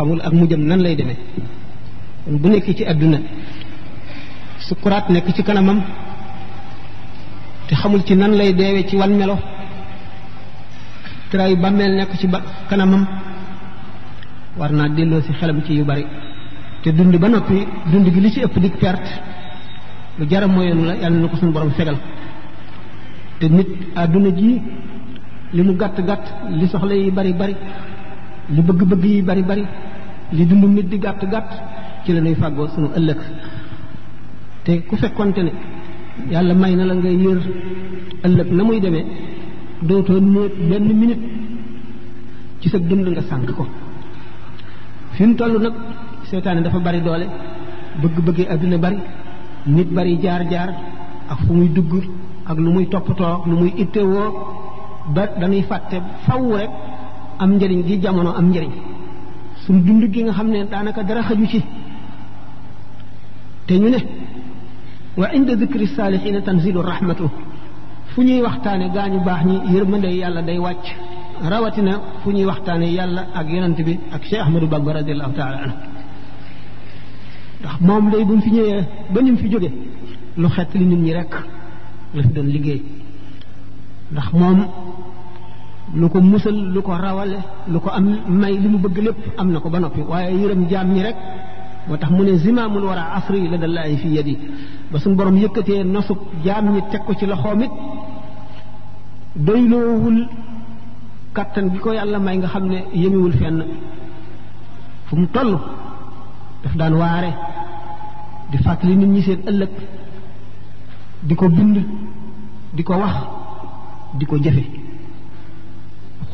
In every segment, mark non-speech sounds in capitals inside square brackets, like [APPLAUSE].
xamul ak mujjam nan lay deme kon bu nekk ci àdduna sukuraat nekk ci kanamam te xamul ci nan lay deewee ci wan melo tiraayu bàmmeel nekk ci ba kanamam war naa delloo ci xelam ci yu bari te dund ba noppi dund gi li ci ëpp di perte lu jaram moyoonu la yàlla na ko suñu borom fegal te nit àdduna ji li mu gàtt gàtt li soxla yi bari bari li bëgg-bëgg yi bari bari li dundum nit di gàtt gàtt ci la ñuy fàggoo sunu ëllëg te ku fekkonte ne yàlla may na la ngay yër ëllëg na muy demee dootoo néeg benn minute ci sa dund nga sànk ko fi mu toll nag seetaane dafa bari doole bëgg-bëggee àdduna bari nit bari jaar-jaar ak fu muy dugg ak lu muy toppatoo lu muy ittewoo ba dañuy fàtte faw rek am njëriñ gi jamono am njëriñ suñ dund gi nga xam ne daanaka dara xaju ci te ñu ne wa inda dikri saalihiina tanzilu rahmatu fu ñuy waxtaane gaa ñu baax ñi yërmande yàlla day wàcc rawatina fu ñuy waxtaane yàlla ak yonent bi ak Cheikh Ahmadou Bamba radiallahu taala anhu ndax moom day bu mu fi ñëwee ba ni fi jóge lu xett li nit ñi rek la fi doon liggéey ndax moom lu ko musal lu ko rawale lu ko am may li mu bëgg lépp am na ko ba noppi waaye yërëm jaam ñi rek moo tax mu ne zimaamul war a afri la dallaahi fi yadi ba suñu borom yëkkatee nosub jaam ñi teg ko ci loxoom it doyloowul kattan gi ko yàlla may nga xam ne yemiwul fenn fu mu toll daf daan waare di fàttali nit ñi seen ëllëg di ko bind di ko wax di ko jëfe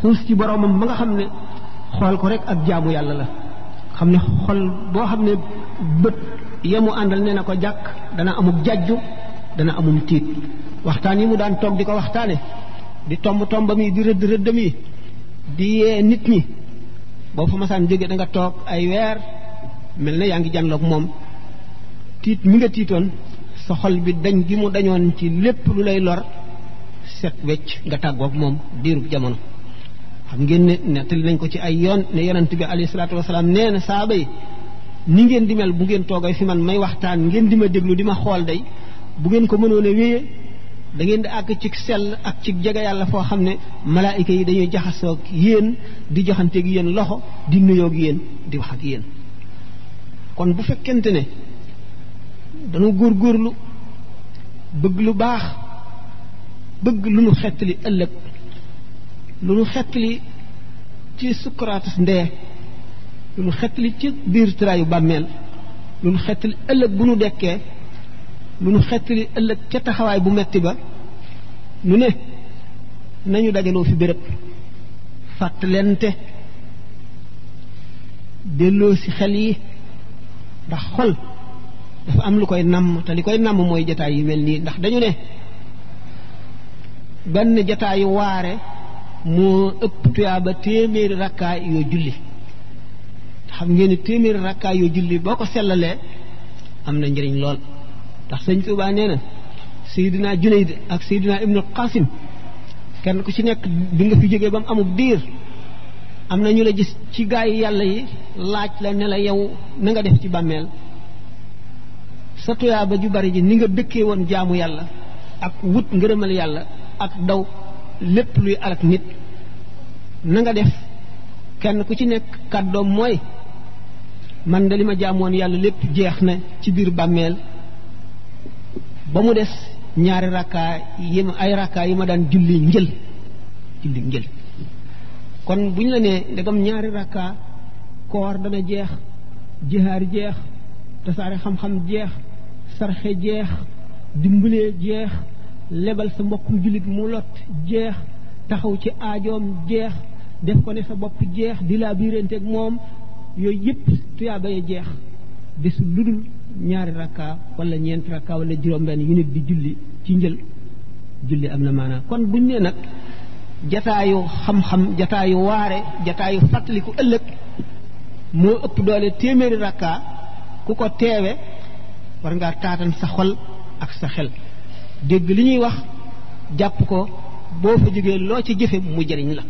xuus ci boromam ba nga xamne xol ko rek ak jaamu yalla la xamne xol bo xamne beut yamu andal neena ko jak dana amuk jajju dana amum tit. waxtaan yi mu daan tok di waxtane di tomb tomb yi di rëdd rëddam yi di ye nit ñi bo fa masaan jege da nga tok ay weer mel yaangi yaa mom tit mi nga titon sa xol bi dañ gi mu dañon ci lepp lu lay lor set wecc nga tàggoog mom diirub jamono xam ngeen ne nettali nañ ko ci ay yoon ne yonent bi alayhi salatu wasalaam nee na saaba yi ni ngeen di mel bu ngeen toogee fi man may waxtaan ngeen di ma déglu di ma xool day bu ngeen ko mënoon a wéye da ngeen di àgg ci sell ak ci jege yàlla foo xam ne malaayika yi dañuy jaxasoog yéen di joxanteeg yéen loxo di nuyoog yéen di wax ak yéen kon bu fekkente ne dañu góorgóorlu bëgg lu baax bëgg lu nu xettali ëllëg lu nu xettali ci sukkuraatus ndee lu nu xettali ci biir tiraayu bàmmeel lu nu xettali ëllëg bu nu dekkee lu nu xettali ëllëg ca taxawaay bu metti ba nu ne nañu dajaloo fi béréb fàttalente delloo ci xel yi ndax xol dafa am lu koy namm te li koy namm mooy jataay yi mel nii ndax dañu ne benn jataayu waare mo ëpp tuyaaba téeméeri rakka yoo julli xam ngeen ne téeméeri rakkaay yoo julli boo ko sellalee am na njëriñ lool ndax sëñ Tuubaa nee na Junayd ak Seydina Ibnu Qasim kenn ku ci nekk bi nga fi jógee ba mu bir diir am na ñu la gis ci gaay yàlla yi laaj la ne la yow na nga def ci bàmmeel sa tuyaaba ju bari ji ni nga dëkkee woon jaamu yàlla ak wut ngërëmal yàlla ak daw lépp luy alak nit na nga def kenn ku ci nekk kàddoom mooy man de li ma jaamoon yàlla lépp jeex na ci biir bàmmeel ba mu des ñaari raka yi ay raka yi ma daan julli njël julli njël kon buñ la nee gam ñaari rakkaa koor dana jeex jihaar jeex tasaare xam-xam jeex sarxe jeex jeex lebal sa mbokkum jullit mu lot jeex taxaw ci aajoom jeex def ko ne sa bopp jeex di laa biiranteeg moom yooyu yëpp tuyaaba ya jeex des lu dul ñaari rakka walla ñeenti rakka wala juróom-benn yu nit di julli ci njël julli am na maanaam kon buñ ne nag jataayu xam-xam jataayu waare jataayu fàttaliku ëllëg moo ëpp doole téeméeri rakka ku ko teewe war ngaa taatan sa xol ak sa xel dégg li ñuy wax jàpp ko boo fa jógee loo ci jëfe mu jariñ la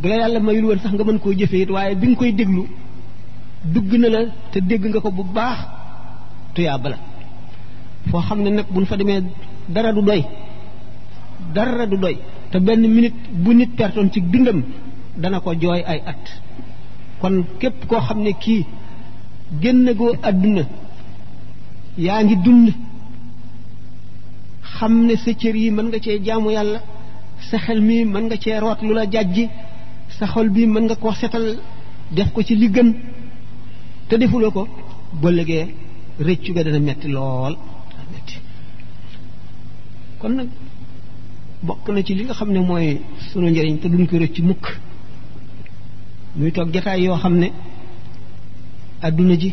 bu la yàlla mayul woon sax nga mën koo jëfe it waaye bi nga koy déglu dugg na la te dégg nga ko bu baax tuyaaba foo xam ne nag buñ fa demee dara du doy dara du doy te benn minute bu nit pertoon ci dundam dana ko jooy ay at kon képp koo xam ne kii génn goo àdduna yaa ngi dund xam ne sa cër yi mën nga cee jaamu yàlla sa xel mi mën nga cee root lu la jàjji sa xol bi mën nga ko setal def ko ci li gën te defuloo ko boo légee rëccu nga dana metti lool kon nag bokk na ci li nga xam ne mooy sunu njëriñ te duñ ko rëcc mukk muy toog jataay yoo xam ne àdduna ji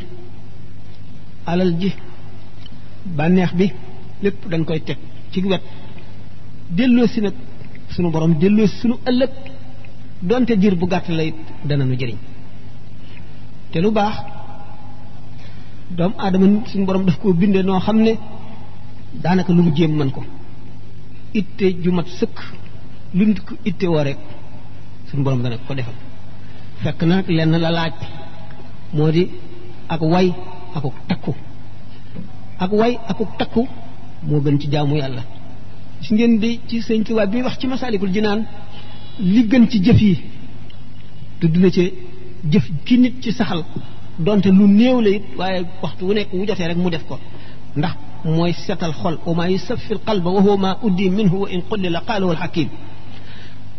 alal ji bànneex bi lépp dañ koy teg ci wet delloo si nag sunu borom delloo si sunu ëllëg donte diir bu gàtt lay dana nu jëriñ te lu baax doomu aadama suñu borom daf koo bindee noo xam ne daanaka lu mu jéem mën ko itte ju mat sëkk lu nit ko itte woo rek suñu borom dana ko defal fekk na lenn la laaj moo di ak way akuk takku ak way akuk takku moo gën ci jaamu yàlla gis ngeen di ci sëñ Tuubaa bi wax ci masaalikul jinaan li gën ci jëf yi tudd na ci jëf ki nit ci saxal donte lu néew la it waaye waxtu wu nekk wu jotee rek mu def ko ndax mooy setal xol wa maa yusafi l qalba wa huwa maa uddi minhu wa in qulli la qaalahu alxakim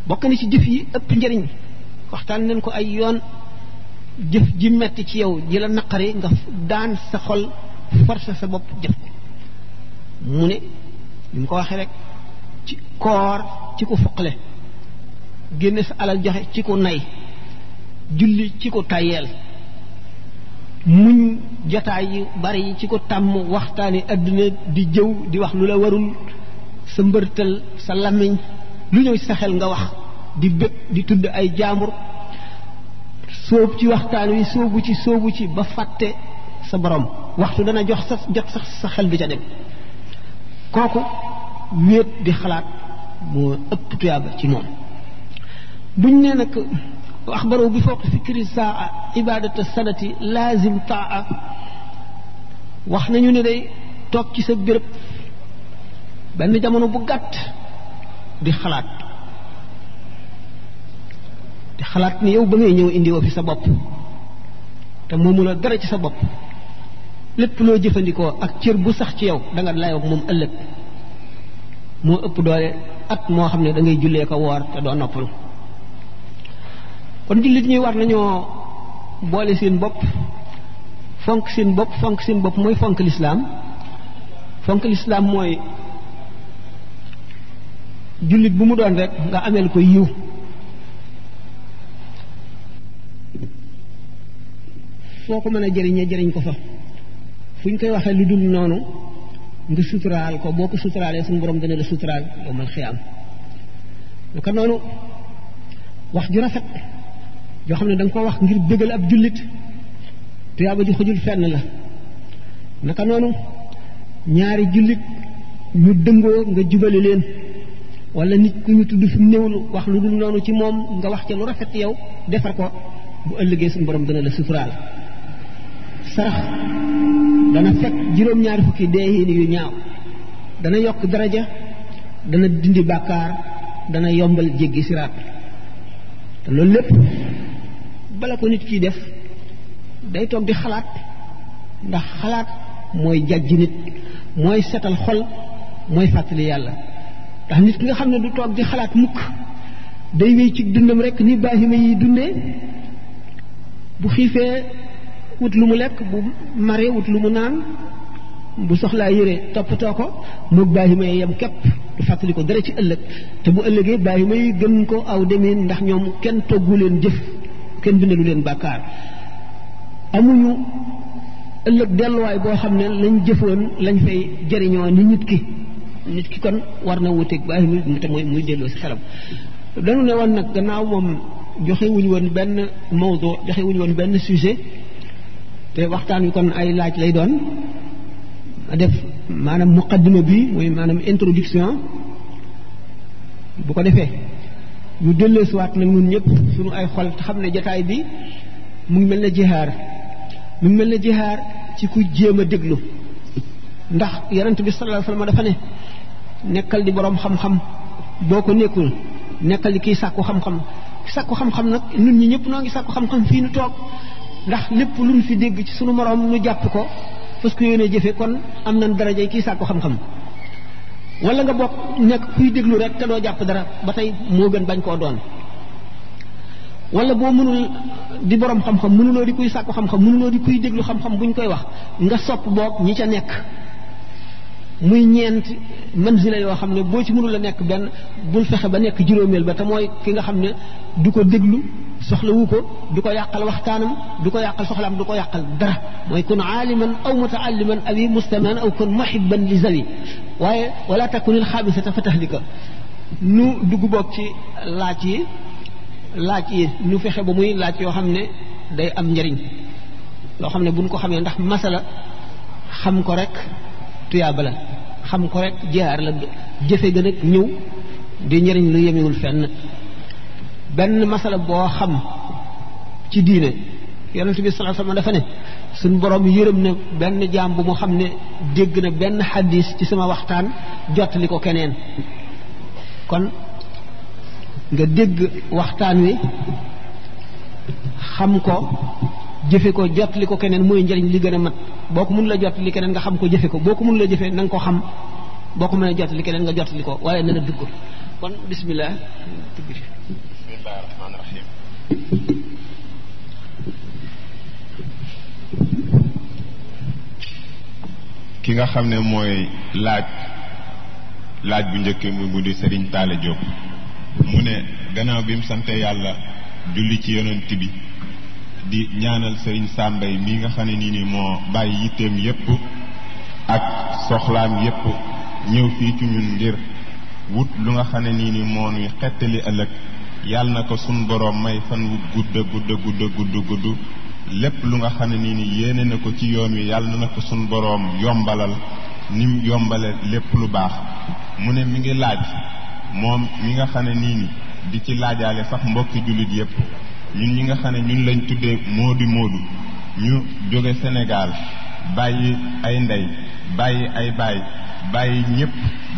bokk na ci jëf yi ëpp njëriñ waxtaan nañ ko ay yoon jëf ji metti ci yow ji naqari nga daan sa xol forcé sa bopp jëf mu ne ni mu ko waxee rek ci koor ci ko foqle génne sa alal joxe ci ku nay julli ci ku tayeel muñ jotaay yi bari yi ci ku tàmm waxtaani àdduna di jëw di wax lu la warul sa mbërtal sa làmmiñ lu ñëw sa xel nga wax di bëgg di tudd ay jaambur sóob ci waxtaan wi sóobu ci sóobu ci ba fàtte sa borom waxtu dana jox sa jot sa xel bi ca dem kooku wéet di xalaat moo ëpp tuyaaba ci moom buñ ne nag axbaru bi fawq fikri saa ibadata sanati laazim a wax nañu ne day toog ci sa béréb benn jamono bu gàtt di xalaat di xalaat ni yow ba ngay ñëw indi fi sa bopp te moomu la ci sa bopp lepp lo jëfëndiko ak cër bu sax ci yow da nga wax mom ëlëk mo ëpp doole at mo xamne da ngay jullee ko wor te do noppal kon jullit ñi war nañu boole seen bop fonk seen bop fonk seen bop moy fonk l'islam fonk l'islam moy jullit bu mu doon rek nga amel ko yiw foo ko mën a jëriñ ko fa fu ñu koy waxee lu dul noonu nga suturaal ko boo ko suturaalee suñu borom dana la suturaal yowmal xiyaam naka noonu wax ju rafet yoo xam ne da ko wax ngir bëggal ab jullit tuyaaba ji xujul fenn la naka noonu ñaari jullit ñu dëngoo nga jubale leen wala nit ku ñu tudd fi mu wax lu dul noonu ci moom nga wax ca lu rafet yow defar ko bu ëllëgee suñu borom dana la suturaal sarax dana fekk juróom-ñaari fukki deehiin yu ñaaw dana yokk daraja dana dindi bàkkaar dana yombal jéggi siraat te loolu lépp bala ko nit kiy def day toog di xalaat ndax xalaat mooy jàjj nit mooy setal xol mooy fàttali yàlla ndax nit ki nga xam ne du toog di xalaat mukk day wéy ci dundam rek ni baaxima yi dundee bu xiifee wut lu mu lekk bu mare wut lu mu naan bu soxlaa yére toppatoo ko moog bàyyi may yem képp du fàttali ko dara ci ëllëg te bu ëllëgee bàyyi may gën ko aw demeen ndax ñoom kenn toggu leen jëf kenn bindalu leen bàkkaar amuñu ëllëg delluwaay boo xam ne lañ jëfoon lañ fay jëriñoo ni nit ki nit ki kon war na wuteeg bàyyi muy te mooy muy delloo si xelam dañu ne woon nag gannaaw moom joxe wuñu woon benn mawdu joxe wuñu woon benn sujet te waxtaan wi kon ay laaj lay doon def maanaam muqaddima bi mooy maanaam introduction bu ko defee mu ñu delleesiwaat nag ñun ñëpp suñu ay xol te xam ne jataay bi mu ngi mel ne jihaar mu ngi mel ne jihaar ci ku jéem a déglu ndax yonent bi sallallahu alayhi wasallam dafa ne nekkal di boroom xam-xam boo ko nekkul nekkal di kiy sàkku xam-xam sàkku xam-xam nag ñun ñi ñëpp noo ngi sàkku xam-xam fii nu toog ndax lépp lu luñ fi dégg ci sunu moroom ñu jàpp ko fas ko yéene jëfe kon am na nañ daraja kii sàkku xam-xam wala nga bokk nekk kuy déglu rek te doo jàpp dara ba tey moo gën bañ koo doon walla boo mënul di borom xam-xam mënuloo di kuy sàkku xam-xam mënuloo di kuy déglu xam-xam buñ koy wax nga sopp boog ñi ca nekk muy ñent manzila yo xamne bo ci mënul la nek ben bul fexe ba nek juróomeel ba ta moy ki nga xamne duko déglu soxla wuko duko yakal waxtanam duko yakal soxlam duko yakal dara moy kun aliman aw mutaalliman aw mustaman aw kun muhibban li zawi waye wala takun al xaamisata fa tahlika nu dugg bok ci laaj yi laaj yi nu fexe ba muy laaj yo xamne day am ñariñ lo xamne buñ ko xamé ndax masala xam ko rek tuyaaba xam ko rek jaar la jëfe gën ak ñëw di njëriñ lu yemewul fenn benn masala boo xam ci diine yonent bi sa alayhi wasallam dafa ne suñ borom yërëm na benn jaam bu mu xam ne dégg na benn xadis ci sama waxtaan jottali ko keneen kon nga dégg waxtaan wi xam ko jëfe ko jottali ko keneen mooy njëriñ li gën a mat boo ko mun la li keneen nga xam ko jëfe ko boo ko mun la jëfee na ko xam boo ko mënee li keneen nga jottali ko waaye na la dugg kon bismillah dugg ki nga xam ne mooy laaj laaj bu njëkk mu bu di Serigne Talla Diop mu ne gannaaw bi mu sante yàlla julli ci yonent bi di ñaanal sëriñ sàmbay mi nga xam ne nii ni moo bàyyi yitteem yépp ak soxlaam yépp ñëw fii ci ñun ngir wut lu nga xam ne nii ni moo nuy xettali ëllëg yàlla na ko suñ boroom may fan wu gudd gudd gudd lépp lu nga xam ne nii ni yéene na ko ci yoon wi yàlla na ko suñ boroom yombalal ni mu yombale lépp lu baax mu ne mi ngi laaj moom mi nga xam ne nii ni di ci laajaale sax mbokki jullit yépp ñun ñi nga xam ne ñun lañ tuddee moodu moodu ñu jóge senegaal bàyyi ay ndey bàyyi ay baay bàyyi ñépp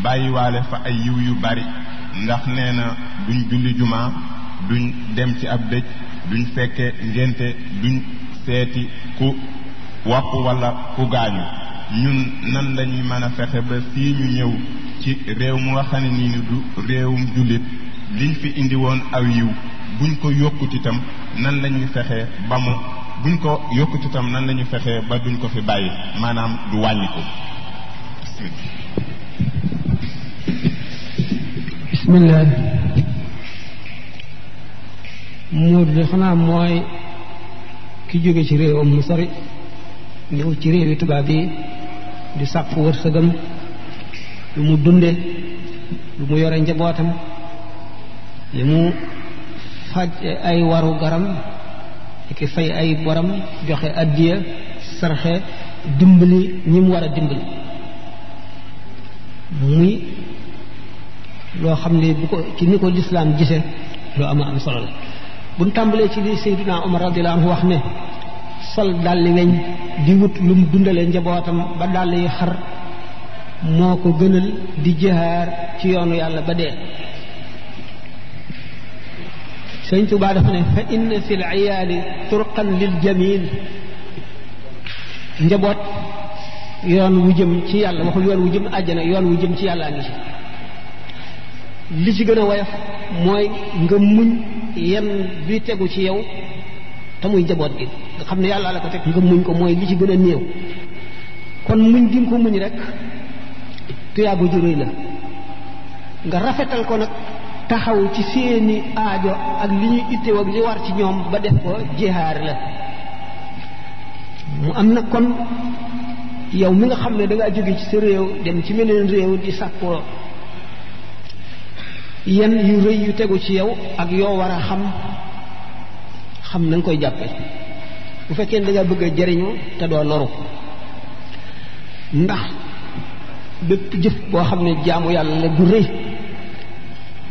bàyyiwaale fa ay yiw yu bari ndax nee na duñ julli jumaa duñ dem ci ab dëj duñ fekke ngénte duñ seeti ku wàpp walla ku gaañu ñun nan lañuy mën a fexe ba fii ñu ñëw ci réew mu nga ni du réewum jullit liñ fi indi woon aw yiw buñ ko yokkut nan lañuy ñuy fexee ba mu buñ ko yokkut nan la ñuy fexee ba duñ ko fi bàyyi maanaam du wàññiku bismillah muur de xanaa mooy ki jóge ci réewam mu sori ñëw ci réewi tubaab yi di sàkku wërsëgam lu mu dunde lu mu yore njabootam li mu faj ay waru garam ki fay ay boram joxe addiya sarxe dimbali ñi mu war a dimbali muy loo xam ne bu ko ci ni ko lislaam gise loo ama am solo la buñ tàmbalee ci li Seydina Omar radiyallahu anhu wax ne sol dàlli weñ di wut lu mu dundalee njabootam ba dàll yi xar moo ko gënal di jihaar ci yoonu yàlla ba dee sëñ Tuubaa dafa ne fa inna fil iyaali turqan lil jamil njaboot yoon wu jëm ci yàlla waxul yoon wu jëm àjjana yoon wu jëm ci yàlla ngi ci li ci gën a woyof mooy nga muñ yan bi tegu ci yow te muy njaboot gi nga xam ne yàlla la ko teg nga muñ ko mooy li ci gën a néew kon muñ gi nga ko muñ rek tuyaaba ju la nga rafetal ko nag taxaw ci seeni aajo ak li ñuy itteew ak li war ci ñoom ba def ko jihaar la mu am na kon yow mi nga xam ne da jóge ci sa réew dem ci meneen réew di sàkkoo yan yu rëy yu tegu ci yow ak yoo war a xam xam na nga koy jàppe bu fekkee ne da ngaa bëgg a jariñu te doo loru ndax bépp jëf boo xam ne jaamu yàlla la bu rëy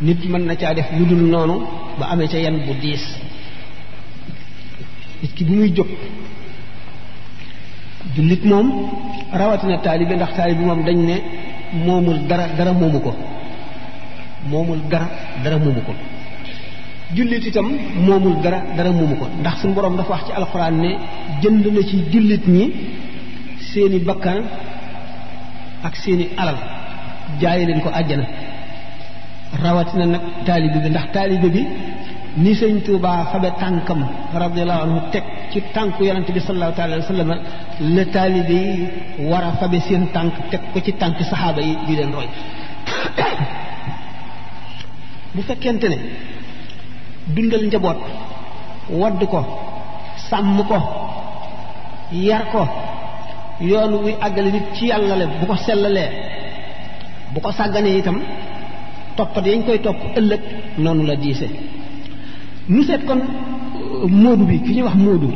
nit mën na caa def lu dul noonu ba amee ca yan bu diis nit ki bu muy jóg jullit moom rawatina taalibe ndax taalibe moom dañ ne moomul dara dara moomu ko moomul dara dara moomu ko jullit itam moomul dara dara moomu ko ndax su boroom dafa wax ci alxuraan ne jënd na ci jullit ñi seeni bakkan ak seeni alal jaay leen ko àjjana rawatina nag taalibe bi ndax taalibe bi ni sëñ Tuubaa fabe tànkam radiyallahu anhu teg ci tànku yonante bi sallallahu taala wa sallam la taalibe yi war a fabe seen tànk teg ko ci tànk saxaaba yi di leen roy [COUGHS] bu fekkente ne dundal njaboot wadd ko sàmm ko yar ko yoon wuy àggale nit ci yàlla la bu ko sellalee bu ko sàgganee itam toppat yañ koy topp ëllëg noonu la diise nu seet kon euh, móodu bi ki ñuy wax móodu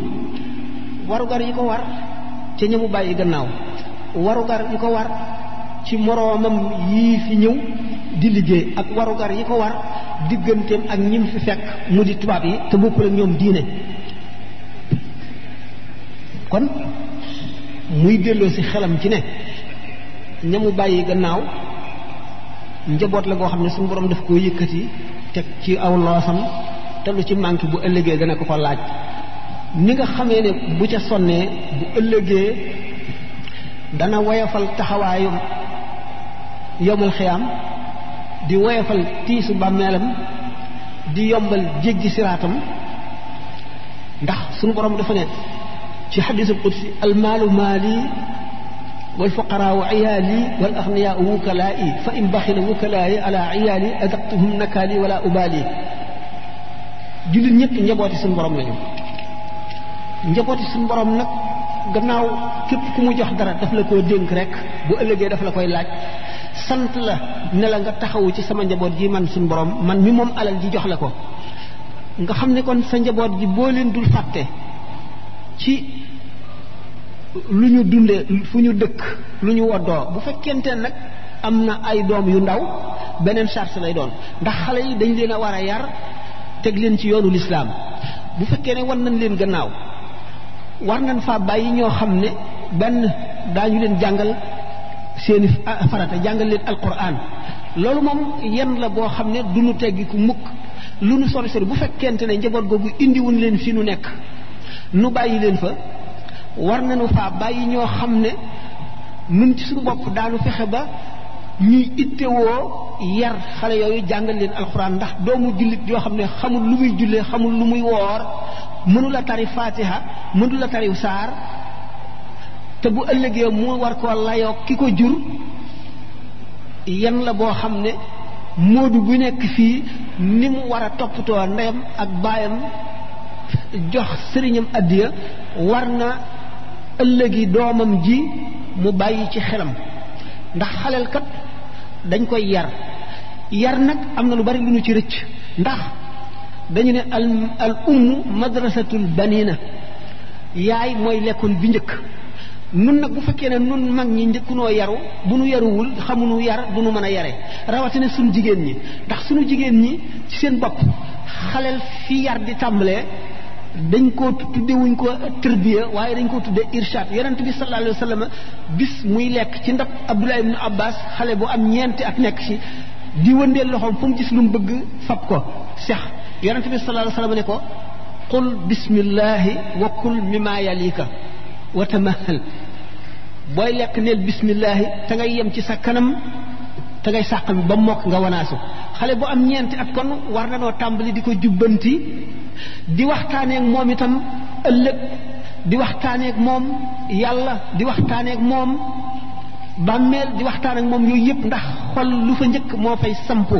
warugar yi ko war ca ñëmu bàyyi gannaaw warugar yi ko war ci moroomam yii fi ñëw di liggéey ak warugar yi ko war digganteem ak ñim fi fekk mu di tubaab yi te bokkul ak ñoom diine kon muy delloo ci xelam ci ne ñamu bàyyi gannaaw njaboot la goo xam ne suñu borom daf koo yëkkati teg ci aw loosam te lu ci manqué bu ëllëgee dana ko ko laaj ni nga xamee ne bu ca sonnee bu ëllëgee dana woyofal taxawaayu yomul xiyaam di woyofal tiisu bàmmeelam di yombal jéggi siraatam ndax suñu borom dafa ne ci xadiisul qudsi almaalu maali والفقراء عيالي والأغنياء وكلائي فإن بخل وكلائي على عيالي أذقتهم نكالي ولا أبالي jullit ñëpp njabooti suñu borom lañu njabooti suñu borom nag gannaaw képp ku mu jox dara daf la koo dénk rek bu ëllëgee daf la koy laaj sant la ne la nga taxawu ci sama njaboot ji man suñ borom man mi moom alal ji jox la ko nga xam ne kon sa njaboot ji boo leen dul fàtte ci lu ñu dundee fu ñu dëkk lu ñu woddoo bu fekkente nag am na ay doom yu ndaw beneen charge lay doon ndax xale yi dañ leen a war a yar teg leen ci yoonu lislaam bu fekkee ne war nañ leen gannaaw war nañ fa bàyyi ñoo xam ne benn daañu leen jàngal seeni ah, farata jàngal leen alquran loolu moom yenn la boo xam ne du nu teggiku mukk lu nu sori sori bu fekkente ne njaboot googu indiwuñ leen fi nu nekk nu bàyyi leen fa war nañu faa bàyyi ñoo xam ne nun ci su bopp daanu fexe ba ñuy ittewoo yar xale yooyu jàngal leen alxuraan ndax doomu jullit yoo xam ne xamul lu muy jullee xamul lu muy woor mënula tari faatiha mënula tari saar te bu ëllëgee mu war koo layoo ki ko jur yan la boo xam ne moodu bu nekk fii ni mu war a toppatoo ndeyam ak baayam jox sëriñam addiya war na ëllëgi doomam ji mu bàyyi ci xelam ndax xaleel kat dañ koy yar yar nag am na lu bari lu ñu ci rëcc ndax dañu ne al al ummu madrasatul yaay mooy lekkoon bi njëkk nun nag bu fekkee ne nun mag ñi njëkkunoo yaru bu nu yaruwul xamunu yar du nu mën a yare rawatina suñu jigéen ñi ndax suñu jigéen ñi ci seen bopp xaleel fi yar di tàmbalee dañ koo tudde wuñ ko tërbiya waaye dañ koo tudde irshad yonent bi sallallahu alayhi wa bis muy lekk ci ndab Abdullah ibn Abbas xale boo am ñeent at nekk ci di wëndeel loxoom fu mu gis lu bëgg fab ko sex yonent bi sallallahu alayhi wa sallam ne ko qul bismillahi wa kul mimma yalika wa tamahal booy lekk neel bismillahi ta ngay yem ci sa kanam te ngay sàq bi ba mokk nga wanaasu xale bu am ñeenti ak kon war na noo tàmbali di ko jubbanti di waxtaaneek moom itam ëllëg di waxtaaneek moom yàlla di waxtaaneek moom bàmmeel di waxtaan ak moom yooyu yëpp ndax xol lu fa njëkk moo fay sampo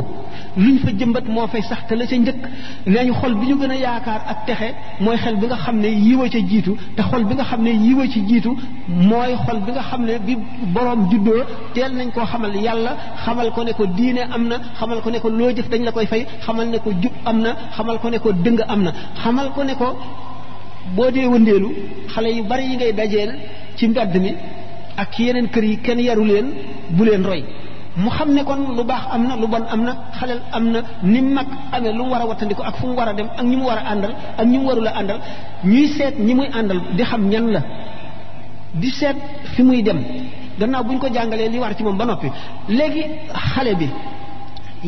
luñ fa jëmbat moo fay sax te la ca njëkk nee ñu xol bi ñu gën a yaakaar ak texe mooy xel bi nga xam ne yiwa ca jiitu te xol bi nga xam ne yiwa ci jiitu mooy xol bi nga xam ne bi boroom juddoo teel nañ koo xamal yàlla xamal ko ne ko diine am na xamal ko ne ko loo jëf dañ la koy fay xamal ne ko jub am na xamal ko ne ko dëng am na xamal ko ne ko boo dee wëndeelu xale yu bari yi ngay dajeel ci mbedd mi ak ci yeneen kër yi kenn yaru leen bu leen roy mu xam ne kon lu baax am na lu bon am na xalel am na ni mag amee lu mu war a wattandiku ak fu mu war a dem ak ñi mu war a àndal ak ñi mu warul àndal ñuy seet ñi muy àndal di xam ñan la di seet fi muy dem gannaaw bu ñu ko jàngalee li war ci moom ba noppi léegi xale bi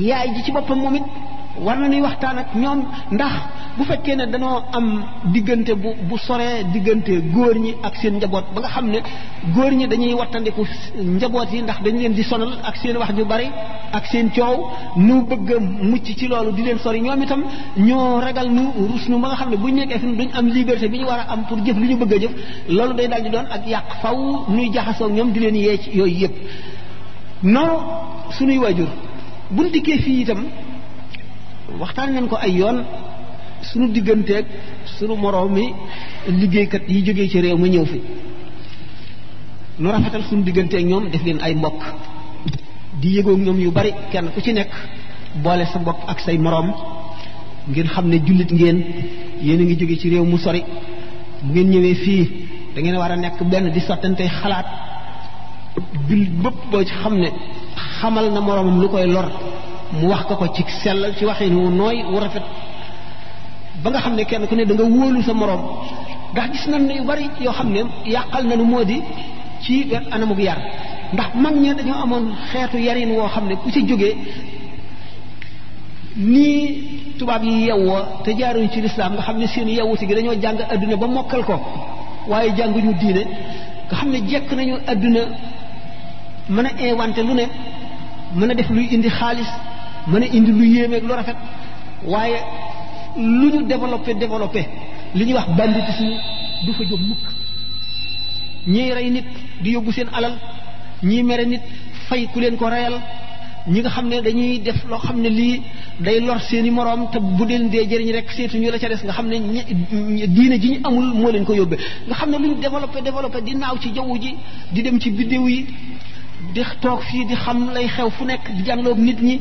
yaay ji ci boppam moom it war na ñuy waxtaan ak ñoom ndax bu fekkee ne dañoo am diggante bu bu soree diggante góor ñi ak seen njaboot ba nga xam ne góor ñi dañuy wattandiku njaboot yi ndax dañu leen di sonal ak seen wax ju bari ak seen coow nu bëgg a mucc ci loolu di leen sori ñoom itam ñoo ragal nu rus nu ba nga xam ne bu ñu nekkee fi duñ am liberté bi ñu war a am pour jëf li ñu bëgg a jëf loolu day daal doon ak yàq faw ñuy jaxasoo ñoom di leen yee ci yooyu yëpp non suñuy waajur buñ dikkee fii itam waxtaan nañ ko ay yoon suñu digganteeg suñu moroom mi liggéeykat yi jógee ci réew mi ñëw fi nu rafetal suñu digganteeg ñoom def leen ay mbokk di yëgoo ñoom yu bari kenn ku ci nekk boole sa bopp ak say moroom ngeen xam ne jullit ngeen yéen a ngi jóge ci réew mu sori bu ngeen ñëwee fii dangeen war a nekk benn di sottante xalaat jullit bëpp boo ci xam ne xamal na moroomam lu koy lor mu wax ko ko ci sell ci waxin wu nooy wu rafet ba nga xam ne kenn ku ne da nga wóolu sa moroom ndax gis nañ ne yu bari yoo xam ne yàqal nañu moo di ci anamug yar ndax mag ña dañoo amoon xeetu yarin woo xam ne ku ci jógee nii tubaab yi yewwa te jaaruñu ci lislaam nga xam ne seen yewwuti gi dañoo jàng adduna ba mokkal ko waaye jànguñu diine nga xam ne jekk nañu adduna mën a inventé lu ne mën a def luy indi xaalis mën a indi lu yéemeeg lu rafet waaye lu ñu développé développe li ñuy wax banditisme du fa jóg mukk ñiy rey nit di yóbbu seen alal ñii mere nit fay ku leen ko reyal ñi nga xam ne dañuy def loo xam ne lii day lor seeni moroom te bu deen dee jëriñ rek seetu ñu la ca des nga xam ne diine ji ñu amul moo leen ko yóbbee nga xam ne lu ñu développé développé di naaw ci jaww ji di dem ci biddéew yi di toog fii di xam lay xew fu nekk di jàngloob nit ñi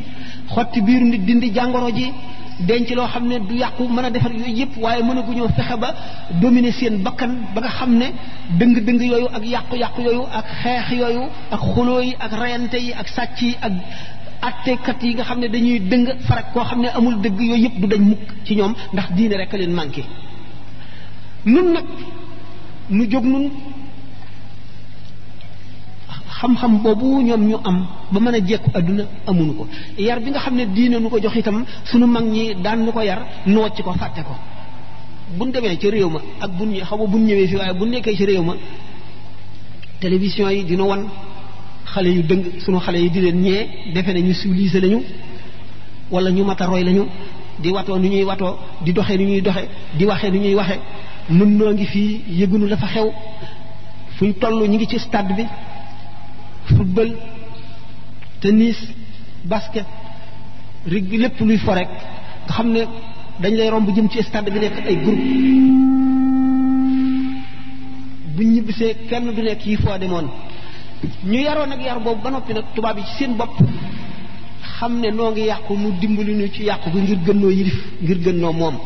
xotti biiru nit dindi jàngoro ji denc loo xam ne du yàqu mën a defar yooyu yëpp waaye mën a gu ñoo fexe ba dominer seen bakkan ba nga xam ne dëng-dëng yooyu ak yàqu-yàqu yooyu ak xeex yooyu ak xuloo yi ak reyante yi ak sàcc yi ak attekat yi nga xam ne dañuy dëng farak koo xam ne amul dëgg yooyu yëpp du dañ mukk ci ñoom ndax diine rek a leen manqué nun nag nu jóg nun xam-xam boobu ñoom ñu am ba mën a jekku adduna amuñu ko yar bi nga xam ne diine nu ko jox itam suñu mag ñi daan nu ko yar noo ci ko fàtte ko bu buñ demee ca réew ma ak buñ xaw ma buñ ñëwee fi waaye buñ nekkee ci réew ma télévision yi dina wan xale yu dëng suñu xale yi di leen ñee defe ne ñu civilisé lañu wala ñu mat a lañu di watoo nu ñuy watoo di doxee nu ñuy doxe di waxee nu ñuy waxe mun noo ngi fii yëgunu dafa xew fuñ toll ñu ngi ci stade bi football tennis basket rig lépp luy fo rek nga xam ne dañ lay romb jëm ci stade bi nekk ay groupe buñ ñibbisee kenn du nekk yi foo demoon ñu yaroon ak yar boobu ba noppi nag tubaab yi ci seen bopp xam ne noo ngi yàqu mu dimbali ñu ci yàqu bi ngir gën noo yilif ngir gën noo moom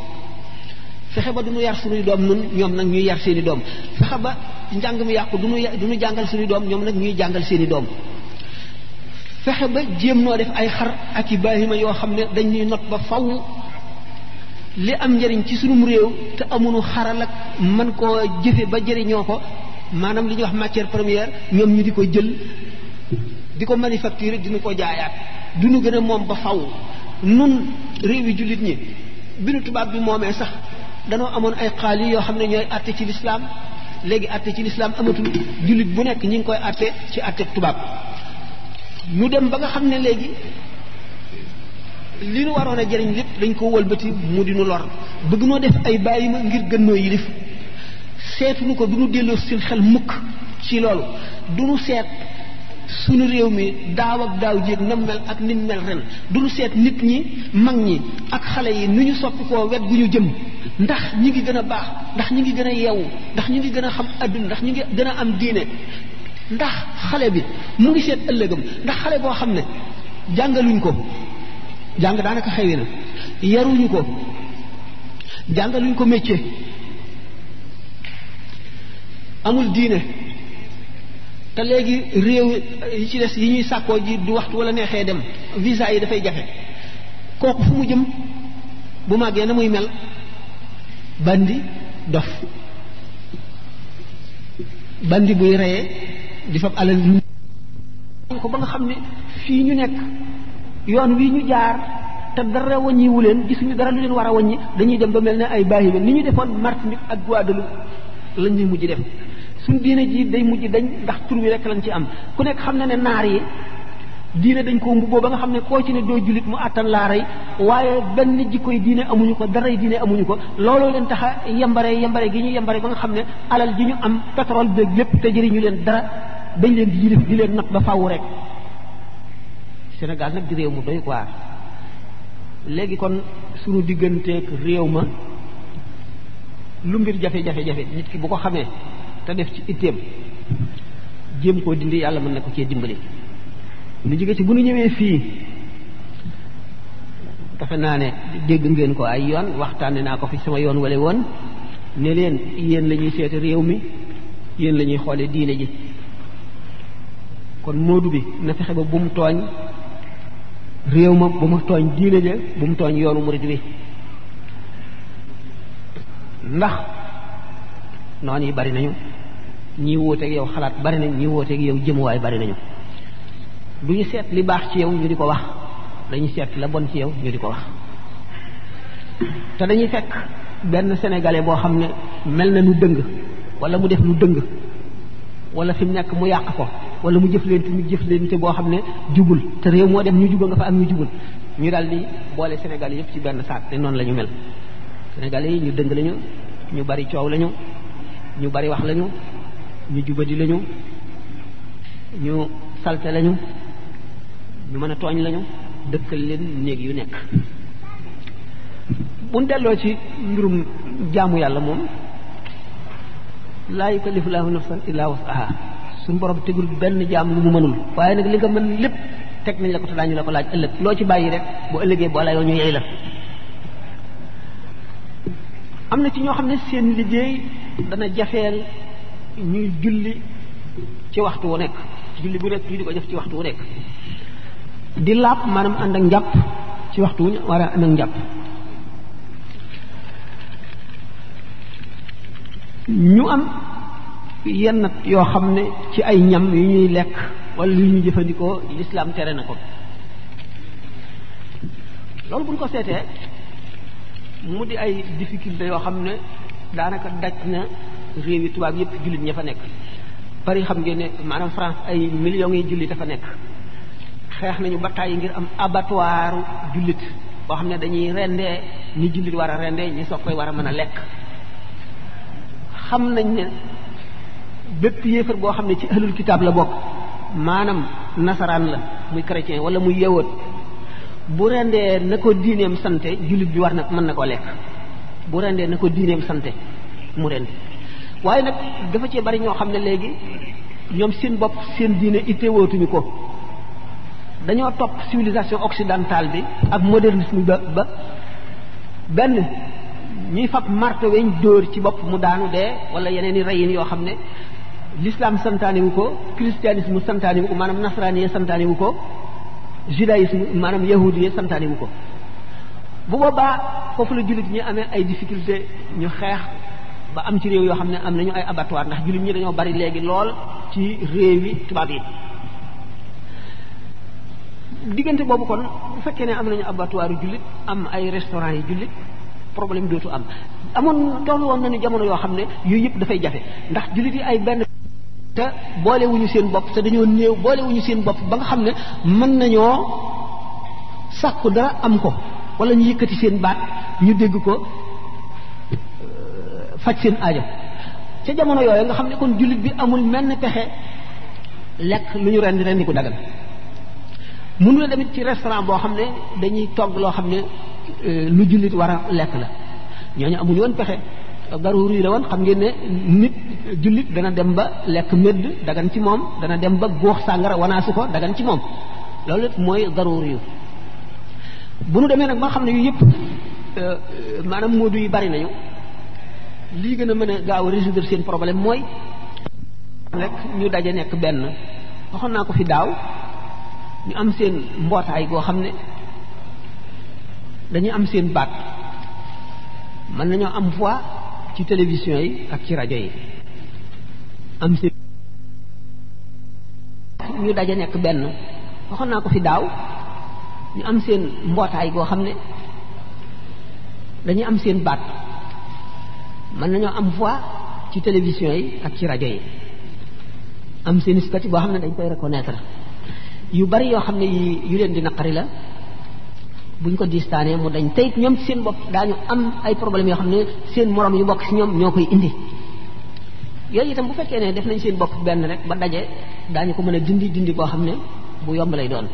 fexe ba du ñu yar suñuy doom nun ñoom nag ñuy yar seeni doom fexe ba njàng mi yàqu duñu duñu jàngal suñu doom ñoom nag ñuy jàngal seeni doom fexe ba jéem noo def ay xar ak i baahima yoo xam ne not ba faw li am njariñ ci sunum réew te amunu xaral ak man koo jëfe ba jëriñoo ko maanaam li ñuy wax matière première ñoom ñu di ko jël di ko manufacturer dinu ko jaayaat duñu gën a ba faw nun réew yi jullit ñi bi nu tubaab bi moomee sax danoo amoon ay xaal yi yoo xam ne ci l'islam léegi atte ci lislaam amatul jullit bu nekk ñi ngi koy atte ci atte tubaab ñu dem ba nga xam ne léegi li nu waroon a jëriñ lépp dañ ko wëlbati mu di nu lor bëgg noo def ay bàyyi ma ngir gën noo yilif seetuñu ko du nu delloo seen xel mukk ci loolu du nu seet sunu réew mi daaw ak daaw jéeg na mel ak ni mel ren du ñu seet nit ñi mag ñi ak xale yi nu ñu sopp koo wet gu ñu jëm ndax ñi ngi gën a baax ndax ñi ngi gën a yeewu ndax ñi ngi gën a xam àdduna ndax ñi ngi gën a am diine ndax xale bi mu ngi seet ëllëgam ndax xale boo xam ne jàngaluñ ko jàng daanaka xewwi na yaruñu ko jàngaluñ ko métier amul diine te léegi réew yi ci des yi ñuy sàkkoo ji du waxtu wala neexee dem visa yi dafay jafe kooku fu mu jëm bu màggee na muy mel bandi dof bandi buy reyee di fab alal lu ko ba nga xam ne fii ñu nekk yoon wi ñu jaar te dara wàññiwu leen gisuñu dara lu leen war a wàññi dañuy dem ba mel ne ay baayi ni ñu defoon Martinique ak Guadeloupe lañ ñuy mujj dem suñ diine jii day mujj dañ ndax tur wi rek lañ ci am ku nekk xam na ne naar yi diine dañ koo mbubboo ba nga xam ne koo ci ne doo jullit mu àttan laa rey waaye benn jikkoy diine amuñu ko daray diine amuñu ko looloo leen tax a yembare yembare gi ñu yembare ba nga xam ne alal ji ñu am pétrole beeg lépp te jëriñu leen dara dañ leen di jilif di leen not ba fàww rek Sénégal nag di réew mu doy waar léegi kon suñu digganteeg réew ma lu mbir jafe-jafe-jafe nit ki bu ko xamee te def ci itteem jéem koo dindi yàlla mën na ko cee dimbali lu jóge ci bu nu ñëwee fii dafa naa ne dégg ngeen ko ay yoon waxtaane naa ko fi sama yoon wale woon ne yéen lañuy ñuy réew mi yéen lañuy ñuy xoole diine ji kon moodu bi na fexe ba bu mu tooñ réew ma bu mu tooñ diine ja bu mu tooñ yoonu murid wi ndax noon yi bari nañu ñii wuuteeg yow xalaat bari nañ ñii wuuteeg yow jëmuwaay bari nañu du ñu seet li baax ci yow ñu di ko wax dañuy seet la bon ci yow ñu di ko wax te dañuy fekk benn sénégalais boo xam ne mel na nu dëng wala mu def nu dëng wala fi mu nekk mu yàq ko wala mu leen jëflante mu jëflante boo xam ne jugul te réew moo dem ñu jubal nga fa am ñu jubul ñu daal di boole sénégalais yëpp ci benn saak te noonu lañu mel sénégalais yi ñu dëng lañu ñu bari coow lañu ñu bari wax lañu ñu jubadi lañu ñu salte lañu ñu mën a tooñ lañu dëkkal leen néeg yu nekk bu delloo ci mbirum jaamu yàlla moom laa yukallifu laahu nafsan illaa wasaha suñ borom tegul benn jaam lu mu mënul waaye nag li nga mën lépp teg nañ la ko te daañu la ko laaj ëllëg loo ci bàyyi rek bu ëllëgee boo la yoo ñu yey la am na ci ñoo xam ne seen liggéey dana jafeel ñuy julli ci waxtu wu nekk julli bu nekk ñu ko def ci waxtu wu nekk di làpp maanaam ànd ak njàpp ci waxtu wu ñu war a ànd ak njàpp ñu am yenn yoo xam ne ci ay ñam yu ñuy lekk wala yu ñuy jëfandikoo lislaam tere na ko loolu buñ ko seetee mu di ay difficulté yoo xam ne daanaka daj na réew yi tubaab yépp jullit ña fa nekk Paris xam ngeen ne maanaam France ay million yi jullit dafa nekk xeex nañu ba tàyyi ngir am abattoiru jullit boo xam ne dañuy rendee ni jullit war a rendee ñi soo koy war a mën a lekk xam nañ ne bépp yéefar boo xam ne ci ahlul kitaab la bokk maanaam nasaraan la muy chrétien wala muy yawut bu rendee na ko diineem sante jullit bi war na mën na koo lekk bu rendee na ko diineem sante mu rend waaye nag dafa cee bari ñoo xam ne léegi ñoom seen bopp seen diine itteewootuñu ko dañoo topp civilisation occidentale bi ak modernisme ba ba benn ñuy fab marto weñ dóor ci bopp mu daanu dee wala yeneen i reyin yoo xam ne l'islam santaane wu ko christianisme santaane wu ko maanaam nasraani santaane wu ko judaïsme maanaam yahudi santaane wu ko bu boobaa foofu la jullit ñi amee ay difficulté ñu xeex ba am ci réew yoo xam ne am nañu ay abattoir ndax jullit ñi dañoo bari léegi lool ci réew yi tubaab yi diggante boobu kon bu fekkee ne am nañu abattoir yu jullit am ay restaurant yi jullit problème dootu am amoon toll woon nañu jamono yoo xam ne yooyu yëpp dafay jafe ndax jullit yi ay benn te boolewuñu seen bopp te dañoo néew boolewuñu seen bopp ba nga xam ne mën nañoo sàkku dara am ko wala ñu yëkëti seen baat ñu dégg ko euh, faj seen aajo ca jamono yooyu nga xam ne kon julit bi amul menn pexe lekk lu ñu rendi rendi ko dagal mënu la demit ci restaurant boo xam ne dañuy togg loo xam ne euh, lu julit war a lekk la ñooñu amul woon pexe daruri la won xam ngeen ne nit jullit dana dem ba lekk medd dagan ci moom dana dem ba góox sàngara wanaasu ko dagan ci moom loolu mooy daruri bu nu demee nag ma xam ne yu yëpp euh, maanaam moodu yi bari nañu lii gën a mën a gaaw résoudre seen problème mooy rek ñu daje nekk benn waxoon naa ko fi daaw ñu am seen mbootaay goo xam ne dañuy am seen baat man nañoo am voix ci télévision yi ak ci rajo yi am seen ñu daje nekk benn waxoon naa ko fi daaw ñu am seen mbootaay goo xam ne dañuy am seen baat mën nañoo am voix ci télévision yi ak ci rajo yi am seen statut boo xam ne dañ koy reconnaître yu bari yoo xam ne yu leen di naqari la buñ ko distaanee mu dañ tey ñoom seen bopp daañu am ay problème yoo xam ne seen morom yu bokk ci ñoom ñoo koy indi yooyu itam bu fekkee ne def nañ seen bopp benn rek ba daje daañu ko mën a dindi dindi boo xam ne bu yomb lay doon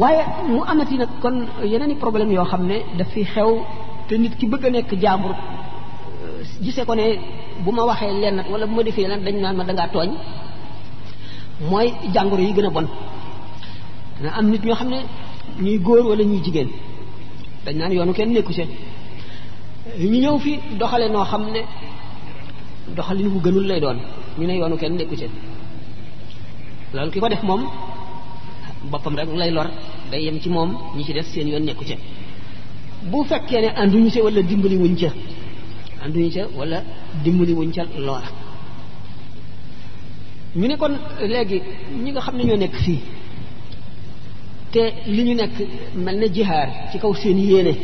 waaye mu amati nag kon yeneen i problème yoo xam ne daf fi xew te nit ki bëgg a nekk jaambur euh, gisee ko ne bu ma waxee lenn wala bu ma defee lenn dañ naan ma dangaa tooñ mooy jàngoro yi gën a bon dana am nit ñoo xam ne ñuy góor wala ñuy jigéen dañ naan yoonu kenn nekku ci ñu ñëw fi doxale noo xam ne doxalin bu gënul lay doon ñu ne yoonu kenn nekku ci loolu kiko def mom bopam rek lay lor day yem ci mom ñi ci def seen yoon neeku ci bu fekke ne ànduñu ci wala dimbali wuñ ca ànduñu ci wala dimbali wuñ ci lor ñu ne kon legi ñi nga xam ñoo nekk fi te li ñu nekk melni na ci kaw seen yene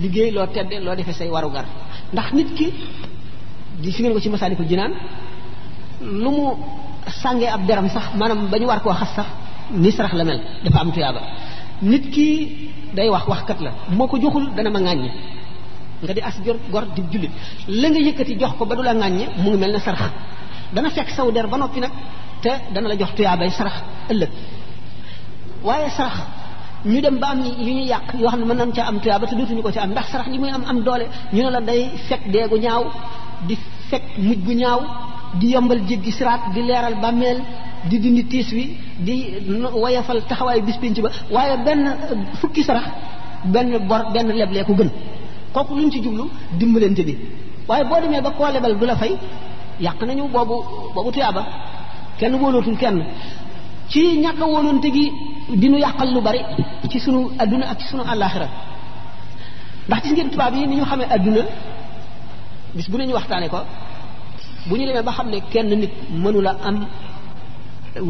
liggéey lo tedde lo defé say gar ndax nit ki di si ngeen ko ci masaalikul jinan lu mu sangé ab deram sax manam bañu war ko xass sax ni sarax la mel dafa am tiyaba nit ki day wax wax kat la moko joxul dana ma ngagne nga di as jor gor di julit la nga yëkëti jox ko ba dula ngagne mu ngi melni sarax dana fekk saw der ba nopi nak te dana la jox ay sarax ëlëk waye sarax ñu dem ba am yu ñu yàq yoo xam ne nañ ca am tuyaaba te dootuñu ko ci am ndax sarax li muy am am doole ñu la day fekk deegu ñaaw di fekk muj bu ñaaw di yombal jéggi siraat di leeral bàmmeel di dindi tiis wi di woyafal taxawaayu bis pénc ba waaye benn fukki sarax benn bor benn leblee ku gën kooku luñ ci jublu dimbalante bi waaye boo demee ba koo lebal du la fay yàq nañu boobu boobu tuyaaba kenn wóolootul kenn ci ñàkk a wóolonte gi dinu nu yàqal lu bari ci sunu adduna ak ci sunu àllaaxira ndax gis ngeen tubaab yi ni ñu xamee adduna bis bu ne ñu waxtaanee ko bu ñu demee ba xam ne kenn nit mënula am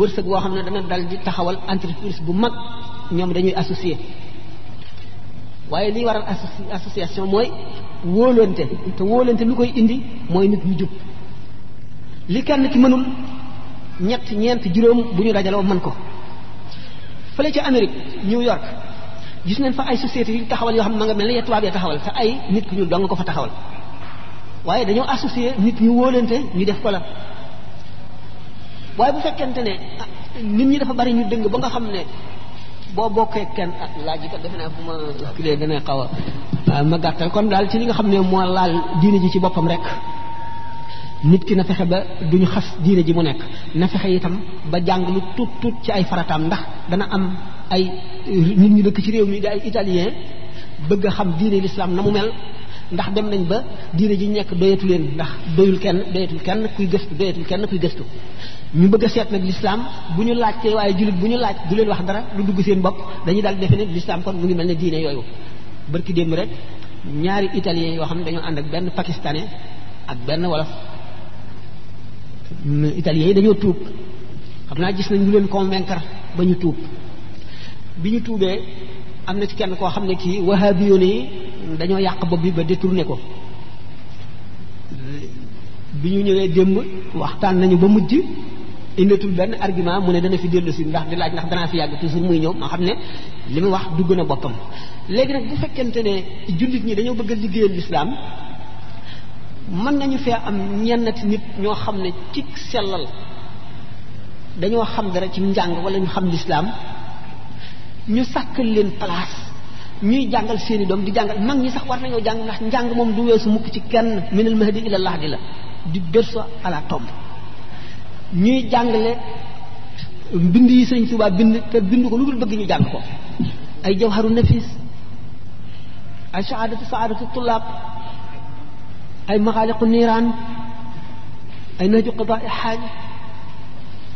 wërsëg woo xam ne dana dal di taxawal entreprise bu mag ñoom dañuy associé waaye liy waral association mooy wóolante te wóolante lu koy indi mooy nit ñu jub li kenn ki mënul ñett ñeent juróom bu ñu dajaloo mën ko fële ca Amérique New York gis nañ fa ay société yu taxawal yoo xam ne ma nga mel ne tubaab ya taxawal te ay nit ki ñu dong ko fa taxawal waaye dañoo associé nit ñu wóolante ñu def ko la waaye bu fekkente ne ah, nit ñi dafa bari ñu dëng ba nga xam ne boo bokkee kenn ah, laaj yi kat defe naa bu ma kilee gën a xaw a ah, ma gàttal kon daal ci li nga xam ne moo laal diine ji ci boppam rek nit ki na fexe ba duñu xas diine ji mu nekk na fexe itam ba jàng lu tuut tuut ci ay farataam ndax dana am ay nit ñu dëkk ci réew mi di ay italien bëgg a xam diine lislaam na mu mel ndax dem nañ ba diine ji nekk doyatu leen ndax doyul kenn doyatul kenn kuy gëstu doyatul kenn kuy gëstu ñu bëgg a seet nag lislaam bu ñu laajtee waaye julit bu ñu laaj du leen wax dara lu dugg seen bopp dañuy daal defe ne l'islam kon mu ngi mel ne diine yooyu barki démb rek ñaari italien yoo xam ne dañoo ànd ak benn pakistanais ak benn wolof italien yi dañoo tuub xam naa gis nañ ñu leen convaincre ba ñu tuub bi ñu tuubee am na ci kenn koo xam ne kii wahabiyoon yi dañoo yàq bopp bi ba détourné ko bi ñu ñëwee démb waxtaan nañu ba mujj indatul benn argument mu ne dana fi dellu si ndax di laaj ndax dana fi yàgg toujours muy ñëw ma xam ne li mu wax dugg na boppam léegi nag bu fekkente ne jullit ñi dañoo bëgg a liggéeyal lislaam mën nañu fee am ñennati nit ñoo xam ne ci sellal dañoo xam dara ci njàng wala ñu xam lislaam ñu sàkkal leen place ñuy jàngal seeni doom di jàngal mag ñi sax war nañoo jàng ndax njàng moom du weesu mukk ci kenn minal mahdi ila lahdi la di berso ala tomb ñuy jàngale bind yi sëñ tuba bind te bind ko lu dul bëgg ñu jàng ko ay jawharu nafis ay saadatu saadatu tulaab ay maxaaliqu niiraan ay naju xaaja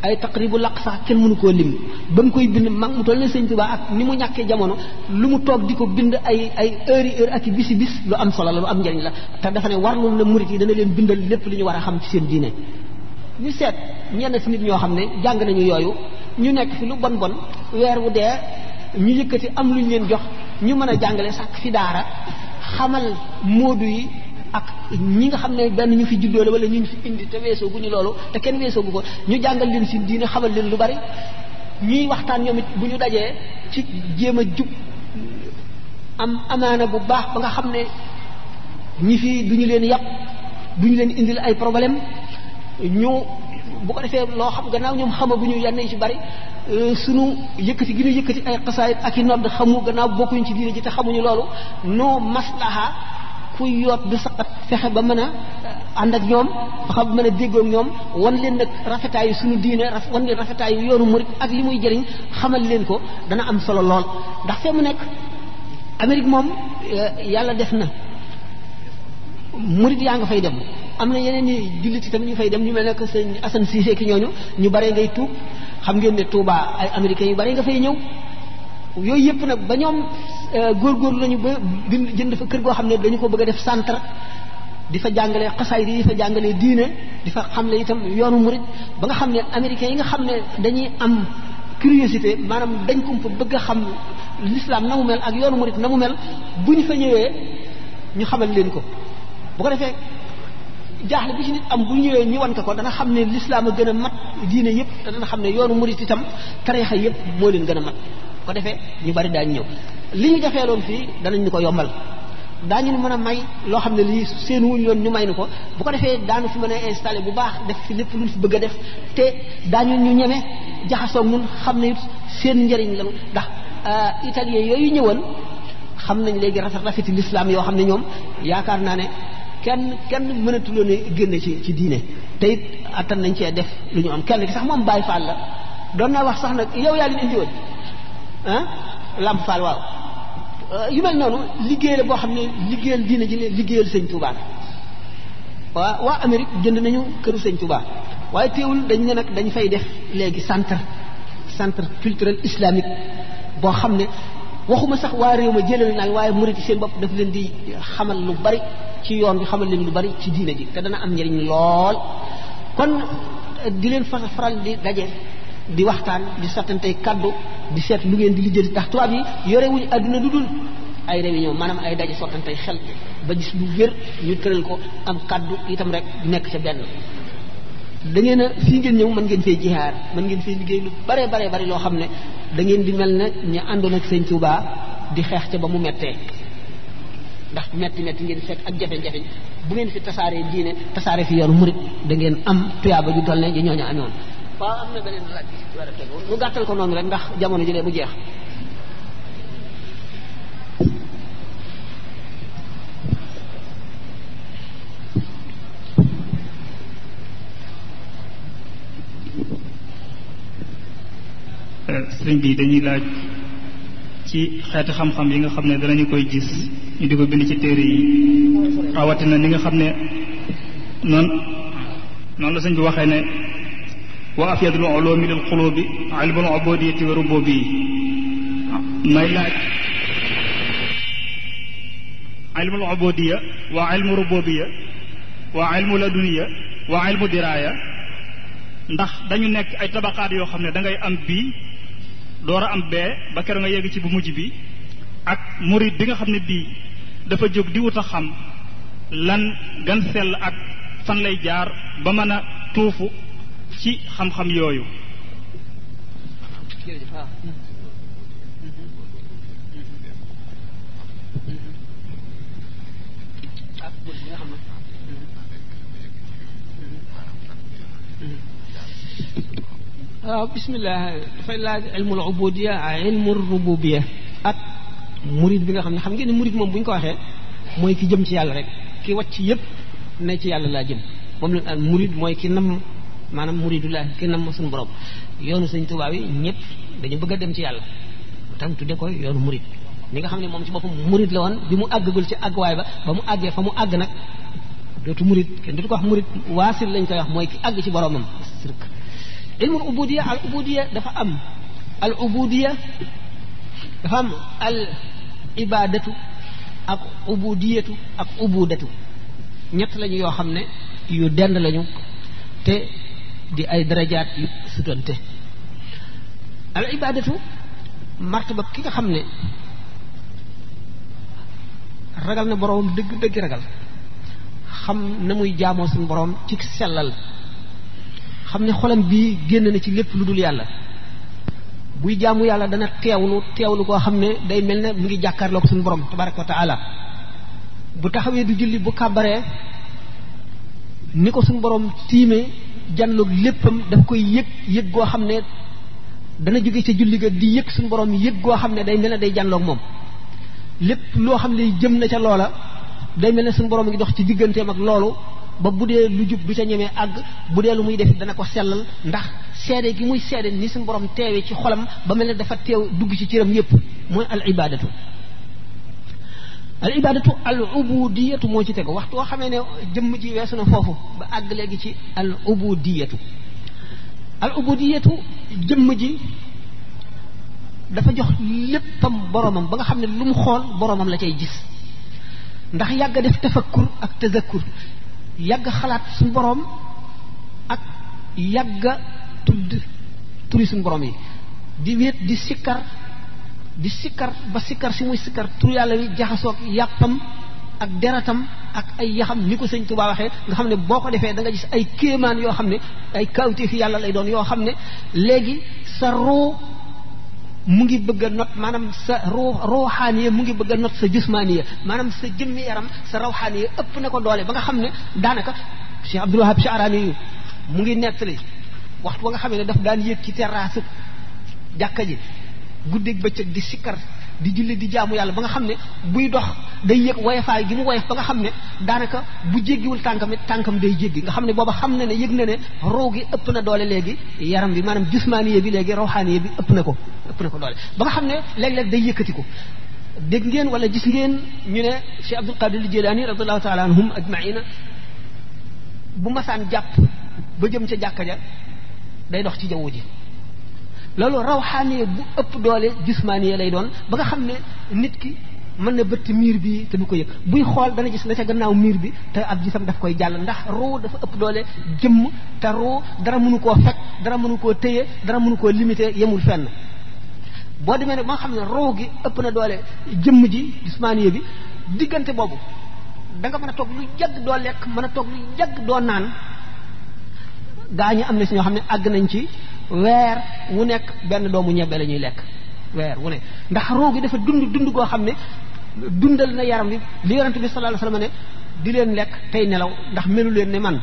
ay taqribu laq sax kenn mënu koo lim ba mu koy bind man mu toll ne sëñ Tuubaa ak ni mu ñàkkee jamono lu mu toog di ko bind ay ay heure yi heure ak i bis i bis lu am solo la lu am njëriñ la te dafa ne warlu na murit yi dana leen bindal lépp li ñu war a xam ci seen diine ñu seet ñenn si nit ñoo xam ne jàng nañu yooyu ñu nekk fi lu bon bon weer wu dee ñu yëkkati am lu ñu leen jox ñu mën a jàngale sàkk fi daara xamal moodu yi ak ñi nga xam ne benn ñu fi juddoo la wala ñu fi indi te weesoo gu ñu loolu te kenn weesoo gu ko ñu jàngal leen si diine xamal leen lu bari ñuy waxtaan ñoom bu ñu dajee ci jéem a jub am amaana bu baax ba nga xam ne ñi fi du ñu leen yàpp du ñu leen indil ay problème ñu bu ko defee loo xam gannaaw ñoom xamaguñu yenn yi ci bari euh, sunu yëkkati gi ñu yëkkati ay xasaayit ak i nodd xamu gannaaw bokkuñu ci diine ji te xamuñu loolu noo maslaha kuy yoot di saqat fexe ba mën a ànd ak ñoom xam mën a déggoog ñoom wan leen nag rafetaayu suñu diine raf wan leen rafetaayu yoonu murit ak li muy jëriñ xamal leen ko dana am solo lool ndax fee mu nekk amérique moom yàlla def na murit yaa nga fay dem am na yeneen ñi jullit tamit ñu fay dem ñu mel ne que sëñ Assane Cissé ki ñooñu ñu bare ngay tuub xam ngeen ne Touba ay américains yu bare nga fay ñëw yooyu yëpp nag ba ñoom euh, góorgóorlu nañu ba bind jënd fa kër goo xam ne dañu ko bëgg a def centre di fa jàngale xasaay di fa jàngale diine di fa xamle itam yoonu murit ba xam ne américains yi nga xam ne dañuy am curiosité maanaam dañ ko bëgg a xam l'islam na mu mel ak yoonu murit na mu mel bu ñu fa ñëwee ñu xamal leen ko bu ko defee jaaxle bi ci nit am bu ñëwee ñu wan ko ko dana xam ne lislaam a gën a mat diine yëpp te dana xam ne yoonu murit itam tariixa yëpp moo leen gën a mat ko defee ñu bari daañu ñëw li ñu jafeeloon fii danañ ñu ko yombal daañu ñu mën a may loo xam ne lii seen wuñ yoon ñu may ni ko bu ko defee daanu fi mën a installé bu baax def fi lépp lu ñu fi bëgg a def te daañu ñu ñeme jaxasoo mun xam ne seen njariñ la ndax euh, italien yooyu ñëwoon xam nañ léegi rafet rafeti lislaam yoo xam ne ñoom yaakaar naa ne kenn kenn mënatu leen a génne ci ci diine te it attan nañ cee def lu ñu am kenn ki sax moom Baay Faal la doon naa wax yow yaa leen ah Lamp Fall waaw euh, yu mel noonu liggéey boo xam ne liggéeyal diina ji ne liggéeyal sëñ Touba waa waa Amérique jënd nañu këru sëñ Touba waaye teewul dañ ne nag dañ fay def léegi centre centre culturel islamique boo xam ne waxuma sax waa réew ma jëlal naa waaye murit yi seen bopp daf leen di xamal lu bari ci yoon bi xamal leen lu bari ci diina ji te dana am njëriñ lool kon di leen faral di daje di waxtaan di satante kaddu di seet lu ngeen di lijjanti tax tubaab yi yore wuñ aduna dudul dul ay réunion manam ay daje sotante xel ba gis lu wér ñu tëral ko am kaddu itam rek nekk ca benn da ngeen a fii ngeen ñëw mën ngeen fee jihaar mën ngeen fee liggéey lu bare bare bare loo xam ne da ngeen di mel ne ñu àndoon ak sëñ Touba di xeex ca ba mu mettee ndax metti metti ngeen fekk ak jafe jafe bu ngeen fi tasaare diine tasaare fi yoonu murid da ngeen am tuyaaba ju toll ne ji ñooñu amoon waaw laaj bi war a ko noonu rek ndax jamono ji lee mu jeex euh, sëriñ dañuy laaj ci xeeti xam-xam yi nga xam ne danañu koy gis ñu di ko bind ci téere yi rawatina ni nga xam ne noonu noonu la sëñ bi waxee ne وأفيد العلوم للقلوب علم العبودية والربوبية ما laaj علم العبوديه وعلم الربوبيه وعلم الادنيه وعلم الدرايه ndax dañu nek ay tabaqat yo xamne da ngay am bi door a am be ba kero nga yegg ci bu mujj bi ak mourid bi nga xamne bi dafa jóg di wuta xam lan gan sel ak fan lay jaar ba mën tuufu ci xam-xam yooyu waaw ah, bismillah dafay laaj ilmul ubudiya ak ilmul rububiya bi nga xam ne xam ngeen ne moom bu ñu ko waxee mooy ki jëm ci yàlla rek ki wàcc yépp ne ci yàlla laa jëm moom la murid mooy ki nam manam muridullah ki nam sun borom yoonu seigne touba wi ñepp dañu bëgg dem ci yalla tam tudde ko yoonu murid ni nga xamni mom ci bopum murid la won bi mu aggul ci way ba ba mu agge fa mu àgg nag dootu murid ken dootu ko wax murid wasil lañ koy wax moy ki ag ci boromam sirk ilmul ubudiyya al ubudiyya dafa am al ubudiyya dafa am al ibadatu ak ubudiyatu ak ubudatu ñet lañu yo xamne yu dend lañu te di ay darajaat yu sutante al ibaadatu martaba ki nga xam ne ragal na boroom dëgg dëgg ragal xam na muy jaamoo suñu boroom ci sellal xam ne xolam bii génn na ci lépp lu dul yàlla buy jaamu yàlla dana teewlu teewlu koo xam ne day mel ne mu ngi jàkkarloo ko suñu borom tabaraka wa taala bu taxawee du julli bu kàbbaree ni ko suñu borom tiimee janloog léppam daf koy yëg yëg goo xam ne dana jóge ca julli ga di yëg suñu borom yëg goo xam ne day mel ne day janloog moom lépp loo xam ne jëm na ca loola day mel ne suñu borom ngi dox ci digganteem ak loolu ba bu dee lu jub du ca ñemee àgg bu dee lu muy def dana ko sellal ndax seede gi muy seede ni suñu borom teewee ci xolam ba mel ne dafa teew dugg ci cëram yépp mooy al ibadatu العبادة العبودية موجة وقت وخمين جم جي ويسنا فوفو بأقل يجي العبودية العبودية جم جي دفع جوخ لبتم برمم بغا خمين لم خول برمم لكي جيس ndax yàgg def tafakkur ak tazakkur yàgg xalaat sun borom ak yàgg tudd turi sun borom yi di wéet di sikkar di sikkar ba sikkar si muy sikkar tur yàlla wi jaxasoog yàppam ak deratam ak ay yaxam ni ko sëñ Tuubaa waxee nga xam ne boo ko defee danga nga ay kéemaan yoo xam ne ay kawti fi yàlla lay doon yoo xam ne léegi sa ruu mu ngi bëgg a not maanaam sa ruu ruuxaaniya mu ngi bëgg a not sa jismaaniya maanaam sa jëmm yaram sa raw yi ëpp ne ko doole ba nga xam ne daanaka Cheikh Abdul Wahab Sha'rani yu mu ngi nettali waxtu ba nga xam ne daf daan yéeg ci terrasse jàkka ji guddé bëccëg di sikkar di julli di jaamu yàlla ba nga xam ne buy dox day yëg woyefaay gi mu woyef ba nga xam ne daanaka bu jéggiwul tànkam it tànkam day jéggi nga xam ne booba xam na ne yëg na ne roo gi ëpp na doole léegi yaram bi maanaam jismaniye bi léegi rawxaaniye bi ëpp na ko ëpp na ko doole ba nga xam ne léeg-léeg day yëkkati ko dégg ngeen wala gis ngeen ñu ne Cheikh Abdul Qadir Jilaani radiallahu taala anhum ajmaina bu masaan jàpp ba jëm ca jàkka ja day dox ci jaww ji loolu rawxaaniya bu ëpp doole jismaaniya lay doon ba nga xam ne nit ki mën na bëtt miir bi te du ko yëg buy xool dana gis la ca gannaaw miir bi te ab gisam daf koy jàll ndax ruu dafa ëpp doole jëmm te ruu dara mënu koo fekk dara mënu koo téye dara mënu koo limité yemul fenn boo demee ne ba nga xam ne ruu gi ëpp na doole jëmm ji jismaaniya bi diggante boobu danga mën a toog lu jagg doo lekk mën a toog lu jagg doo naan gaañu am na si ñoo xam ne àgg nañ ci weer wu nekk benn doomu ñebe la ñuy lekk weer wu ne ndax roo dafa dund dund goo xam ne dundal na yaram bi li yonente bi sallallahu alayhi wasallam ne di leen lekk tey nelaw ndax melu leen ne man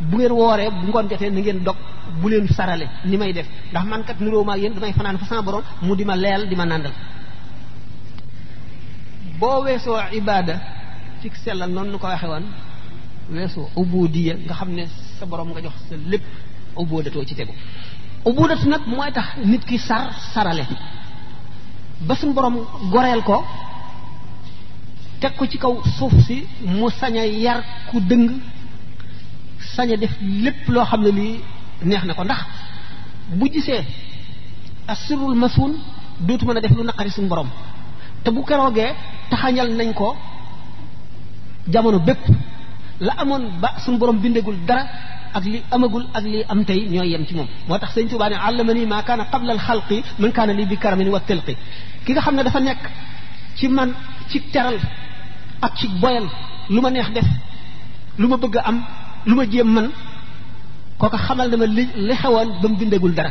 bu ngeen wooree bu ngoon jotee na ngeen dog bu leen sarale ni may def ndax man kat niroo maag yéen damay fanaan fa sama borom mu di ma leel di ma nàndal boo weesoo ibada ci sellal noonu nu ko waxe woon weesoo nga xam sa borom nga jox sa lepp ubudatoo ci tegu ubudatu nak moy tax nit ki sar sarale ba sun borom gorel ko tek ko ci kaw suuf si mu saña yar ku deung saña def lepp lo xam ne neex na ko ndax bu gisé asirul masun dootu mën def lu nakari sun borom te bu keroogee taxañal nañ ko jamono bepp la amone ba sun borom bindegul dara ak li amagul ak li am tay ñoy yam ci mom motax tax sëñ Tuubaa ne àllama nii maa qabla al khalqi man kana li bi karamin wa tilqi ki nga xamne dafa nek ci man ci teral ak ci boyal luma neex def luma bëgg am luma jëm man kooka xamal dama li xewon bam bindegul dara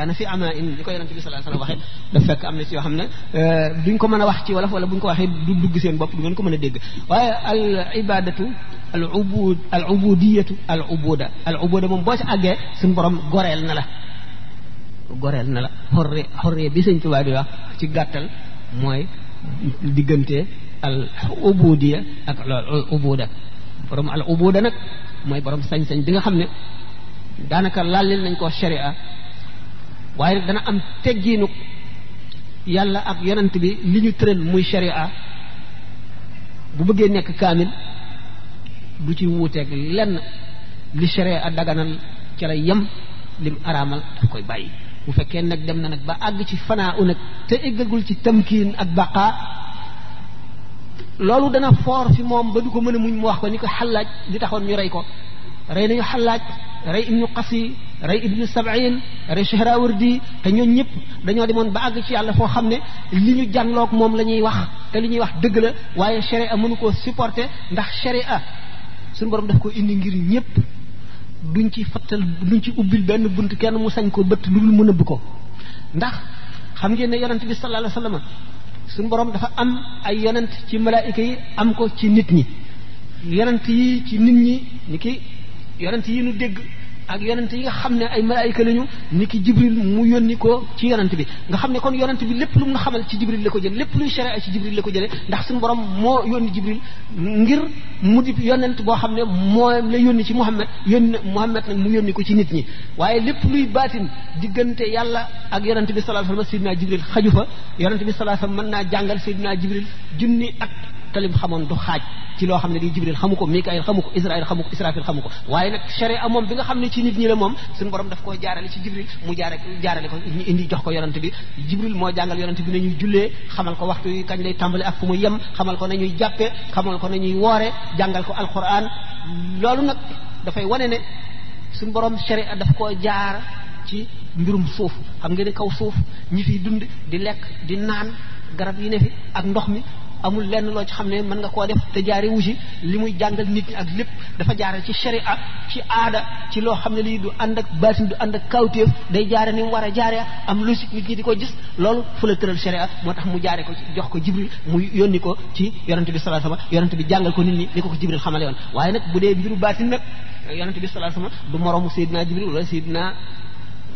kana fi ama ni ko yonante bi sallallahu alaihi wasallam waxe da fekk amna ci yo xamne euh duñ ko meuna wax ci wolof wala buñ ko waxe du dugg seen bop du ngeen ko meuna deg waye al ibadatu al ubud al ubudiyatu al ubuda al ubuda mom bo ci agge sun borom gorel na la gorel na la horre horre bi sëñ tubaab di wax ci gàttal moy digeunte al ubudiya ak al ubuda borom al ubuda nak moy borom sañ-sañ bi nga xamne danaka daanaka nañ ko sharia waaye dana am teggiinu yàlla ak yonent bi li ñu tëral muy sharia bu bëggee nekk kaamil bu ci wuuteeg lenn li sharia daganal ca la yem lim araamal daf koy bàyyi bu fekkee nag dem na nag ba àgg ci fanaa u te eggagul ci tamkiin ak baqaa loolu dana foor fi moom ba du ko mën a mu wax ko ni ko xallaaj li taxoon ñu rey ko rey nañu xallaaj rey ibnu qasi rey ibnu sabain rey chehrawardi te ñooñ ñëpp dañoo demoon ba àgg ci yàlla foo xam ne li ñu jànloog moom la ñuy wax te li ñuy wax dëgg la waaye sharia mënu koo supporter ndax sharia suñu borom daf ko indi ngir ñëpp duñ ci fattal duñ ci ubbil benn bunt kenn mu sañ ko bëtt lu dul mu nëbb ko ndax xam ngeen ne yonent bi sallallahu alayhi wasallam suñu dafa am ay yonent ci malaayika yi am ko ci nit ñi yonent yi ci nit ñi ni ki yonent yi nu dégg ak yonent yi nga xam ne ay malaayika lañu ni ki jibril mu yónni ko ci yonent bi nga xam ne kon yonent bi lépp lu mu xamal ci jibril la ko jël lépp luy sharia ci jibril la ko jëlee ndax suñu borom moo yónni jibril ngir mu di yonent boo xam ne moo la yónni ci muhammad yónni muhammad nag mu yónni ko ci nit ñi waaye lépp luy baatin diggante yàlla ak yonent bi sallallahu alayhi wasallam sayyidina jibril xaju fa yonent bi sallallahu alayhi wasallam mën naa jàngal sayyidina jibril junni at talim lim xamoon du xaaj ci loo xam ne di jibril xamu ko mikaayil xamu ko israil xamu ko israfil xamu ko waaye nag sharia moom bi nga xam ne ci nit ñi la moom suñ borom daf koo jaarale ci jibril mu jaare jaarale ko indi jox ko yonante bi jibril moo jàngal yonante bi nañuy jullee xamal ko waxtu yi kañ lay tàmbali ak fu mu yem xamal ko nañuy jàppe xamal ko nañuy woore jàngal ko alquran loolu nag dafay wane ne suñ borom sharia daf koo jaar ci mbirum suuf xam nga ne kaw suuf ñi fi dund di lekk di naan garab yi ne fi ak ndox mi amul lenn loo ci xam ne mën nga koo def te jaare wu li muy jàngal nit ñi ak lépp dafa jaare ci sharia ci aada ci loo xam ne lii du ànd ak baatin du ànd ak kawtéef day jaare ni mu war a jaare am logique nit ñi di ko gis loolu fu la tëral sharia moo tax mu jaare ko ci jox ko jibril mu yónni ko ci yonente bi sallallahu alayhi wasallam yonente bi jàngal ko nit ñi li ko ko jibril xamale yoon waaye nag bu dee mbiru baatin nag yonente bi sallallahu alayhi wasallam du moroomu seydinaa jibril wala seydinaa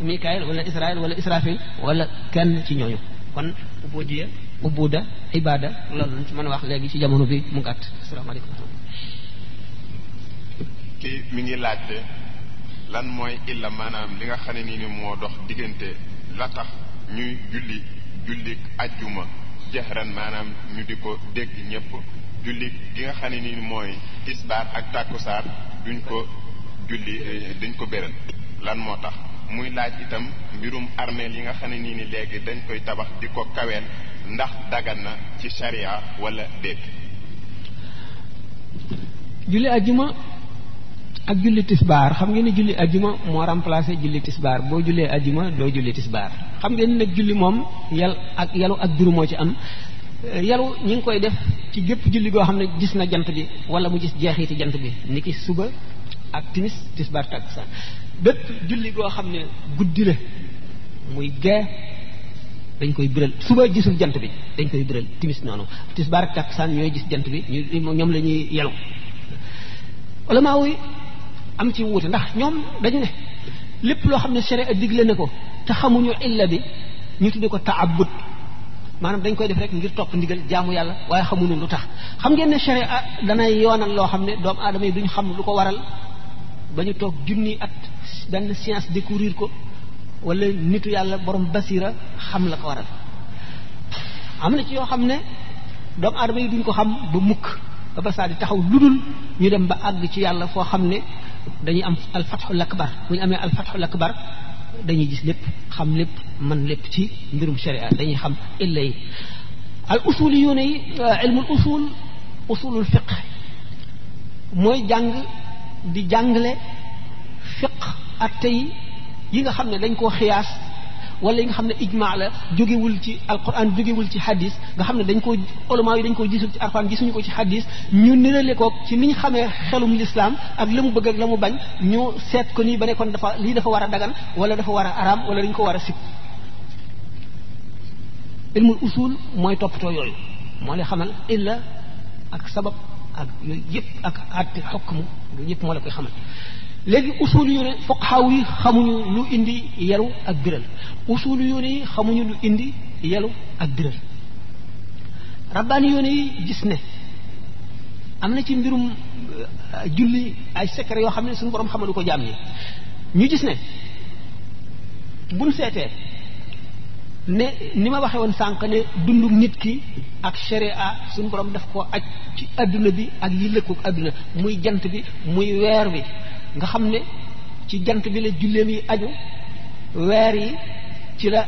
mikaayil wala israil wala israfil wala kenn ci ñooñu kon ubudiya ubuda ibada loolu lañ ci mën wax léegi ci jamono bi mu gàtt asalaamaaleykum kii mi ngi laajte lan mooy illa maanaam li nga xam ne nii ni moo dox diggante la tax ñuy julli jullik ajjuma jahran maanaam ñu di ko dégg ñépp julli gi nga xam ne ni mooy tisbaar ak tàkkusaar duñ ko julli eh, duñ ko béral lan moo tax muy laaj itam mbirum armeel yi nga xam ne nii ni léegi dañ koy tabax di ko kaweel ndax dagan na ci sharia wala deet julli aljuma ak julli tisbar xam ngeen julli aljuma mo remplacer julli tisbar bo jullee aljuma do julli tisbar xam ngeen nak julli mom yal ak yalu ak duru mo ci am eh, yalu ñi ngi koy def ci gep julli go xamne gis na jant bi wala mu gis jeexiti jant bi niki suba ak timis tisbar takk sax bépp julli go xamne guddi la muy gee dañ koy biral suba gisul jant bi dañ koy biral timis noonu tisbaar ak takkusaan ñooy gis jant bi ñu ñoom la ñuy yelu ulamaa yi am ci wuute ndax ñoom dañu ne lépp loo xam ne sharia digle na ko te xamuñu illa bi ñu tudde ko taabut maanaam dañ koy def rek ngir topp ndigal jaamu yàlla waaye xamuñu lu tax xam ngeen ne sharia danay yoonal loo xam ne doom aadama yi duñ xam lu ko waral ba ñu toog junni at benn science découvrir ko wala nitu yàlla borom basira xam la ko waral am na ci yoo xam ne doomu aadama yi duñ ko xam ba mukk ba ba saa di taxaw ludul ñu dem ba àgg ci yàlla foo xam ne dañuy am al alfatxul akbar bu ñu amee alfatxul akbar dañuy gis lépp xam lépp man lépp ci mbirum sharia dañuy xam illa yi al usul yu ne ilmul usul usulul fiq mooy jàng di jàngale fiq atte yi yi nga xamne dañ ko xiyas wala yi nga xamne ijma la joge wul ci alquran joge wul ci hadith nga xamne dañ ko ulama yi dañ ko gisul ci alquran gisuñu ko ci hadith ñu neele ko ci niñ xamé xelum l'islam ak la bëgg ak lamu bañ ñu set ko ni bané kon dafa li dafa wara dagan wala dafa wara aram wala dañ ko wara sip ilmu ilmul usul mooy toppatoo yoy mo lay xamal illa ak sabab ak yoy yep ak àtte hukmu mu yooyu yëpp la koy xamal léegi usul yu ne fuqahaw yi xamuñu lu indi yalu ak biral usul yu ne yi xamuñu lu indi yalu ak biral rabbaani yu yi gis ne am na ci mbirum euh, julli ay secret yoo xam ne suñ borom xamalu ko jaam yi ñu gis ne buñ seetee ne ni ma waxee woon sànq ne dundu nit ki ak sharia suñu borom def ko aj ci àdduna bi ak yi lëkkook adduna muy jant bi muy weer bi nga xam ne ci jant bi la julleem yi aju weer yi ci la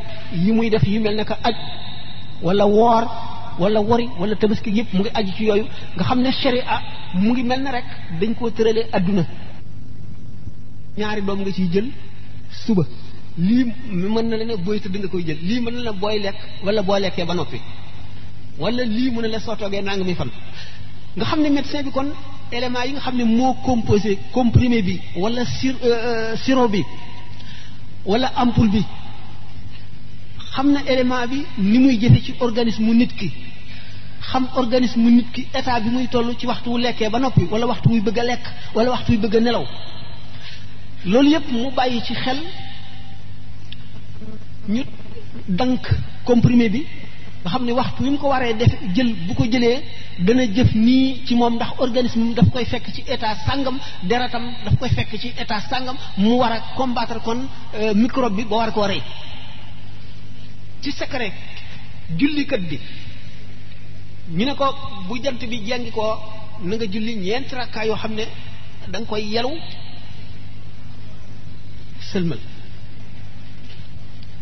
yi muy def yu mel na ka aj wala woor wala wori wala tabaski yëpp mu ngi aju ci yooyu nga xam ne sharia mu ngi mel na rek dañ koo tëralee àdduna ñaari doom nga ciy jël suba lii mën na la ne booy tëdd nga koy jël lii mën na la booy lekk wala boo lekkee ba noppi wala lii mën na la soo toogee naa nga muy fan nga xam ne médecin bi kon éléments yi nga xam ne moo composé comprimé bi wala sir euh, euh, sirop bi wala ampoule bi xam na élément bi ni muy jëfe ci organisme nit ki xam mu nit ki état bi muy toll ci waxtu wu lekkee ba noppi wala waxtu wuy bëgg lekk wala waxtu wuy bëgg a nelaw loolu yépp mu bàyyi ci xel ñu dank comprimé bi nga xam ne waxtu wi mu ko waree def jël bu ko jëlee dana jëf nii ci moom ndax organisme daf koy fekk ci état sàngam deretam daf koy fekk ci état sàngam mu war a combattre kon euh, microbe bi ba war koo rey ci secret jullikat bi ñu ne ko bu jant bi jàngi ko na nga julli ñeenti rakkaa yoo xam ne da koy yelu sëlmal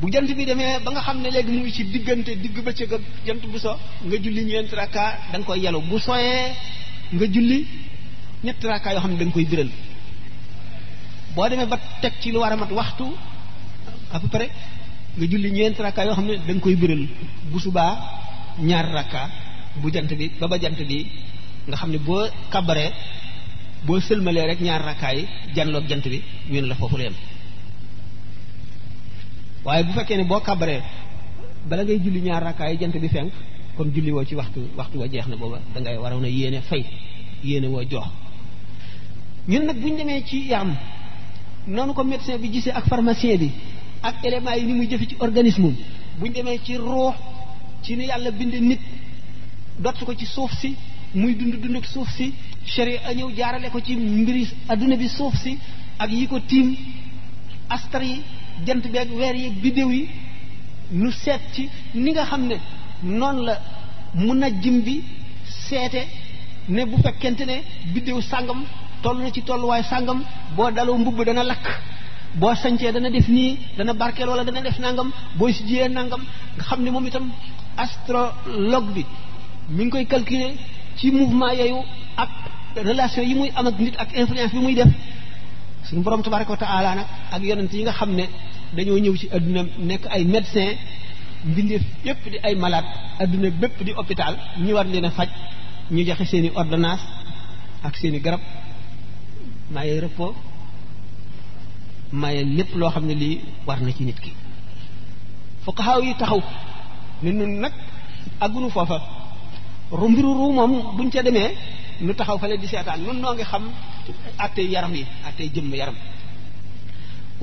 bu jant bi demee ba nga xam ne léegi mu ngi ci diggante digg bëccëg ak jant bu so nga julli ñeent raka da nga koy yelu bu soyee nga julli ñett raka yoo xam ne da nga koy biral boo demee ba teg ci lu war a mat waxtu à peu près nga julli ñeent raka yoo xam ne koy biral bu subaa ñaar raka bu jant bi ba ba jant bi nga xam ne boo kabaree boo sëlmalee rek ñaar raka yi janloog jant bi ñu la foofu la waaye bu fekkee ne boo kabaree bala ngay julli ñaar rakkaay jant bi fenk kon julli woo ci waxtu waxtu wa jeex na booba da ngay a yéene fay yéene woo jox ñun nag buñ demee ci yaam noonu ko médecin bi gisee ak pharmacien bi ak éléments yi ni muy jëfe ci organisme buñ demee ci ruux ci ni yàlla bind nit dott ko ci suuf si muy dund dund suuf si a ñëw jaarale ko ci mbiri adduna bi suuf si ak yii ko tiim astar yi jant beeg weer yeeg biddéew yi nu seet ci ni nga xam ne noonu la munajjim bi seete ne bu fekkente ne biddéew sàngam toll na ci tolluwaay sàngam boo daloo mbubb dana lakk boo sancee dana def nii dana barkeel wala dana def nangam boo si jiyee nangam nga xam ne moom itam astrologue bi mu ngi koy calculer ci mouvement yooyu ak relation yi muy am ak nit ak influence bi muy def suñu borom tabaraka wa taala nag ak yonent yi nga xam ne dañoo ñëw ci adduna nekk ay médecin mbindeef yépp di ay malade adduna bépp di hôpital ñu war leen a faj ñu joxe seeni i ak seeni garab maye repos maye lépp loo xam ne lii war na ci nit ki fuqahaa yi taxaw ne nun nag àggunu foofa ru mbiru ruu moom buñ ca demee nu taxaw fale di seetaan nun noo ngi xam attey yaram yi attey jëmm yaram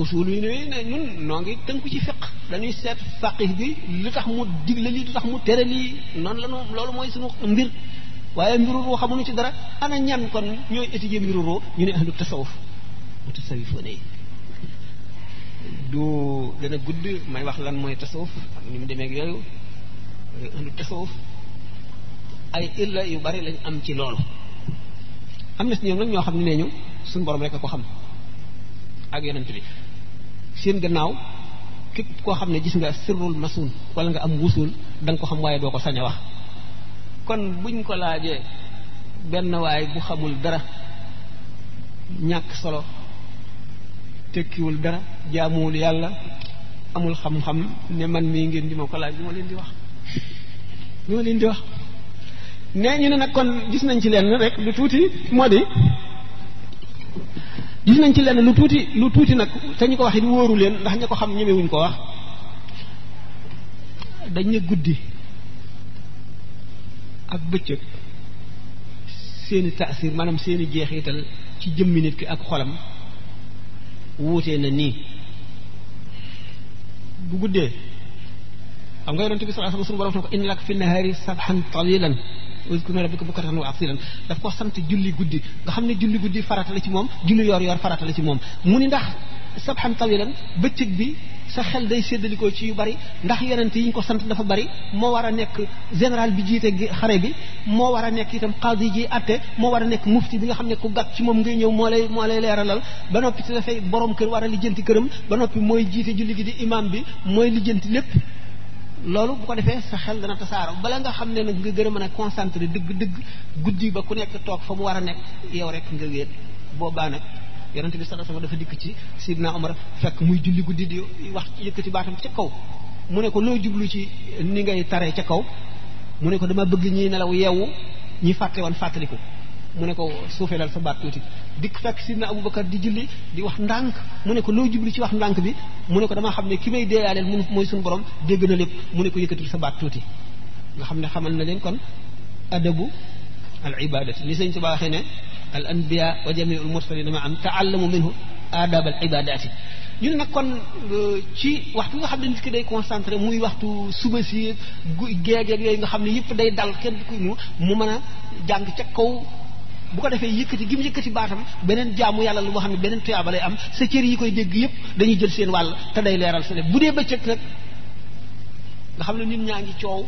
usul yi ñuy ne ñun noo ngi ci fiq dañuy seet faqih bi lu tax mu digle lii li tax mu tere lii noonu lanu loolu mooy suñu mbir waaye mbiru ruu xamuñu ci dara ana ñan kon ñooy étudier mbiru ruu ñu ne ahlu tasawuf mu tasawifoo ne du dana gudd may wax lan mooy tasawuf ak ni mu demee ak yooyu ahlu tasawuf ay illa yu bari lañ am ci loolu am na ci ñoom nag ñoo xam ne nee suñu borom rek ko xam ak yonent bi seen gannaaw képp koo xam ne gis nga sirrul masun wala nga am wusul da ko xam waaye doo ko sañ a wax kon buñ ko laajee benn waay bu xamul dara ñàkk solo tekkiwul dara jaamuwul yàlla amul xam-xam ne man mii ngeen di ma ko laaj li leen di wax li leen di wax nee ñu ne nag kon gis nañ ci lenn rek lu tuuti moo di gis nañ ci lenn lu tuuti lu tuuti nag te ñu ko wax it ndax ña ko xam ñemewuñ ko wax dañ ne guddi ak bëccëg seeni taasir maanaam seeni jeexital ci jëmmi nit ki ak xolam wuutee na ni bu guddee xam nga yonente bi sallallahu alayhi wasallam borom ko innalak fi nahari sabhan talilan wazkur rabbaka bukratan wa asilan daf ko sant julli guddi nga xam ne julli guddi farata la ci moom julli yoor yoor farata la ci moom mu ni ndax sabhan tawilan bëccëg bi sa xel day séddalikoo ci yu bari ndax yonent yi ñu ko sant dafa bari moo war a nekk général bi jiite xare bi moo war a nekk itam qaadi ji atte moo war a nekk mufti bi nga xam ne ku gàtt ci moom ngay ñëw moo lay moo lay leeralal ba noppi te dafay borom kër war a lijjanti këram ba noppi mooy jiite julli gi di imam bi mooy lijjanti lépp loolu bu ko defee sa xel dana tasaaroo bala nga xam ne nag nga gën a mën a concentré dëgg-dëgg guddi ba ku nekk toog fa mu war a nekk yow rek nga wéet boobaa nag yonente bi sallallahu alayhi wasallam dafa dikk ci Sidna Omar fekk muy julli guddi di wax yëkkati baatam ca kaw mu ne ko loo jublu ci ni ngay taree ca kaw mu ne ko dama bëgg ñi nelaw yeewu ñi fàtte woon fàttaliku mu ne ko suufeelal sa baat tuuti dikk fekk sidna abubakar di julli di wax ndànk mu ne ko loo jubli ci wax ndànk bi mu ne ko dama xam ne ki may deeyaaleel mooy suñu borom dégg na lépp mu ne ko yëkkatil sa baat tuuti nga xam ne xamal na leen kon adabu al ibadati ni sëñ Tuubaa waxee ne al anbiya wa jamiul mursalin ma am taallamu minhu adab al ibadati ñun nag kon euh, ci waxtu nga xam ne nit ki day concentré muy waxtu suba sii si geegeeg yooyu nga xam ne yëpp day dal kenn ku ñu mu mën a jàng ca kaw bu ko defee yëkkati gi mu yëkkati baatam beneen jaamu yàlla lu boo xam ne beneen tuyaaba lay am sa cër yi koy dégg yëpp dañuy jël seen wàll te day leeral sa lépp bu dee bëccëg nag nga xam ne nit ñaa ngi coow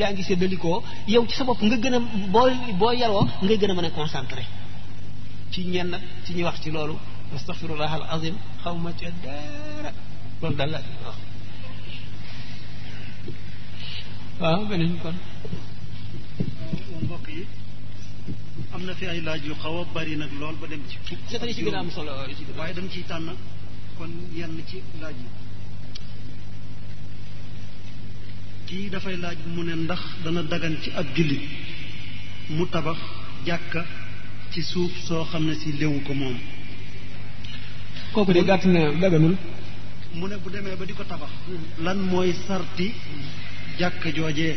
yaa ngi seddalikoo yow ci sa bopp nga gën a boo boo yaroo ngay gën a mën a ci ci ñenn ci ñuy wax ci loolu astaghfirullah al azim xaw ma ca dara loolu daal laa waaw beneen kon am na fi ay laaj yu xaw a bari nag lool ba dem ci fukk ci gën am solo waaye dama ciy tànn kon yenn ci laaj yi kii dafay laaj mu ne ndax dana dagan ci ab jullit mu tabax jàkka ci suuf soo xam ne si léwu ko moom kooku de gàtt na daganul mu ne bu demee ba di ko tabax lan mooy sarti jàkka joojee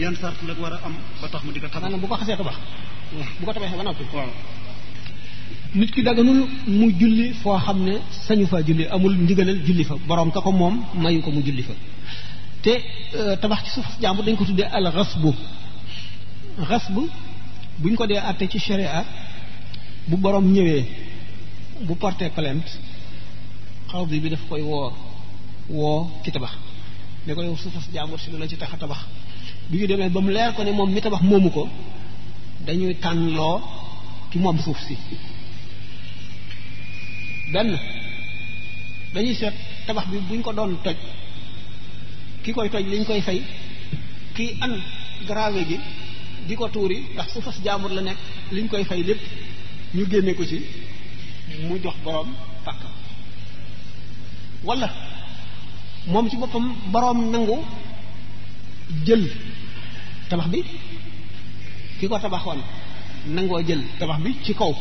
yan sart la war a am ba tax mu di ko tabax maanaam bu ko tabax bu ko tabaxee ba noppi waaw nit ki daganul mu julli foo xam ne sañu faa julli amul ndigalal julli fa borom ka ko moom mayu ko mu julli fa te euh, tabax ci suuf jàmbur dañ ko tuddee al xasbu xasbu buñ ko dee àtte ci sharia bu borom ñëwee bu porté plainte xawdi bi daf koy woo woo ci tabax ne ko yow suufas jàmbur si lu la ci tax a tabax bi ñu demee ba mu leer ko ne moom mi tabax moomu ko dañuy tànn loo ki moom suuf si benn dañuy seet tabax bi buñ ko doon toj ki koy toj liñ koy fay kii an grave gi di ko tuuri ndax su fas jaamur la nekk liñ koy fay lépp ñu génne ko ci mu jox boroom pàkk walla moom ci boppam boroom nangu jël tabax bi kiko tabaxone nango jël tabax bi ci kaw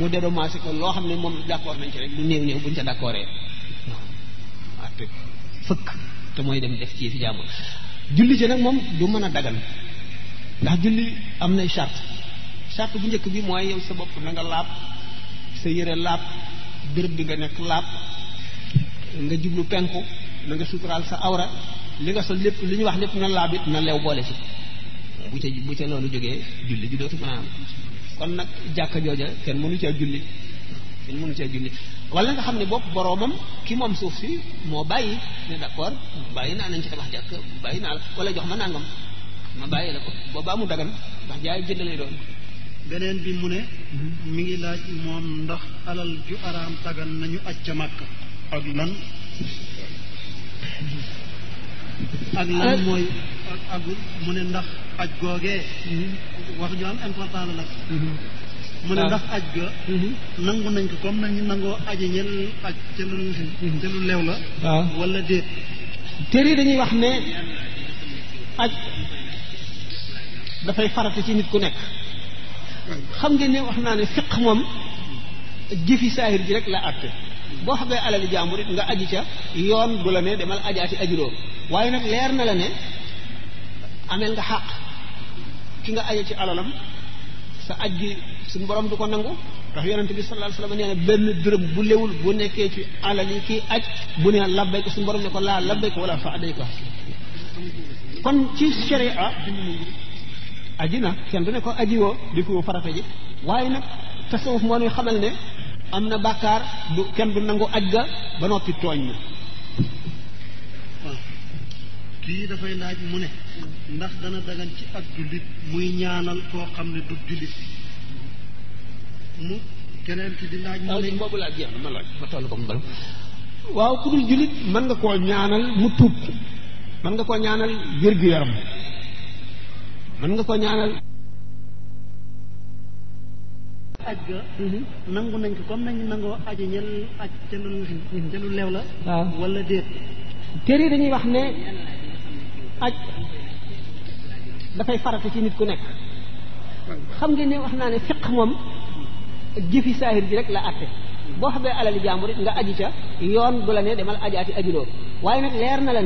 mu dédommagé ko lo xamné mom d'accord nañ ci rek bu néew néew buñ ca d'accordé até fëkk té moy dem def ci fi jaamu julli ci nak mom du mëna a dagan ndax julli am nay charte charte bu ñëk bi moy yow sa bop na nga lap sa yéré lap béréb bi nga nek lap nga jublu penku nga sutural sa awra li nga sol lepp li ñu wax lepp na laab na lew bolé ci bu ca bu ca loolu jógee julli ji dootu mën a am kon nag jàkka jooja kenn mënu caa julli kenn mënu caa julli wala nga xam ne bopp boroomam ki moom suuf si moo bàyyi ne d'accord bàyyi naa nañ ci tabax jàkk bàyyi naa la wala jox ma nangam ma bàyyi la ko boobaa mu dagan ndax jaay jënd lay doon beneen bi mu ne mhm. mi ngi laaj moom ndax alal ju araam tagan nañu aj ca màkk ak lan [LAUGHS] ak lan euh, mooy aju mu ne ndax aj googee mhm. wax ju am important la nag mhm. mu ne ndax aj ga mhm. nangu nañ ko comme nañu nangoo aji ñel aj ca lu ca leew la waaw wala déet téere dañuy wax ne aj dafay farata ci nit ku nekk xam ngeen ne wax naa ne fiq moom jëfi saahir ji rek la àtte boo xamee alali jàmbur it nga aji ca yoon bu la ne demal ajaati ajuroo waaye nag leer na la ne ameel nga xàq ki nga aja ci alalam sa aj gi suñu borom du ko nangu ndax yonente bi sallallahu alayhi wasallam nee na benn bu lewul bu ci alal yi bu ne labbay ko suñu borom laa labbay ko wala fa aday ko kon ci sharia aji na kenn du ne ko aji woo di ko farata ji waaye nag tasawuf moo nuy xamal ne am na bàkkaar du kenn du nangu aj ga ba noppi tooñ na kii dafay laaj mu ne ndax dana dagan ci ak jullit muy ñaanal koo xam ne du jullit mu keneen ki di laaj mu ne boobu laaj jeex na laaj ma toll ko mu bal waaw ku dul jullit mën nga koo ñaanal mu tuub mën nga koo ñaanal wér-gu-yaram mën nga koo ñaanal aj ga mhm. nangu nañ ko comme nañ nangoo aji ñel aj ca lu lew la wala déet téere dañuy wax ne aj dafay farata ci nit ku nekk xam ngeen ne wax naa ne fiq moom jëfi saahir ji rek la atte boo xamee nga aji ca yoon bu la demal leer na la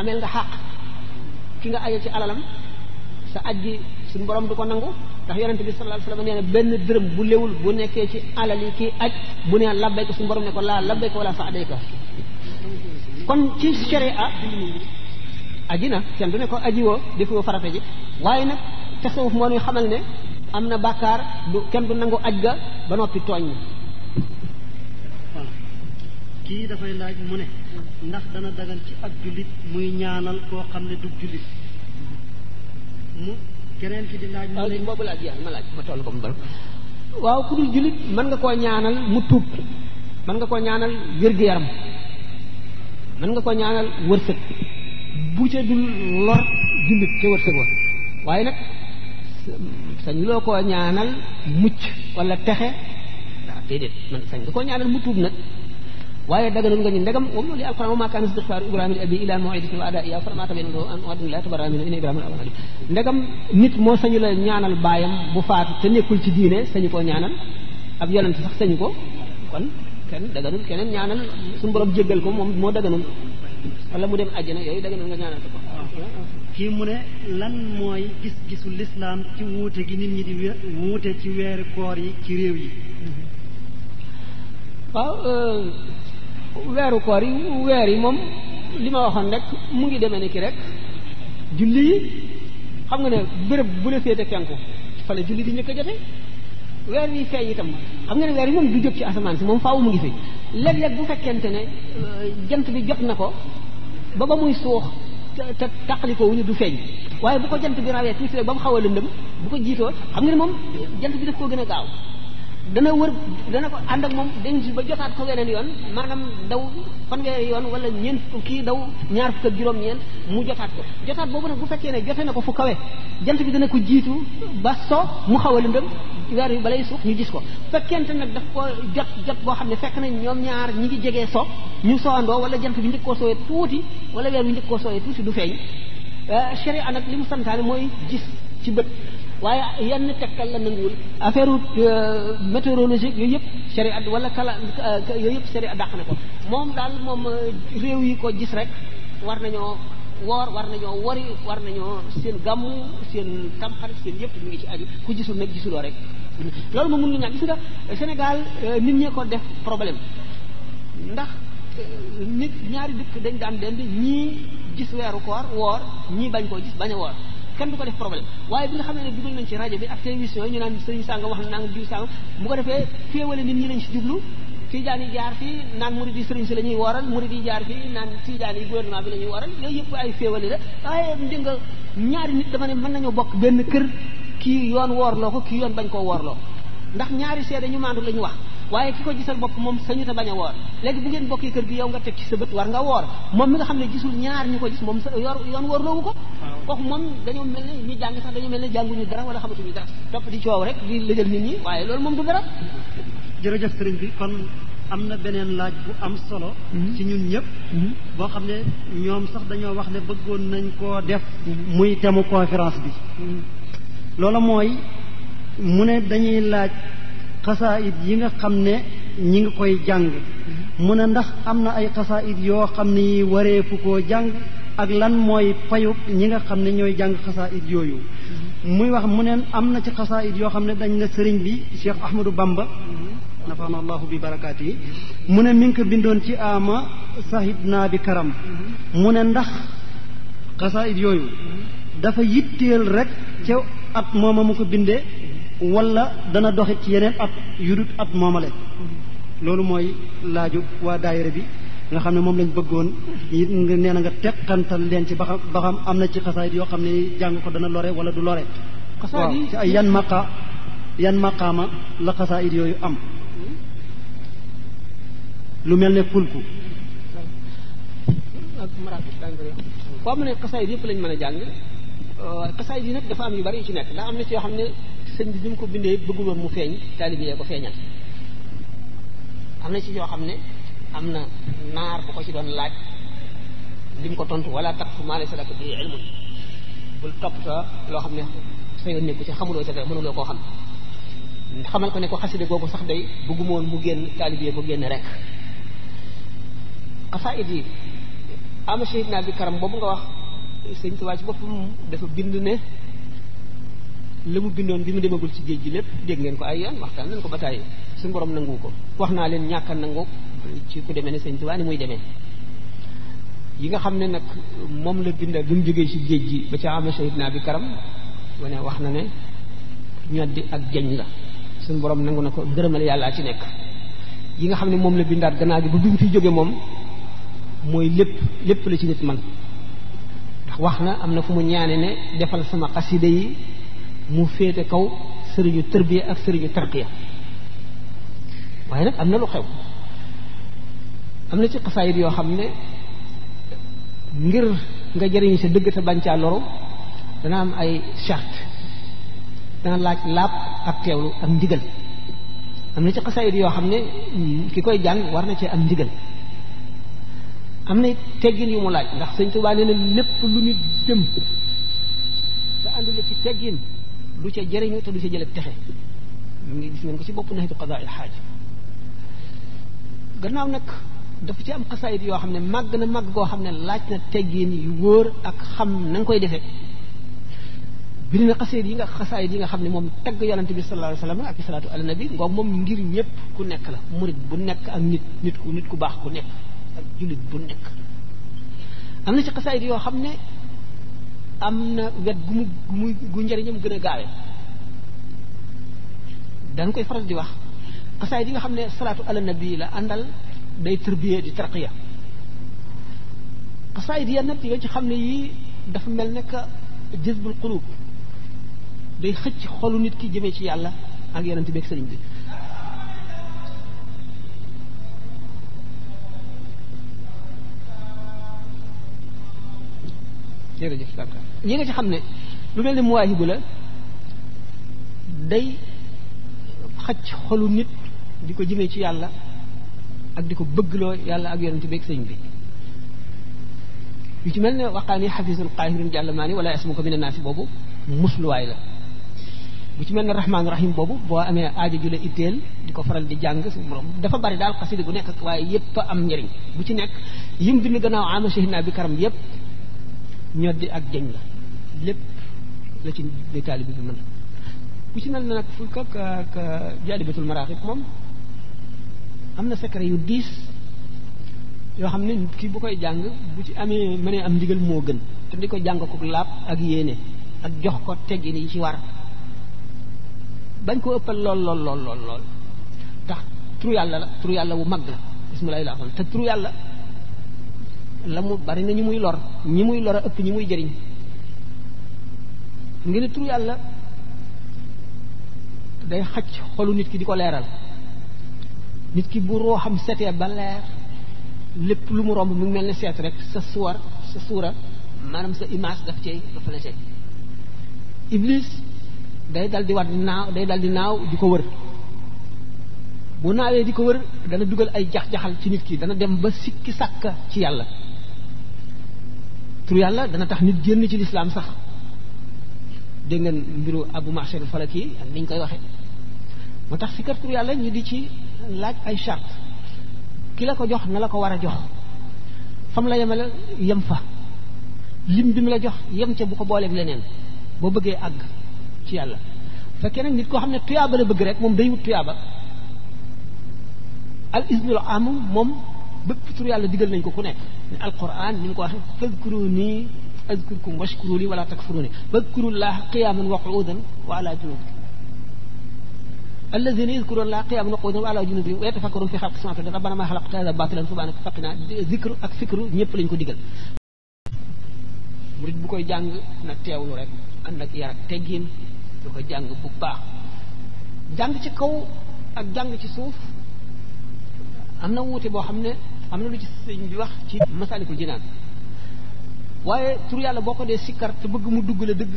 amel nga xaq ki nga aja ci alalam sa aj gi borom du ko nangu ndax yonente bi sallallahu alayhi wasallam nee benn dërëm bu léwul bu nekkee ci alal yi kii aj bu ne labbayka suñu borom ne ko laa labbayka wala sa'dayka kon ci sharia aji na kenn du ne ko aji woo defoo farata ji waaye nag tasawuf moo ñuy xamal ne am na bàkkaar du kenn du nangu aj ga ba noppi tooñ kii dafay laaj mu ne ndax dana ci ab muy ñaanal koo xam ne du keneen ki di laaj mu ne boobu laaj yàlla ma laaj ma toll ko mu doon waaw ku dul jullit mën nga koo ñaanal mu tuub mën nga koo ñaanal wér-gu-yaram mën nga koo ñaanal wërsëg bu ca dul lor jullit ca wërsëg wa waaye nag sañ loo koo ñaanal mucc wala texe waaw déedéet man sañ nga koo ñaanal mu tuub nag waaye daganul nga ñu ndegam wam loolu alquran wa ma kaana istixfaaru ibrahima li abi ila maw'idatin wa adaa fa maa tabayyana lahu an u'adda lillahi tabarra'a minhu inna ibrahima awwaabi ndegam nit moo sañu la ñaanal baayam bu faatu te nekkul ci diine sañu koo ñaanal ab yonent sax sañu ko kon kenn daganul keneen ñaanal suñu borom jéggal ko moom moo daganul wala mu dem àjjana yooyu daganul nga ñaanal ko kii mu ne lan mooy gis-gisu lislaam ci wuute gi nit ñi di wuute ci weeri koor yi ci réew yi waaw euh, weeru koor yi weer yi moom li ma waxoon rek mu ngi deme ni ki rek julli yi xam nga ne bërëb bu la féete penku fa la julli di njëkk a jote weer wi feeñ itam xam nga ne weer yi moom du jóg ci asamaan si moom faw mu ngi fi léeg-léeg bu fekkente ne euh, jant bi jot na ko ba ba muy suux te wu wuñu du feeñ waaye bu ko jant bi rawee tuuti rek ba mu xaw a lëndëm bu ko jiitoo xam nga ne moom jant bi daf koo gën a gaaw dana wër dana ko ànd ak moom denc ba jotaat ko weneen yoon maanaam daw fanweeri yoon wala ñeent kii daw ñaar fukk ak juróom-ñeent mu jotaat ko jotaat boobu nag bu fekkee ne jote na ko fu kawe jant bi dana ko jiitu ba so mu xaw a lëndëm weer yu balay suuf ñu gis ko fekkente nag daf ko jot jot boo xam ne fekk nañ ñoom ñaar ñi ngi jegee so ñu soandoo wala jant bi njëkk koo sooyee tuuti wala weer bi njëkk koo sooyee tuuti du feeñ sharia nag li mu santaane mooy gis ci bët waaye yenn tegtal la nanguwul affaire euh, météorologique yooyu yëpp sharia wala kala yooyu yëpp sharia dàq na ko moom daal moom euh, réew yi ko gis rek war nañoo woor war nañoo wari war nañoo seen gàmmu seen tamxarit seen yëpp mu ngi ci aju ku gisul nag gisuloo rek loolu moom mënul ñàkk gis nga Sénégal euh, nit ñee ko def problème ndax nit ñaari dëkk dañ daan dend ñii gis weeru koor woor ñii bañ koo gis bañ woor kenn du ko def problème waaye bi nga xam ne dugal nañ ci rajo bi ak télévision yi ñu naan sëriñ sànga wax na nangam diw sànga bu ko defee féewale nit ñi lañ ci jublu tiijaan yi jaar fii naan murid yi sëriñ si la ñuy wooral murid yi jaar fii naan tiijaan yi gouvernement bi la ñuy wooral yooyu yëpp ay féewali la waaye dégg nga ñaari nit dama ne mën nañoo bokk benn kër kii yoon woorloo ko kii yoon bañ koo woorloo ndax ñaari seede ñu maandu la ñu wax waaye ki ko gisal bopp moom sañu te bañ a woor léegi bu ngeen bokkee kër bi yow nga teg ci sa bët war nga woor moom mi nga xam ne gisul ñaar ñu ko gis moom yor yoon woor loowu ko kooku moom dañoo mel ne ñu jàng sax dañoo mel ne jànguñu dara wala xamatuñu dara topp di coow rek di lëjal nit ñi waaye loolu moom jërëjëf sëriñ bi kon am na beneen laaj bu am solo mhm. ci ñun ñëpp mhm. boo xam ne ñoom sax dañoo wax ne bëggoon nañ koo def mhm. muy temu conférence bi loola mooy mu ne dañuy laaj xasaayid yi nga xam ne ñi ngi koy jàng mu ne ndax am na ay it yoo xam ne yi wareefu koo jàng ak lan mooy payub ñi nga xam ne ñooy jàng xasaayid yooyu muy wax mu neen am na ci it yoo xam ne dañ na sëriñ bi Cheikh Ahmadou Bamba nafaana allahu bi barakaati yi mu ne mi ngi ko bindoon ci ama sahib naa bi karam mu ne ndax xasaayid yooyu dafa yitteel rek ca at mooma mu ko bindee wala dana doxit ci yeneen at yu dut at moomale loolu mooy laaju waa daayira bi nga xam ne moom lañ bëggoon nga nee na nga teqantal leen ci ba xam ba xam am na ci xasaayit yoo xam ne jàng ko dana lore wala du lore waaw ay yan maqa yan maqaama la yooyu am lu mel ne fulku foo mu ne xasaayit yëpp lañ mën a jàng xasaayit yi nag dafa am yu bari yu ci nekk ndax am na ci yoo xam ne sëñ bi bi mu ko bindee bëggul mu feeñ taalibe yee ko feeñal am na ci yoo xam ne am na naar bu ko ci doon laaj li mu ko tontu wala taqfu maa laysa laka bihi ilmun bul topp sa loo xam ne sa yoon nekku ci xamuloo ca dara mënuloo koo xam xamal ko ne ko xaside googu sax day bëggumoon mu génn taalibe yee ko génn rek xasaayid yi ama shahid naa bi karam boobu nga wax sëñ Tuubaa ci boppam dafa bind ne la mu bindoon bi mu demagul ci géej gi lépp dégg ngeen ko ay yoon waxtaan nañ ko ba tàyyi suñu boroom nangu ko wax naa leen ñàkk ci ku demee ne sëñ Tuubaa ni muy demee yi nga xam ne nag moom la binda bi mu ci géej gi ba ca ama bi karam wane wax na ne ñoddi ak jañ la suñu borom nangu na ko gërëmal yàlla ci nekk yi nga xam ne moom la bindaat gannaaw gi ba bi mu fi jóge moom mooy lépp lépp la ci nit man ndax wax na am na fu mu ñaane ne defal sama xasida yi mu féete kaw sëriñu tërbiya ak sëriñu tarqiya waaye nag am na lu xew am na ci xasaayit yoo xam ne ngir nga jëriñu sa dëgg te bañ caa dana am ay charte dana laaj laab ak teewlu ak ndigal am na ci xasaayit yoo xam ne ki koy jàng war na cee ak ndigal am na teggin yu mu laaj ndax sëñ Tuubaa nee na lépp lu nit jëm te àndul ci teggin du ca jëriñu te du ca jële texe mu ngi gis ngeen ko ci bopp naxitu qadaa il xaaj gannaaw nag dafa ci am xasaayit yoo xam ne màgg na màgg goo xam ne laaj na teggin yu wóor ak xam na nga koy defee biri na xasaayit yi nga xasaayit yi nga xam ne moom tagg yonante bi sallallahu alayhi wasallam ak salaatu ala nabi ngoo moom ngir ñëpp ku nekk la murid bu nekk ak nit nit ku nit ku baax ku nekk ak jullit bu nekk am na ci xasaayit yoo xam ne am na wet gu mu gu mu gu njëriñam gën a gaawe dañ koy faral di wax xasaay di nga xam ne salaatu ala nabi la àndal day tërbiyee di tarqiya xasaay di yenn yoo ci xam ne yii dafa mel ne que jëzbul qulub day xëcc xolu nit ki jëmee ci yàlla ak yonent bi ak sëriñ bi jërëjëf Babacar ñi nga xam ne lu mel ni muwaahibu la day xaj xolu nit di ko jëmee ci yàlla ak di ko bëgg bëggloo yàlla ak yonent bi ak bi yu ci mel ne waqaani xafisun qaahirin jàllamaani wala yasmuka mina naasi boobu musluwaay la bu ci mel ne rahmaanu rahim boobu boo amee aajo ju la di ko faral di jàng dafa bari daal xasida bu nekk waaye yépp am njëriñ bu ci nekk yim bind gannaaw ama shahidna bi karam yépp ñoddi ak jëñ la lepp la ci li talib bi mën ku ci nal na nag ful kak jaalibatul maraaxib maraqib mom amna secret yu diis yo xam ki bu koy jang bu ci amé mané am ndigal mo gën te diko jang ko lap ak yéene ak jox ko teggin ci war bañ ko ëppal lol lol lol lol tax tru yalla la turu yàlla bu mag la bismillahi rahman te turu yàlla la mu bari na ñi muy lor ñi muy lor a ëpp ñi muy jariñ ngir tur yàlla day xaj xolu nit ki di ko leeral nit ki bu rooxam setee ba leer lépp lu mu romb mu mel ni seet rek sa suwar sa suura maanaam sa image daf cey dafa la cey iblis day dal di wat di naaw day dal di naaw di ko wër bu naawee di ko wër dana dugal ay jax-jaxal ci nit ki dana dem ba sikki sàkka ci yàlla tur yàlla dana tax nit génn ci lislaam sax dégg ngeen mbiru abu mahsar falak yi ak niñ koy waxe moo tax sikar tur yàlla ñu di ci laaj ay charte ki la ko jox na la ko war a jox fam la yemale yem fa lim bi mu la jox yem ca bu ko booleeg leneen boo bëggee àgg ci yàlla fekkee nag nit koo xam tuyaaba la bëgg rek moom day wut tuyaaba al isnul am moom bépp tur yàlla digal nañ ko ku nekk القرآن نمكو فاذكروني أذكركم واشكروا لي ولا تكفروني فاذكروا الله قياما وقعودا وعلى جنوب الذين يذكرون الله قياما وقعودا وعلى جنوب ويتفكرون في خلق السماوات ربنا ما خلقت هذا باطلا سبحانك فقنا ذكر أكفكر فكر ñepp lañ مريد digal murid bu koy أنك na teewlu rek ànd بكبا yar ak teggin du ko jàng bu baax jàng am na lu ci sëñ bi wax ci masaalikul jinaan waaye tur yàlla boo ko dee sikkar te bëgg mu dugg la dëgg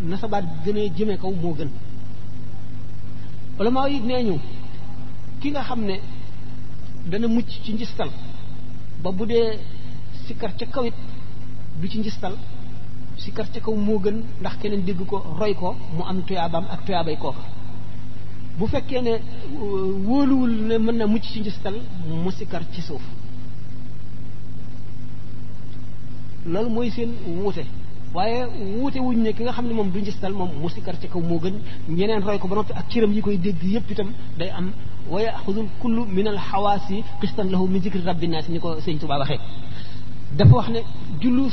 na sa jëme kaw moo gën ulama yi nee ñu ki nga xam ne dana mucc ci njistal ba bu dee sikkar ca kawit it du ci njistal sikkar ca kaw moo gën ndax keneen dégg ko roy ko mu am tuyaabam ak tuyaabay kooka bu fekkee ne wóoluwul ne mën na mucc ci njistal mu sikkar ci suuf loolu mooy seen wuute waaye wuute wuñ ne ki nga xam ne moom du njistal moom mu sikkar ci kaw moo gën ñeneen roy ko ba noppi ak cëram yi koy dégg yépp itam day am wa yaxudul kullu min al xawaasi qistan lahu min zikri rabbi naas ni ko sëñ tubaa waxee dafa wax ne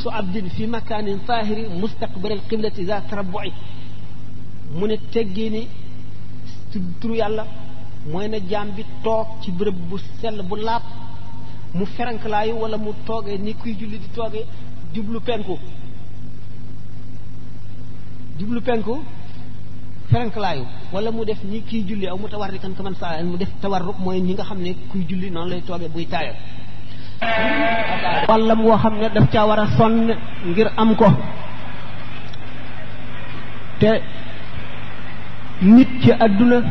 su abdin fi makanin fahiri mustaqbal al qiblati za tarabbuci mu ne teggee ni tudd turu yàlla mooy na jaam bi toog ci bërëb bu sell bu laab mu ferankalaayu wala mu toogee ni kuy julli di toogee jublu penku jublu penku ferankalaayu wala mu def ni kiy julli aw mu tawarrikan kaman saa mu def tawarruk mooy ñi nga xam ne kuy julli noonu lay toogee buy taaya wàllam woo xam ne daf caa war a sonn ngir am ko te nit ci adduna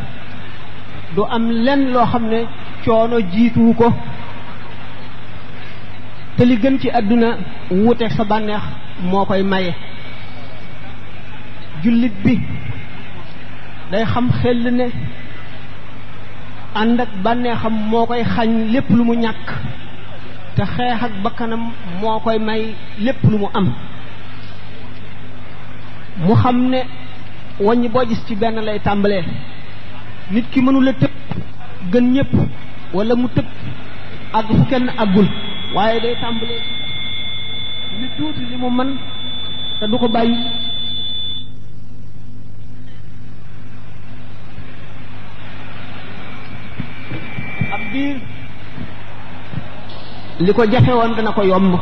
du am lenn loo xam ne coono jiituwu ko te gën ci àdduna wute sa bànneex moo koy maye jullit bi day xam xel ne ànd ak bànneexam moo koy xañ lépp lu mu ñàkk te xeex ak bakkanam moo koy may lépp lu mu am mu xam ne wàññi boo gis ci benn lay tàmbalee nit ki mënula tëb gën ñépp walla mu tëb àgg fu kenn àggul waaye day tàmbalee li tuuti li mu mën te du ko bàyyi ab diir li ko jafe woon dana ko yomb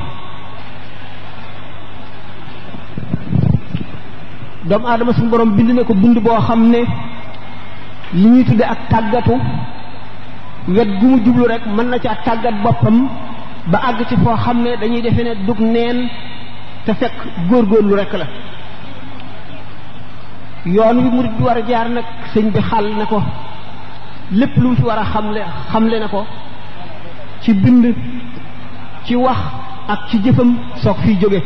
doomu aadama suñu borom bind na ko bind boo xam ne li ñuy tudde ak tàggatu wet gu mu jublu rek mën na ci ca tàggat boppam ba àgg ci foo xam ne dañuy defe ne dug neen te fekk góorgóorlu rekk la yoon wi murid bi war a jaar nag sëñ bi xàll ne ko lépp lu mu fi war a xam xamle xamle na ko ci bind ci wax ak ci jëfam soog fiy jóge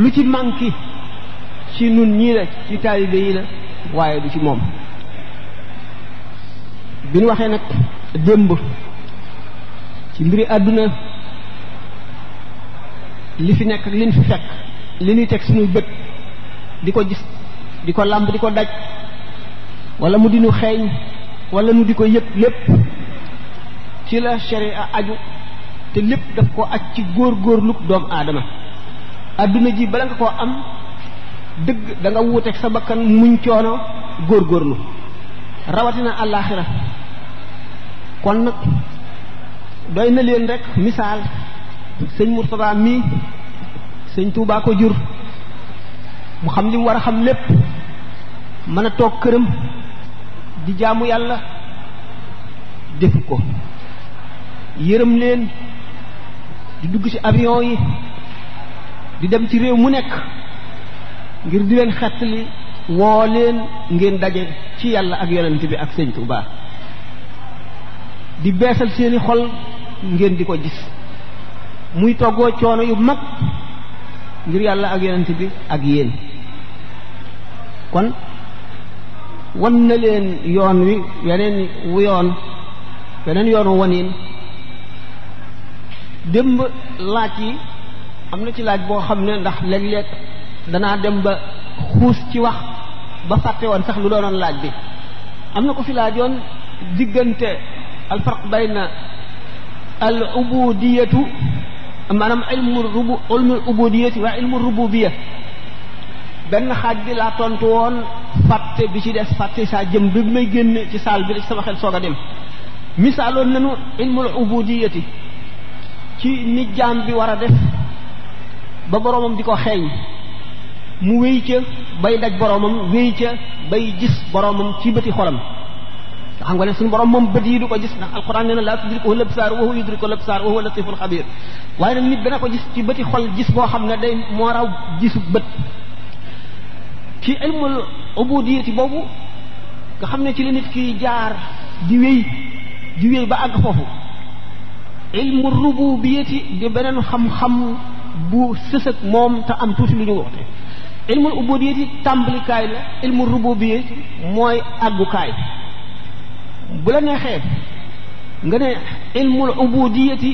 lu ci manki ci nun ñii la ci taalibe yi la waaye du ci moom bi ñu waxee nag démb ci mbiru àdduna li fi nekk ak li ñu fi fekk li ñuy teg suñu bët di ko gis di ko làmb di ko daj wala mu di nu xeeñ wala nu di ko yëpp lépp ci la sharia aju te lépp daf ko aj ci góor góorlu doomu aadama àdduna ji bala nga koo am dëgg da nga wuuteeg sa bakkan muñ coono góorgóorlu rawatina àllaaxira kon nag doy na leen rekk misaal sëñ Mourtada mii sëñ Touba ko jur mu xam li war a xam lépp mën a toog këram di jaamu yàlla defu ko yërëm leen di dugg ci avion yi di dem ci réew mu nekk ngir di leen xettali woo leen ngeen daje ci yàlla ak yonent bi ak sëñ Tuubaa di beesal seeni xol ngeen di ko gis muy toggoo coono yu mag ngir yàlla ak yonent bi ak yéen kon wan na leen yoon wi weneen wu yoon weneen yoonu waniin démb laaj yi am na ci laaj boo xam ne ndax léeg-léeg danaa dem ba xuus ci wax ba fàtte woon sax lu doonoon laaj bi am na ko fi laajoon diggante al farq na al ubudiyatu maanaam ilmu rubu ilmu ubudiyati waa ilmu rububiya benn xaaj bi laa tontu woon fàtte bi ci des fàtte saa jëm bi may génn ci saal bi sama xel soog a dem misaaloon nañu ilmul ubudiyati ci ni jaam bi war a def ba boroomam di ko xeeñ mu wéy ca bay daj boromam wéy ca bay gis boromam ci beuti xolam xam nga ne sun borom mom bët yi du ko gis ndax alquran neena la tudriku tudrikuhu absar wa huwa yudriku al-absar wa huwa latiful khabir waaye nag nit dana ko gis ci beuti xol gis bo xamne day mo raw gisu beut ci ilmul ubudiyati bobu nga xamne ci la nit ki jaar di wéy di wéy ba ag fofu ilmul rububiyati di benen xam-xam bu sës mom ta am tuuti lu ñu waxte ilmul ubudiyya di tàmbalikaay la ilmul rububiyya mooy àggukaay bu la neexee nga ne ilmul ubudiyyati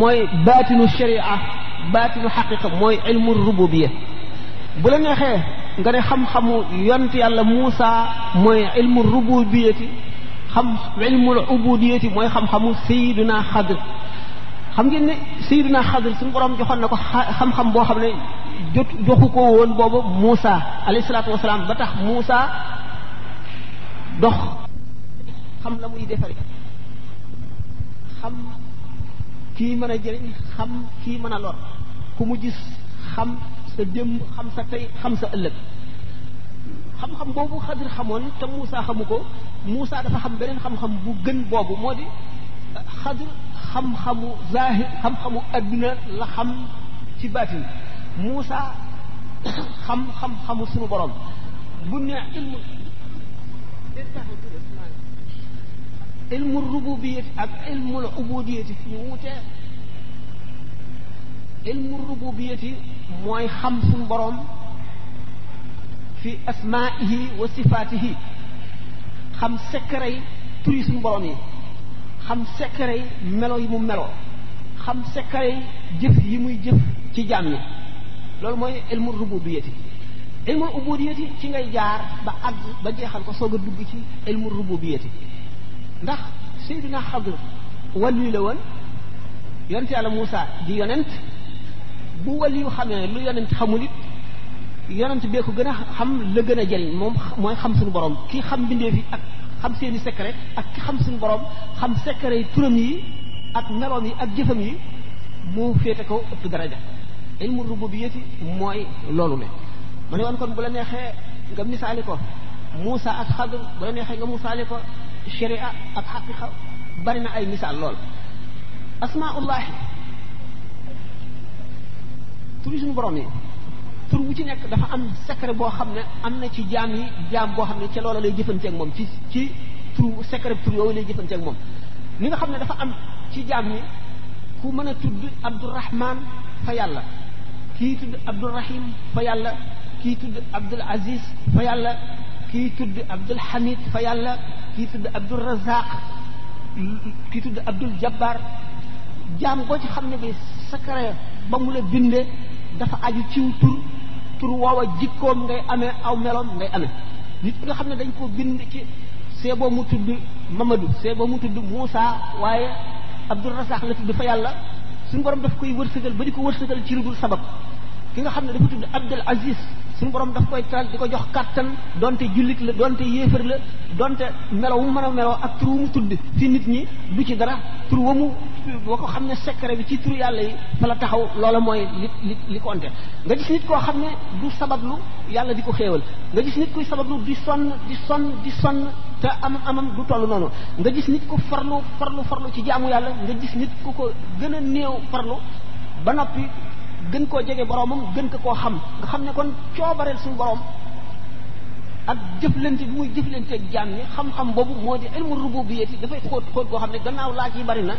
mooy baatinu sharia baatinu xaqiqa mooy ilmul rububiyya bu la neexee nga ne xam-xamu yont yàlla Muusa mooy ilmul rububiyati xam ilmul ubudiyati mooy xam-xamu Seydina Xadr xam ngeen ne Seydina Xadr suñu borom joxoon na ko xam-xam boo xam ne jot joxu ko woon booba Muusa alayhi salaatu wasalaam ba tax Muusa dox xam la muy defari xam kii mën a jëriñ xam kii mën a lor ku mu gis xam sa démb xam sa tey xam sa ëllëg xam-xam boobu Xadir xamoon te Muusa xamu ko Muusa dafa xam beneen xam-xam bu gën boobu moo di Xadir xam-xamu zaahir xam-xamu adduna la xam ci baatin موسى خم خم خم سنو بروم بني علم علم الربوبية أك علم العبودية في موتة علم الربوبية موي خم سنو بروم في أسمائه وصفاته خم سكري تري سنو برومي خم سكري ملو يمو خم سكري جف يمو جف تجاميه loolu mooy ilmu rububiyati ilmu ubudiyati ci ngay jaar ba àgg ba jeexal ko soog a dugg ci ilmu rububiyati ndax Seydina Xadir wàllu la woon yonent yàlla Moussa di yonent bu wàllu yu xamee lu yonent xamul it yonent bee ko gën a xam la gën a jëriñ moom mooy xam suñu borom kii xam mbindeef yi ak xam seeni secret ak ki xam suñu borom xam secret yi turam yi ak meloom yi ak jëfam yi moo féete ko ëpp daraja ilmu rububiyati mooy loolu le ma ne woon kon bu la neexee nga misaali ko Moussa ak Xadr bu la neexee nga misaali ko sharia ak xaqiqa bari na ay misaal lool asmaullahi turi suñu borom yi tur wu ci nek dafa am secret bo xamne amna ci jaam yi jaam bo xamne ci ca lay jëfënte ak mom ci ci tur secret tur yooyu lay jëfënte ak mom li nga xamne dafa am ci jaam yi ku meuna tuddu abdurrahman fa yàlla kii tudd abdurahim fa yàlla kii tudd abdul aziz fa yàlla kii tudd abdul hamid fa yàlla kii tudd abdul razaq kii tudd abdul jabbar jaam boo ci xam ne bi sakare ba mu la binde dafa aju ciw tur tur woowa jikkoom ngay amee aw meloom ngay amee nit ki nga xam ne dañ ko bind ci see boo mu tudd mamadou see boo mu tudd moussa waaye abdul razaq la tudd fa yàlla suñu borom daf koy wërsëgal ba di ko wërsëgal ci lu dul sabab ki nga xam ne dafa tudd Abdul Aziz suñu boroom daf koy teral di ko jox kàttan donte jullit la donte yéefar la donte melaw mu man a meloo ak tur wu mu tudd fi nit ñi du ci dara tur wa mu boo ko xam ne secret bi ci tur yàlla yi fa la taxaw loola mooy li li li nga gis nit koo xam ne du sabablu yàlla di ko xéewal nga gis nit kuy sabablu di sonn di sonn di sonn te amam aman du toll noonu nga gis nit ku farlu farlu farlu ci jaamu yàlla nga gis nit ku ko gën a néew farlu ba noppi gën koo jege boromam gën koo xam nga xam ne kon coobareel suñu borom ak jëflante bi muy jëflanteeg jaam ñi xam-xam boobu moo di ilmu rububiyati dafay xóot xóot koo xam ne gannaaw laaj yi bari na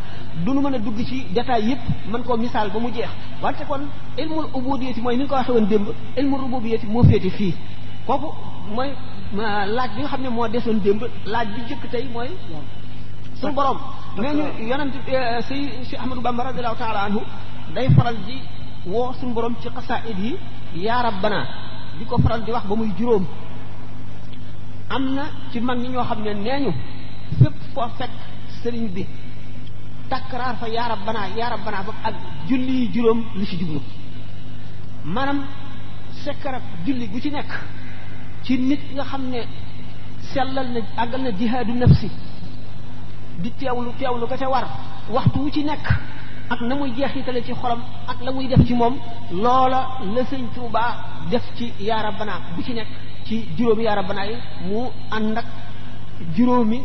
du nu mën a dugg ci détail yépp man koo misaal ba mu jeex wante kon ilmul ubudiyati mooy ni ñu ko waxee woon démb ilmu rububiyati moo féete fii kooku mooy laaj bi nga xam ne moo desoon démb laaj bi jëkk tey mooy suñu borom nee ñu yonent eh, si si Ahmadou Bamba radiallahu woo suñu borom ci xasaayid yi yaa rabbana di ko faral di wax ba muy juróom am na ci mag ñi ñoo xam ne nee ñu fépp foo fekk sëriñ bi takkaraar fa yaa rabbana yaa rabbana ba ak julli yi juróom li ci jublu maanaam sekkarab julli gu ci nekk ci nit nga xam ne sellal na àggal na jihaadu nafsi di teew lu ga ca war waxtu wu ci nekk ak na muy jeexitale ci xolam ak la muy def ci moom loola la sëñ Tuubaa def ci yaa banaa bu ci nekk ci juróomi yaa rabbana yi mu ànd ak juróomi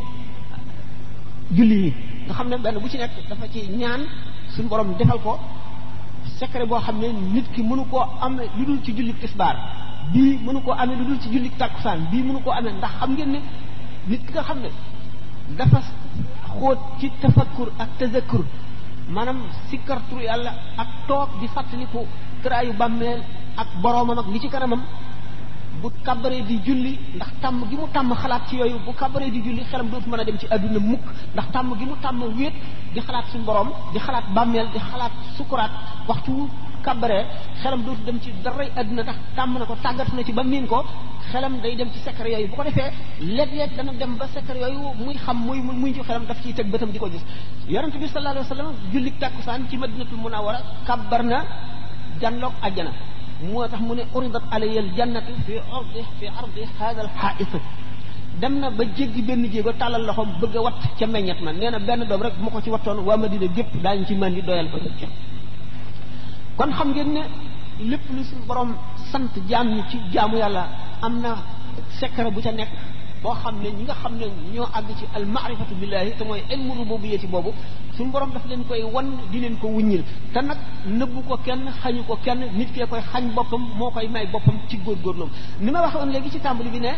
julli yi nga xam ne benn bu ci nekk dafa ci ñaan suñu borom defal ko secret boo xam ne nit ki mënu koo amee lu dul ci julli tisbaar bii mënu koo amee lu dul ci julli tàkkusaan bii mënu koo amee ndax xam ngeen ne nit ki nga xam ne dafa xóot ci tafakkur ak tazakkur maanaam sikkar turu yàlla ak toog di fàttaliku tëraayu bàmmeel ak boroomam ak li ci kanamam bu kàbbaree di julli ndax tàmm gi mu tàmm xalaat ci yooyu bu kàbbaree di julli xelam dootu mën a dem ci àdduna mukk ndax tàmm gi mu tàmm wéet di xalaat suñu borom di xalaat bàmmeel di xalaat sukuraat waxtu kàbbaree xelam dootu dem ci daray àdduna tax tàmm na ko tàggatu na ci ba miin ko xelam day dem ci secret yooyu bu ko defee léeg-léeg dem ba secret yooyu muy xam muy muy ci xelam daf ciy teg bëtam di ko gis yonente bi sallallahu la wa sallam julli tàkkusaan ci madinatul munawara kabbar na janloog ajjana moo tax mu ne uridat alayya al jannatu fi ardi fi ardi hada al ha'it dem na ba jéggi benn jéego tàllal loxoom bëgg a watt ca meññet ma nee na benn doom rek bu ma ko ci wattoon waa Madina gépp daañu ci mën di doyal ko kon xam ngeen ne lépp lu suñu borom sant jaam ci jaamu yàlla am na secret bu ca nekk boo xam ne ñi nga xam ne ñoo àgg ci al maarifatu billahi te mooy ilmu rububiyati boobu suñ borom daf leen koy won di leen ko wuññil te nag nëbbu ko kenn xañu ko kenn nit kee koy xañ boppam moo koy may boppam ci góorgóorloom ni ma waxoon léegi ci tàmbali bi ne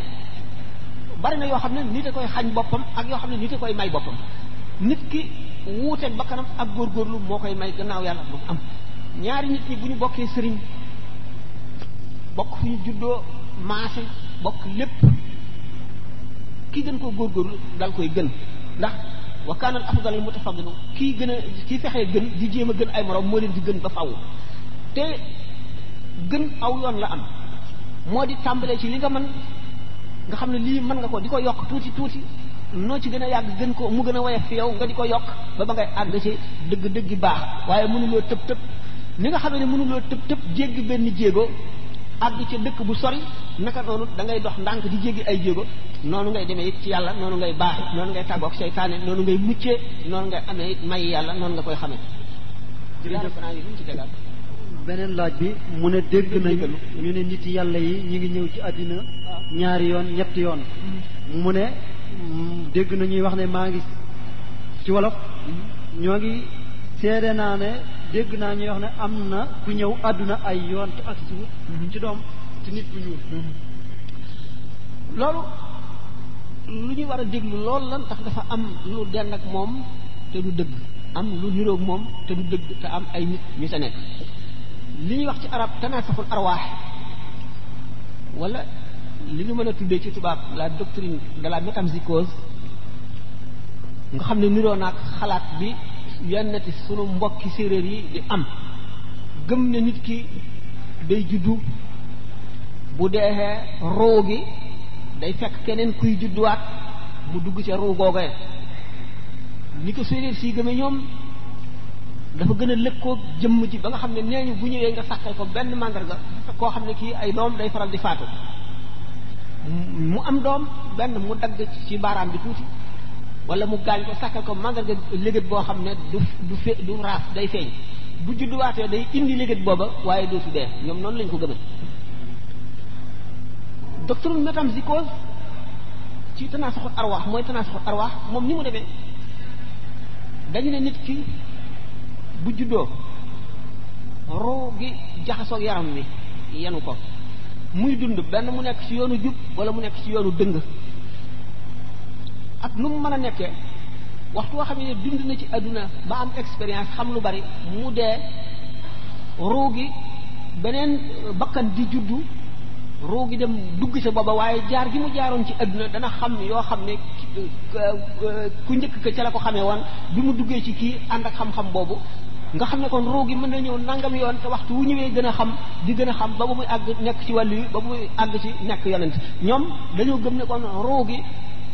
bari na yoo xam ne nit a koy xañ boppam ak yoo xam ne nit a koy may boppam nit ki wuuteeg bakkanam ak góorgóorlu moo koy may gannaaw yàlla moom am ñaari nit ñi bu ñu bokkee sëriñ bokk fu ñu juddoo maase bokk lépp kii gën koo góor góorgóorlu dal koy gën ndax wa kaanal afdalul mutafaddilu kii gën a kii fexee gën di jéem a gën ay morom moo leen di gën ba faw te gën aw yoon la am moo di tàmbalee ci li nga mën nga xam ne lii mën nga ko di ko yokk tuuti tuuti noo ci gën a yàgg gën ko mu gën a woyof fi yow nga di ko yokk ba ba ngay àgg ci dëgg dëggi baax waaye mënuloo tëb tëb ni nga xamee ne mënuloo tëb tëb jéggi benn jéego àgg ca dëkk bu sori naka noonu da ngay dox ndànk di jéggi ay jéego noonu ngay demee it ci yàlla noonu ngay baaxe noonu ngay tàggoog seytaane noonu ngay muccee noonu ngay amee it may yàlla noonu nga koy xamee. jërëjëf beneen laaj bi mu ne dégg nañu ñu ne nit yàlla yi ñu ngi ñëw ci àddina ah. ñaari yoon ñetti yoon. Mm-hmm. mu ne mm, dégg nañuy wax ne maa ngi ci wolof. Mm-hmm. ñoo ngi seede naa ne. dégg naa ñuy wax ne am na ku ñëw àdduna ay yoon te ak si mhm. nit ku ñuul mhm. loolu lu ñuy war a déglu lool lan tax dafa am lu denn ak moom te du dëgg am lu niroog moom te du dëgg te am ay nit ñu sa nekk li ñuy wax ci arab tanasaful arwaax wala li ñu mën a tuddee ci tubaab la doctrine de la métempsycose nga xam ne niroo naag xalaat bi yenn yennati sunu mbokki séeréer yi di am gëm ne nit ki day juddu bu deexee ruu gi day fekk keneen kuy judduwaat mu dugg ca ruu googee ni ko séeréer siy gëme ñoom dafa gën a lëkkoo jëmm ji ba nga xam ne nee ñu bu ñëwee nga sàkkal ko benn màndarga koo xam ne kii ay doom day faral di faatu mu am doom benn mu dagg ci baaraam bi tuuti wala mu gañ ko sakal ko magal ga boo bo xamne du du raf du raaf day feñ bu waté day indi boba waye do dootu dee ñom non lañ ko docteur metam métempsycose ci tanaasuxul arwaax mooy tanaasuxul arwah mom ni mu démé dañu né nit ki bu juddo roo jaxaso jaxasoog yaram ni yanu ko muy dund ben mu nek ci yoonu jup wala mu nek ci yoonu dëng ak lu mu mën a nekkee waxtu woo xam ne dund na ci àdduna ba am expérience xam lu bari mu dee ruu beneen bakkan di juddu ruu gi dem dugg sa booba waaye jaar gi mu jaaroon ci àdduna dana xam yoo xam ne ku njëkk ka ca la ko xamee woon bi mu duggee ci kii ànd ak xam-xam boobu nga xam ne koon ruu gi mën na ñëw nangam yoon te waxtu wu ñëwee gën a xam di gën a xam ba ba muy àgg nekk ci wàllu yi ba muy àgg ci nekk yonent ñoom dañoo gëm ne kon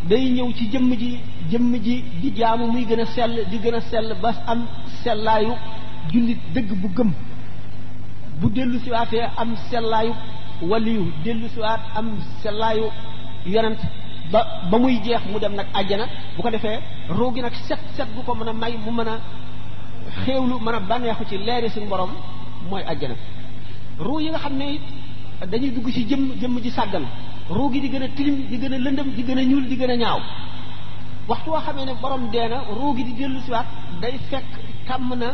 day ñëw ci jëmm ji jëmm ji di jaamu muy gën a sell di gën a sell ba am sellaayu jullit dëgg bu gëm bu dellu siwaatee am sellaayu waliyu dellu siwaat am sellaayu yonent ba ba muy jeex mu dem nag àjjana bu ko defee ruu nag set set gu ko mën a may mu mën a xéewlu mën a bànneexu ci leeri suñu borom mooy àjjana ruu yi nga xam ne dañuy dugg ci jëmm jëmm ji sàggan ruu gi di gën a tilim di gën a lëndëm di gën a ñuul di gën a ñaaw waxtu woo xamee ne borom dee na ruu gi di dellu siwaat day fekk tàmm na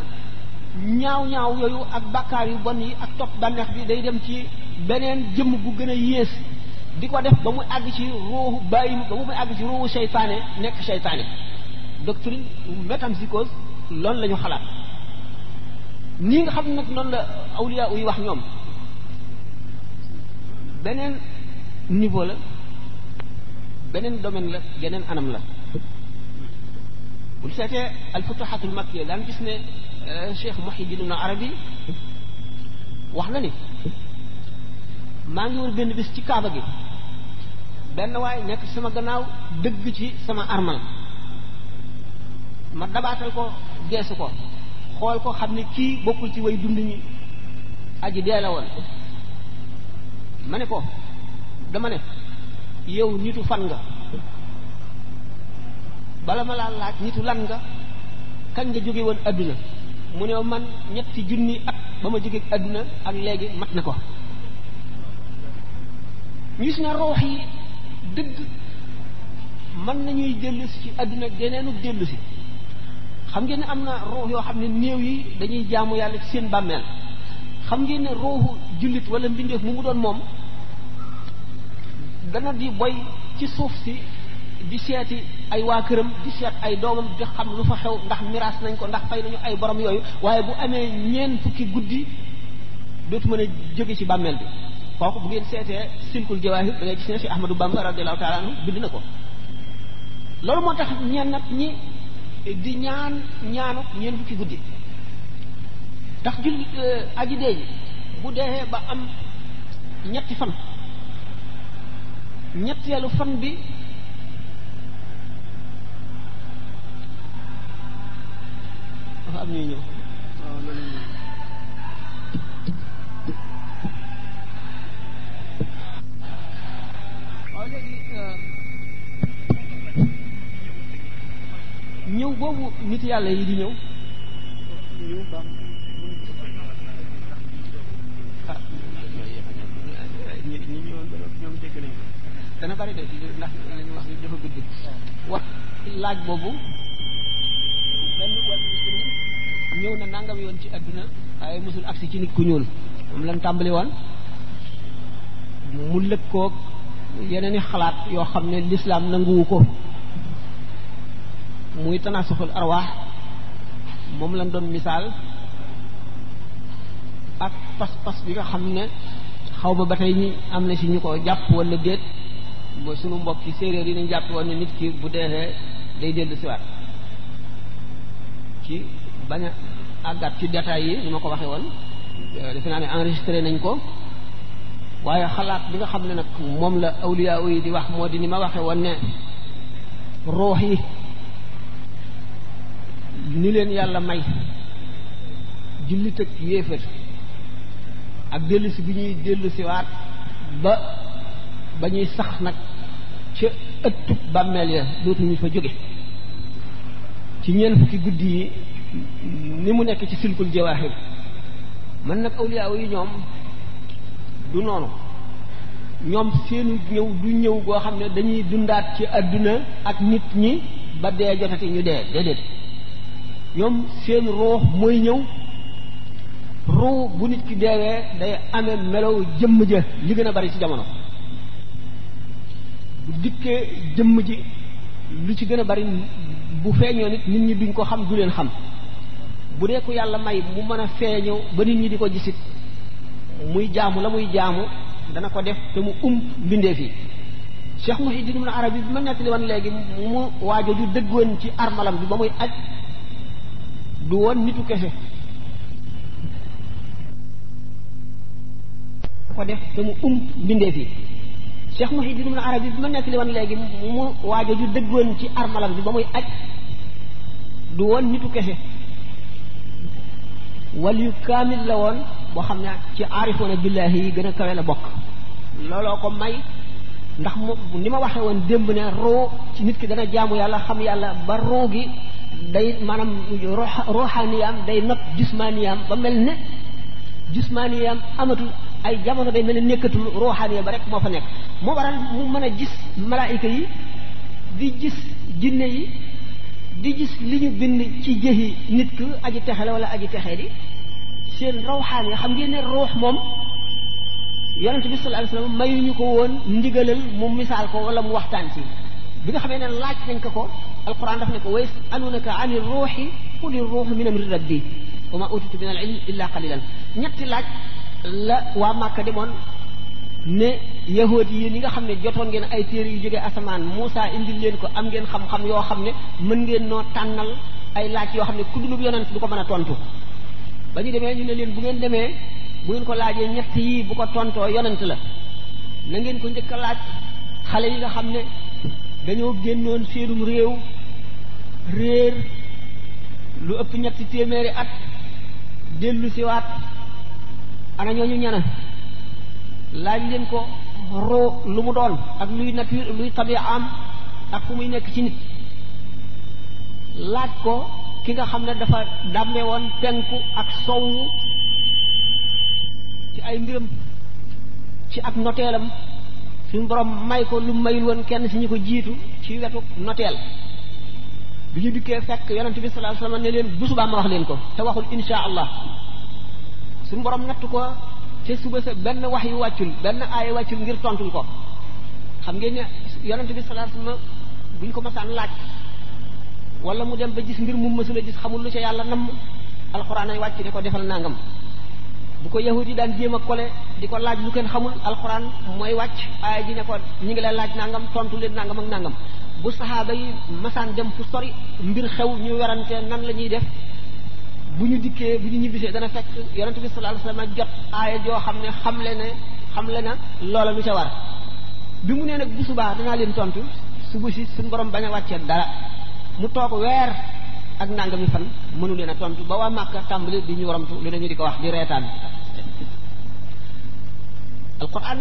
ñaaw ñaaw yooyu ak bàkkaar yu bon yi ak topp bànneex bi day dem ci beneen jëmm bu gën a yées di ko def ba mu àgg ci ruuhu bàyyi ba mu àgg ci ruuhu seytaane nekk seytaane doctrine métempsychose loolu la ñu xalaat nii nga xam nag noonu la awliya yi wax ñoom beneen niveau la beneen domaine la geneen anam la bu seetee al futuhatul makkiya daan gis ne cheikh muhiddin ibn arabi wax na ni maa ngi wër benn bis ci kaaba gi benn waay nekk sama gannaaw dëgg ci sama armal ma dabaatal ko geesu ko xool ko xam ne kii bokkul ci way dund ñi aji dee ma ne ko dama ne yow nitu fan nga bala ma laa laaj nitu lan nga kañ nga jóge woon mu ne man ñetti junni at ba ma jóge adduna ak léegi mat na ko ñu gis ne roox yi dëgg mën nañuy dellusi ci adduna geneenu dellusi xam ngeen ne am na roox yoo xam ne néew yi dañuy jaamu yàlla ci seen bàmmeel xam ngeen ne jullit wala mbindeef mu mu doon moom dana di boy ci suuf si di seeti ay waa këram di seet ay doomam di xam lu fa xew ndax miraas nañ ko ndax fay nañu ay borom yooyu waaye bu amee ñeen fukki guddi dootu mën jóge ci bàmmeel bi kooku bu ngeen seetee silkul jawaahir da ngay gis ne si Ahmadou Bamba radiyallahu taala anhu bind na ko loolu moo tax ñeen nag ñi di ñaan ñaanu ñeen fukki guddi ndax jul euh, aji dee ji bu dee ba am ñetti fan ñetteelu fan bi dafa am ñuy ñëw waaw euh, ñëw boobu nit yàlla yi di ñëw dana bari de ndax lañ wax dafa gudd wax laaj boobu benn wàll ñëw na nangam yoon ci àdduna waaye musul agsi ci nit ku ñuul moom lan tàmbali woon mu lëkkoog yeneen i xalaat yoo xam ne muy lan doon ak pas-pas bi nga xam ne xaw ma am na wala mooy sunu mbokki séeréer yi dañu jàpp woon ne nit ki bu deexee day dellu siwaat ci bañ a àggat ci détails yi ni ma ko waxee woon euh, defe naa ne enregistré nañ ko waaye xalaat bi nga xam ne nag moom la awliya yi di wax moo di ni ma waxee woon ne ruux yi ni leen yàlla may jullit ak yéefar ak dellusi bi ñuy dellusiwaat ba ba ñuy sax nag ca ëttub bàmmeel ya dootuñu fa jóge ci ñeent fukki guddi yi ni mu nekk ci silkul jawaaxir man nag awliyaaw yi ñoom du noonu ñoom seenu ñëw du ñëw goo xam ne dañuy dundaat ci àdduna ak nit ñi ba dee jotati ñu dee déedéet ñoom seen ruux mooy ñëw ruux bu nit ki deewee day amee melow jëmm ja li gën a bari ci jamono bu dikkee jëmm ji lu ci gën a bari bu feeñoo nit nit ñi duñ ko xam du leen xam bu dee ku yàlla may mu mën a feeñoo ba nit ñi di ko gisit muy jaamu la muy jaamu dana ko def te mu um mbindeef yi Cheikh Muhyiddin Ibn Arabi bi ma nettali woon léegi mu waajo ju dëggoon ci armalam bi ba muy aj du woon nitu kese ko def te mu um mbindeef yi Cheikh Muhyiddin Ibn Arabi bi ma nekk li woon léegi mu waajo ju dëggoon ci armalam bi ba muy aj du woon nitu kese waliyu kaamil la woon boo xam ne ci aarifoona billaahi yi gën a kawe bokk looloo ko may ndax mu ni ma waxee woon démb ne roo ci nit ki dana jaamu yàlla xam yàlla ba roo gi day maanaam roxaaniyaam day nopp jismaaniyaam ba mel ne jismaaniyaam amatul ay jamono day mel ne nekkatul ruuxaaniya ba moo fa nekk moo waral mu mën a gis malaayika yi di gis jinne yi di gis li ñu bind ci jëhi nit ki aji texe wala aji texee di seen ruuxaaniya xam ngeen ne ruux moom yonent bi sallallahu alayhi wasallam mayuñu ko woon ndigalal mu misaal ko wala mu waxtaan ci bi nga xamee ne laaj nañ ko ko alquran daf ko ways alunaka ani ruuxi quli ruuxu min amri rabbi wa ma utitu min al ñetti laaj la waa Màkka demoon ne yahood yi yéen yi nga xam ne jotoon ngeen ay téere yu jóge asamaan Moussa indi leen ko am ngeen xam-xam yoo xam ne mën ngeen noo tànnal ay laaj yoo xam ne ku dulub yonent du ko mën a tontu ba ñu demee ñu ne leen bu ngeen demee bu ngeen ko laajee ñett yii bu ko tontoo yonent la na ngeen ko njëkk laaj xale yi nga xam ne dañoo génnoon seenum réew réer lu ëpp ñetti téeméeri at dellu siwaat ana ñu ñana laaj leen ko ro lu mu doon ak luy nature luy tabia am ak fu muy nekk ci nit laaj ko ki nga xam dafa dàmme woon penku ak sowu ci ay mbiram ci ak noteelam suñu borom may ko lu mayul woon kenn si ñu ko jiitu ci wetu noteel bi ñu dikkee fekk yonente bi salaa sallam ne leen bu subaa ma wax leen ko te waxul insha allah suñu borom natt ko ca suba sa benn wax yu wàccul benn aaya wàccul ngir tontul ko xam ngeen ne yonente bi sallallahu alayhi wasallam buñ ko masaan laaj wala mu dem ba gis mbir mu mësula gis xamul lu ca yàlla namm alxuraan ay wàcc ne ko defal nangam bu ko yahud yi daan jéem a kole di ko laaj lu kenn xamul alxuraan mooy wàcc aaya ji ne ko ñi ngi la laaj nangam tontu leen nangam ak nangam bu saxaaba yi masaan dem fu sori mbir xew ñu werante nan la ñuy def bu ñu dikkee bu ñu ñibbisee dana fekk yonente bi sallallahu alayhi wasallam jot aaya joo xam ne xamle ne xamle na loola lu ca war bi mu nee nag bu subaa danaa leen tontu subu si suñ borom bañ a wàccee dara mu toog weer ak nangami fan mënu leen a tontu ba waa màkka tàmbali di ñu waramtu lu ne ñu di ko wax di reetaan alquran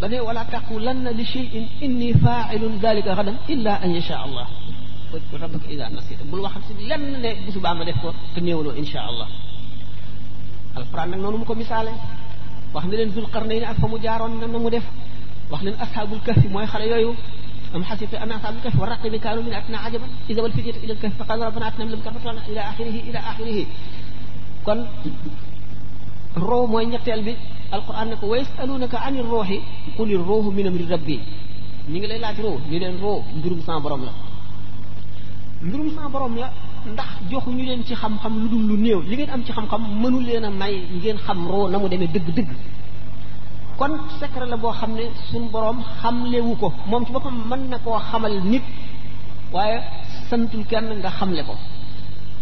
ba wala taqulanna li shay'in inni fa'ilun dhalika ghadan illa an yasha allah واذكر rabbaka ida nasita bul wax ci lenn ne bu subaa ma def ko te néewaloo insha allah alquran nag noonu mu ko misaale wax ne leen zul qarnayni ak fa mu jaaroon na mu def wax leen ashabul kahfi mooy xale yooyu أم حسبت أن أصحاب الكهف والرقيب كانوا من أتنا عجبا إذا والفتية إلى الكهف فقال ربنا أتنا من الكهف إلى آخره إلى آخره كن الروح موي نيتال بي القرآن نكو ويسألونك عن الروح قل الروح من أمر ربي نيغي لاي لاج روح ني لين روح مbirum sa borom la mbirum sama borom la ndax joxuñu leen ci xam-xam lu dul lu néew li ngeen am ci xam-xam mënu leen a may ngeen xam roo na mu demee dëgg-dëgg kon secret la boo xam ne suñ borom xamlewu ko moom ci boppam mën na koo xamal nit waaye santul kenn nga xamle ko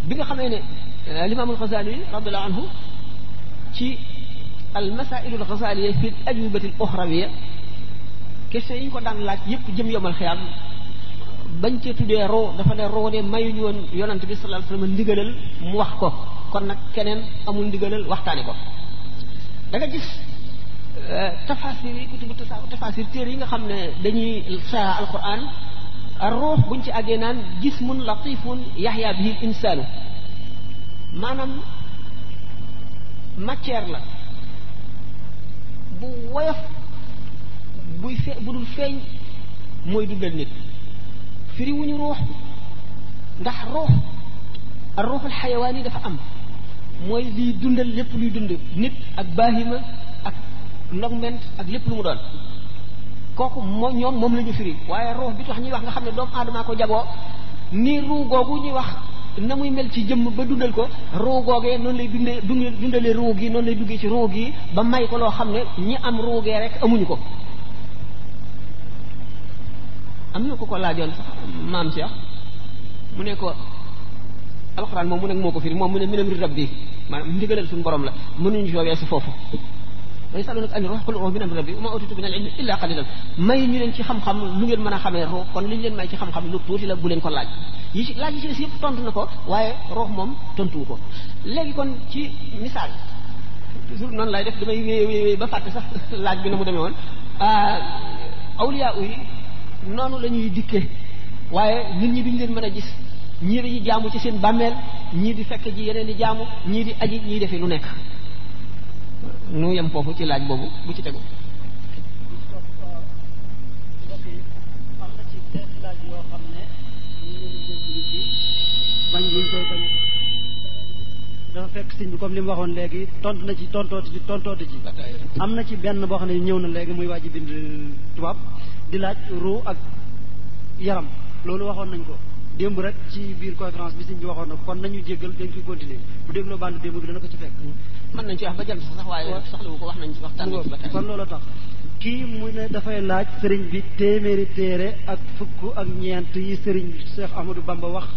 bi nga xamee ne euh, limaamul xasaali radiallahu anhu ci al masailu l xasaaliya fi l ajubati l oxrawiya question yi ñu ko daan laaj yëpp jëm yomal xiyaam bañ cee tuddee roo dafa ne roo de mayuñu woon yonent bi sallallahu alayhi wasallam ndigalal mu wax ko kon nag keneen amul ndigalal waxtaane ko da nga gis euh, tafasir yi kutubu tafasir téere yi nga xam ne dañuy saa alquran ruux buñ ci àggee naan jismun latifun yaxya bihi l insaanu maanaam matière la bu woyof buy fe bu dul feeñ mooy dundal nit firiwuñu ruux ndax ruux ak ruuxul xayawaan yi dafa am mooy lii dundal lépp luy dund nit ak baahima ak ndogment ak lépp lu mu doon kooku moo ñoom moom la ñu firi waaye ruux bi tax ñuy wax nga xam ne doomu aadama ko jagoo ni ruu googu ñuy wax na muy mel ci jëmm ba dundal ko ruu googee noonu lay dundee dundalee ruu gi noonu lay duggee ci ruu gi ba may ko loo xam ne ñi am ruu gee rek amuñu ko am na ko ko laajoon sax maam Cheikh mu ne ko alxuraan moom mu nekk moo ko firi moom mu ne minam ri rabbi maanaam ndigalal suñu borom la mënuñu joowee si foofu way saloonaka ani ruux qul ruux minam rabbi wa ma utitu min al ilmi illa qalilan may ñu leen ci xam-xam lu ngeen mën a xamee kon li leen may ci xam-xam lu tuuti la bu leen laaj yi ci laaj na ko waaye ruux moom tontuwu ko léegi kon ci misaal toujours noonu lay def damay wéy wéy ba fàtte sax [LAUGHS] laaj bi na mu demee woon ah, awliya yi noonu la ñuy waaye nit ñi duñ leen mën a gis ñii di jaamu ci seen bàmmeel ñii di fekk ji yeneen di jaamu ñii di aji ñii defi lu nekk nu yem foofu ci laaj boobu bu ci tegu dafa fekk sëñ bi comme li mu waxoon léegi tontu na ci tontooti ci tontooti ci am na ci benn boo xam ne ñëw na léegi muy waaji bind tubaab di laaj ruu ak yaram loolu waxoon nañ ko démb rek ci biir conférence bi sëñ bi waxoon na ko kon nañu jéggal dañ koy continuer bu dégloo bànd démb bi dana ko ci fekk mën nañ ci wax ba jant waaye soxla wu ko wax nañ ci waxtaan nañ ba tey kon loolu tax kii mu ne dafay laaj sëriñ bi téeméeri téere ak fukk ak ñeent yi sëriñ Cheikh Ahmadou Bamba wax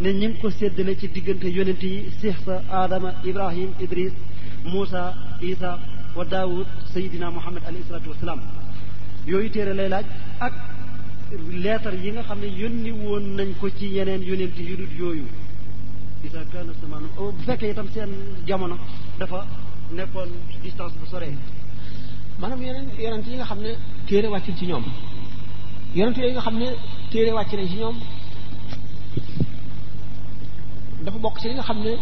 ne ñi ngi ko séddale ci diggante yonent yi sihsa aadama ibrahim idris muusa isa wa daawud sayidina muhammad alayhi salaatu wasalaam yooyu téere lay laaj ak leetar yi nga xam ne yónni woon nañ ko ci yeneen yonent yooyu isa kana samanu oh, seen jamono dafa nekkoon distance bu soree maanaam yi nga xam ne téere wàccul ci ñoom yonent xam ne téere wàcc ci ñoom dafa bokk ci li nga xam ne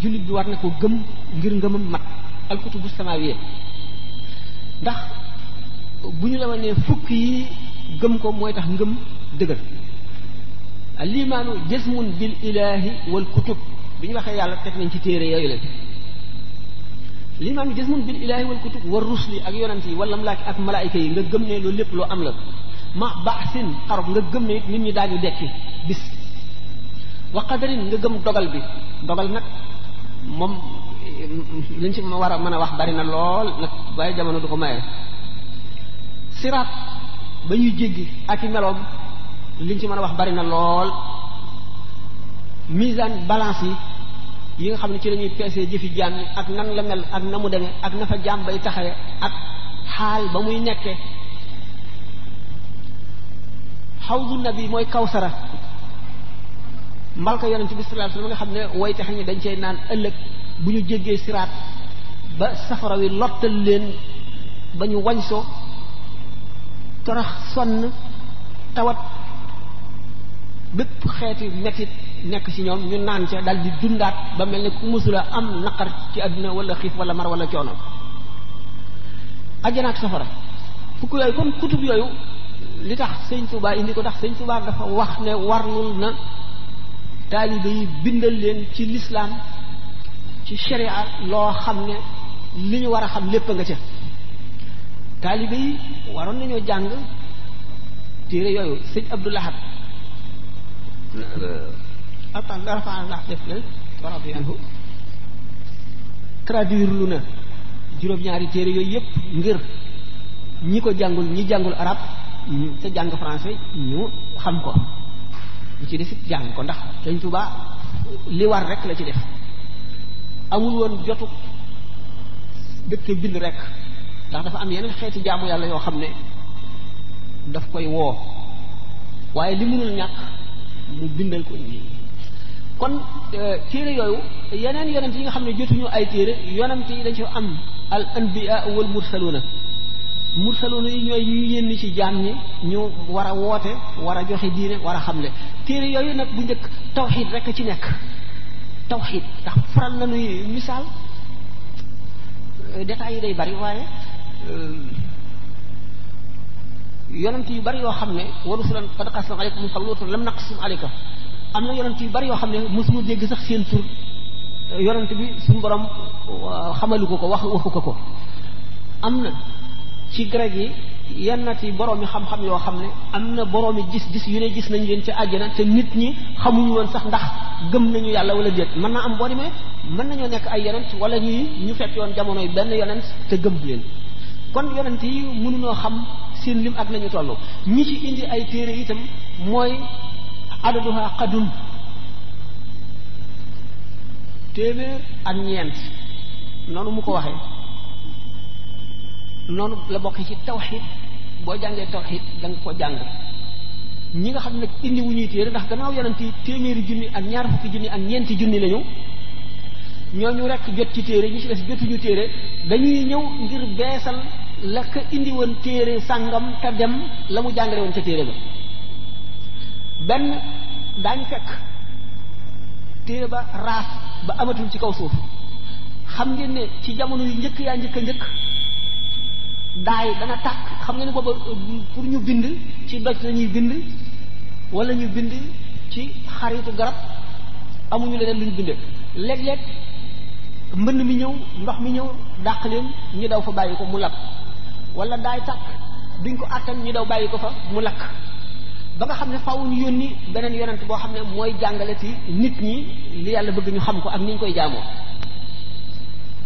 jullit bi war na ko gëm ngir ngëmam mat alkutubu samawiya ndax bu ñu la ma nee fukk yi gëm ko mooy tax ngëm dëgër alimaanu jësmun bil ilaahi wal kutub bi ñu waxee yàlla teg nañ ci téere yooyu leen limaanu jësmun bil ilaahi wal kutub war rusli ak yonant yi wala mlaak ak malaayika yi nga gëm ne loolu lépp loo am la ma baasin xarog nga gëm ne nit ñi daañu dekki bis wa qadarin nga gëm dogal bi dogal nag moom liñ ci war a mën a wax bari na lool nag waaye jamono du ko maye siraat ba ñuy jéggi ak i meloom liñ ci mën a wax bari na lool misaan balance yi yi nga xam ne ci lañuy ñuy peesee jëfi jaam yi ak nan la mel ak na mu demee ak na fa jaam bay taxawee ak xaal ba muy nekkee xawdu nabi mooy kawsara mbalka yonent bi sallallahu alayhi wasallam nga xam ne way tax ñi dañ cey naan ëllëg bu ñu jéggee siraat ba safara wi lottal leen ba ñu wañsoo torax sonn tawat bépp xeeti metit nekk ci ñoom ñu naan ca dal di dundaat ba mel ni ku mësula am naqar ci àdduna wala xiif wala mar walla coono ajjana ak safara fukk yooyu kon kutub yooyu li tax sëñ Tuubaa indi ko tax sëñ Tuubaa dafa wax ne warlul na taalibe yi bindal leen ci lislaam ci sharia loo xam ne li ñu war a xam lépp nga ca taalibe yi waroon nañoo jàng téere yooyu sëñ Abdou Lahad atan darafaala na radi juróom-ñaari téere yooyu yépp ngir ñi ko jàngul ñi jàngul arab te jàng français ñu xam ko bu ci def jàng ko ndax Sëñ Tuubaa li war rek la ci def amul woon jotu dëkk bind rek ndax dafa am yeneen xeeti jaamu yàlla yoo xam ne daf koy woo waaye li mënul ñàkk mu bindal ko nii kon euh, téere yooyu yeneen yonent yi nga xam ne jotuñu ay téere yonent yi dañ ci am al anbiya wal mursaluuna mursaloon yi ñooy ñu yénn ci jaam ñi ñu war a woote war a joxe diine war a xam ne téere yooyu nag bu njëkk tawxid rek ci nekk tawxid ndax faral nañuy misaal détails yi day bari waaye euh, yonent yu bari yoo xam ne wa rusulan qad qasasnahum alayka min qablu wa lam naqsushum am na yonent yu bari yoo xam ne mosuñu dégg sax seen tur yonent bi suñu borom euh, xamalu ko ko wax waxu ko ko am na ci grec yi yennat yi boroomi xam-xam yoo xam ne am na boroomi gis-gis yu ne gis nañu leen ci àjjana te nit ñi xamuñu woon sax ndax gëm nañu yàlla wala déet mën naa am boo demee mën nañoo nekk ay yonent wala ñuy ñu fekk yoon jamono yi benn yonent te gëm leen kon yonent yi mënuñoo xam seen lim ak nañu toll ñi ci indi ay téere itam mooy adaduha qadun téeméer ak ñeent noonu mu ko waxee noonu la bokk ci tawxid boo jàngee tawxid da nga ko jàng ñi nga xam ne indi wu ñuy téere ndax gannaaw yonent ci téeméeri junni ak ñaar fukki junni ak ñeenti junni lañu ñooñu rekk jot ci téere ñi ci des jotuñu téere dañuy ñëw ngir beesal la ko indi woon téere sàngam te dem la mu jàngale woon ca téere ba benn daañu fekk téere ba raaf ba amatul ci kaw suuf xam ngeen ne ci jamono yu njëkk yaa njëkk a njëkk daay dana tàkk xam nga ni booba euh, pour ñu bind ci doj lañuy ñuy bind wala ñu bind ci xaritu garab amuñu leneen lu ñu bindee léeg-léeg mbënn mi ñëw ndox mi ñëw dàq leen ñu daw fa bàyyi ko mu lakk wala daay tàkk duñ ko àttan ñu daw bàyyi ko fa mu lakk ba nga xam ne faaw ñu ni beneen yonent boo xam ne mooy jàngale ci nit ñi li yàlla bëgg ñu xam ko ak ni ñu koy jaamoo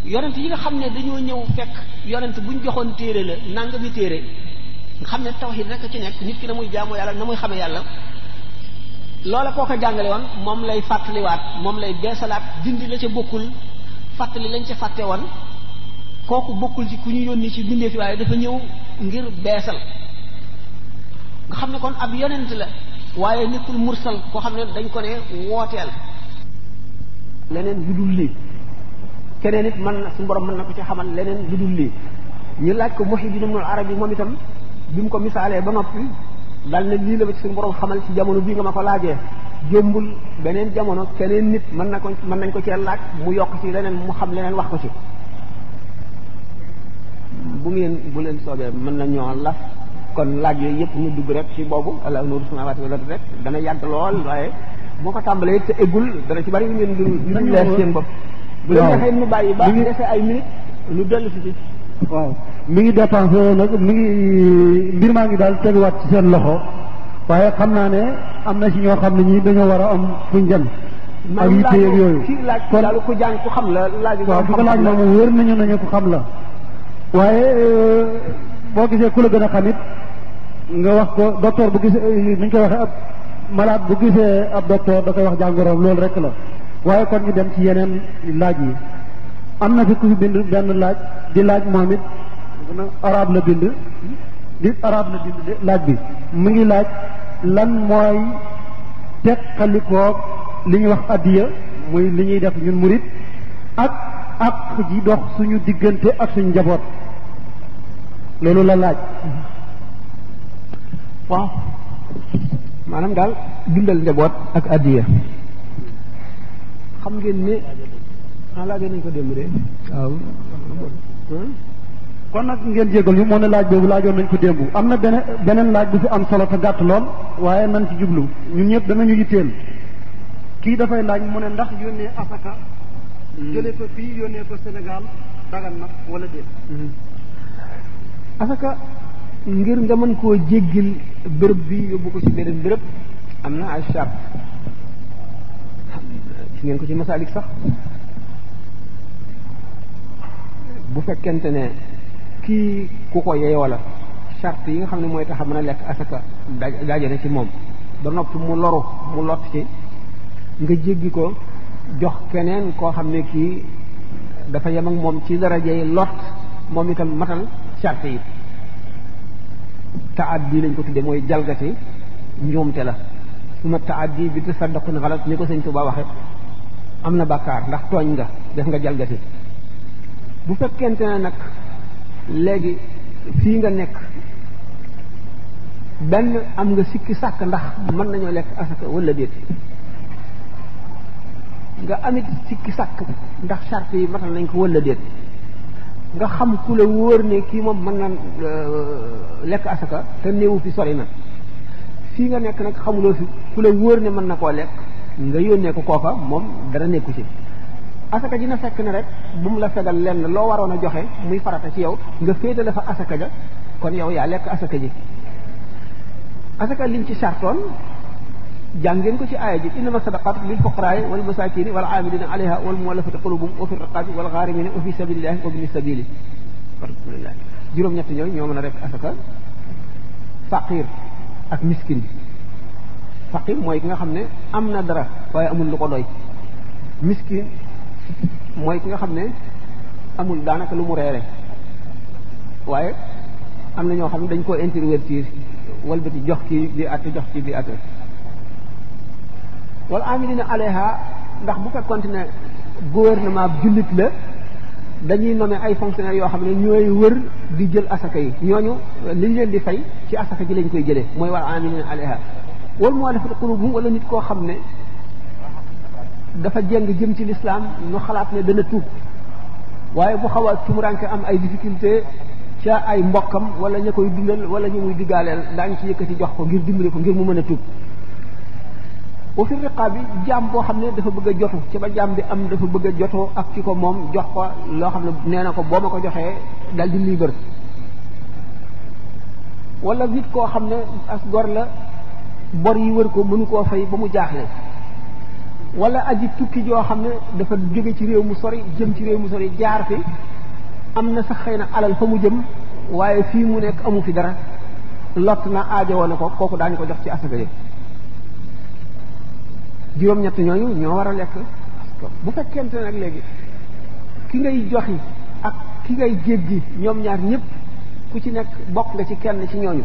yonent yi nga xam ne dañoo ñëw fekk yonent ñu joxoon téere la nangami téere nga xam ne tawhid a ci nekk nit ki na muy jaamu yàlla na muy xame yàlla loola koo ko jàngale woon moom lay fàttaliwaat moom lay beesalaat dindi la ca bokkul fàttali lañ ca fàtte woon kooku bokkul ci ku ñu yónni ci bindee fi waaye dafa ñëw ngir beesal nga xam ne kon ab yonent la waaye nekkul mursal koo xam ne dañ ko ne wooteel leneen lu dul lii keneen it mën na suñu borom mën na ko ci xamal leneen lu dul lii ñu laaj ko Muhyiddin Ibn Arabi moom itam bi mu ko misaalee ba noppi dal na lii la ba borom xamal ci jamono bii nga ma ko laajee jombul beneen jamono keneen nit mën na ko mën nañ ko cee laaj mu yokk ci leneen mu xam leneen wax ko ci bu ngeen bu leen soobee mën na ñoo laf kon laaj yooyu yëpp ñu dugg rek ci boobu ala nuuru samaawaati wal ardi rek dana yàgg lool waaye boo ko tàmbalee te eggul dana ci bari ngeen du ñu leer seen bopp bu la neexee nu ay minutes nu dellu ci waaw mi ngi dépensé nag mi ngi mbir maa ngi daal teguwaat ci seen loxo waaye xam naa ne am na ci ñoo xam ne ñi dañoo war a am fuñ jëm ak yitte yeeg yooyu daal ku jàng xam la laaj waaw ku ko laaj la moom wér nañu nañu ku xam la waaye euh, boo gisee ku la gën a xamit nga wax ko docteur bu gisee mu ñu koy waxee ab malade bu gisee ab docteur da koy wax jàngoroom loolu rek la waaye kon ñu dem ci yeneen laaj yi am na fi ku fi bind benn laaj di laaj moom it arab la bind di arab la bind laaj bi mu ngi laaj lan mooy teqalikoo li ñuy wax addiya muy li ñuy def ñun murit ak ak dox suñu diggante ak suñu njaboot loolu la laaj waaw maanaam daal dundal njaboot ak addiya xam ngeen ne ah laajee nañ ko démb de waaw hmm? kon nag ngeen jégal ñu moo ne laaj boobu laajoon nañ ko démb am na beneen beneen laaj bu fi am solo te gàtt lool waaye nan ci jublu ñun ñëpp danañu yitteel kii dafay laaj mu ne ndax yónnee asaka hmm. jëlee ko fii yónnee ko Sénégal dagan na hmm. ngir nga mën koo jéggil béréb bi yóbbu ko si beneen béréb am na ay charte gis ngeen ko ci masalik sax bu fekkente ne ki ku ko yeyoo la chart yi nga xam ne mooy tax mën a lekk asaka na ci moom ba noppi mu loru mu lot ci nga jéggi ko jox keneen koo xam ne dafa yem ak moom ci lot moom itam matal chart yi taaddi lañ ko tuddee mooy jalgati ñoomte la suma taaddi bi tasaddaqun xalat ni ko sëñ tuba waxe am na bàkkaar ndax tooñ nga def nga jalgati bu fekkente ne nag léegi fii nga nekk benn am nga sikki sàkk ndax mën nañoo lekk asaka wala déet nga amit sikki sàkk ndax charte yi matal nañ ko wala déet nga xam ku la wóor ne kii moom mën na euh, lekk asaka te néewu fi sori na fii nga nekk nag xamuloo fi ku la wóor ne mën na koo lekk nga yónnee ko kooka moom dara nekku ci asaka ji na fekk ne rek mu mu la fegal lenn loo waroon a joxe muy farata ci yow nga féetale fa asaka ja kon yow yaa lekk asaka ji asaka liñ ci sartoon jàngeen ko ci aaya ji innama sadaqat lil fuqaraay wal masakini wal amilina alayha wal muwallafati qulubuhum wa fi raqabi wal gharimina wa fi sabilillahi wa bni sabili juróom-ñett ñooyu ñoo mën a rek asaka faqir ak miskin bi faqir mooy ki nga xam ne am na dara waaye amul lu ko doy miskin mooy ki nga xam ne amul daanaka lu mu reere waaye am na ñoo xam ne dañ koo intervertir walbati jox ki di atte jox kii di atte wala amilina aleha ndax bu fekkoonte ne gouvernement bi jullit la dañuy nommer ay fonctionnaires yoo xam ne ñooy wër di jël asaka yi ñoo ñu liñ leen di fay ci asaka ji lañ koy jëlee mooy wala amilina aleha والمؤلف القلوب هو لن يتكو خمني دفا جنگ جيم سي الاسلام نو خلات ني دنا توب واي بو خوا ام اي ديفيكولتي تا اي مبوكم ولا نيكوي ديغال ولا ني موي ديغالال دان سي يكتي جوخ كو غير ديمبري كو غير مو مانا توب وفي الرقاب جام بو خامني دافا بوجا جوتو سي با جام دي ام دافا بوجا جوتو اك كيكو موم جوخ كو لو خامني نينا كو بوما كو جوخي دال دي ليبر ولا زيد كو خامني اس غور لا bor yi wër ko mënu koo fay ba mu jaaxle wala aji tukki joo xam ne dafa jóge ci réew mu sori jëm ci réew mu sori jaar fi am na sax xëy na alal fa mu jëm waaye fii mu nekk amu fi dara lott na aajowoo na ko kooku daañu ko jox ci asaka yi juróom-ñett ñooñu ñoo war a lekk bu fekkente nag léegi ki ngay joxi ak ki ngay jéggi ñoom ñaar ñëpp ku ci nekk bokk nga ci kenn ci ñooñu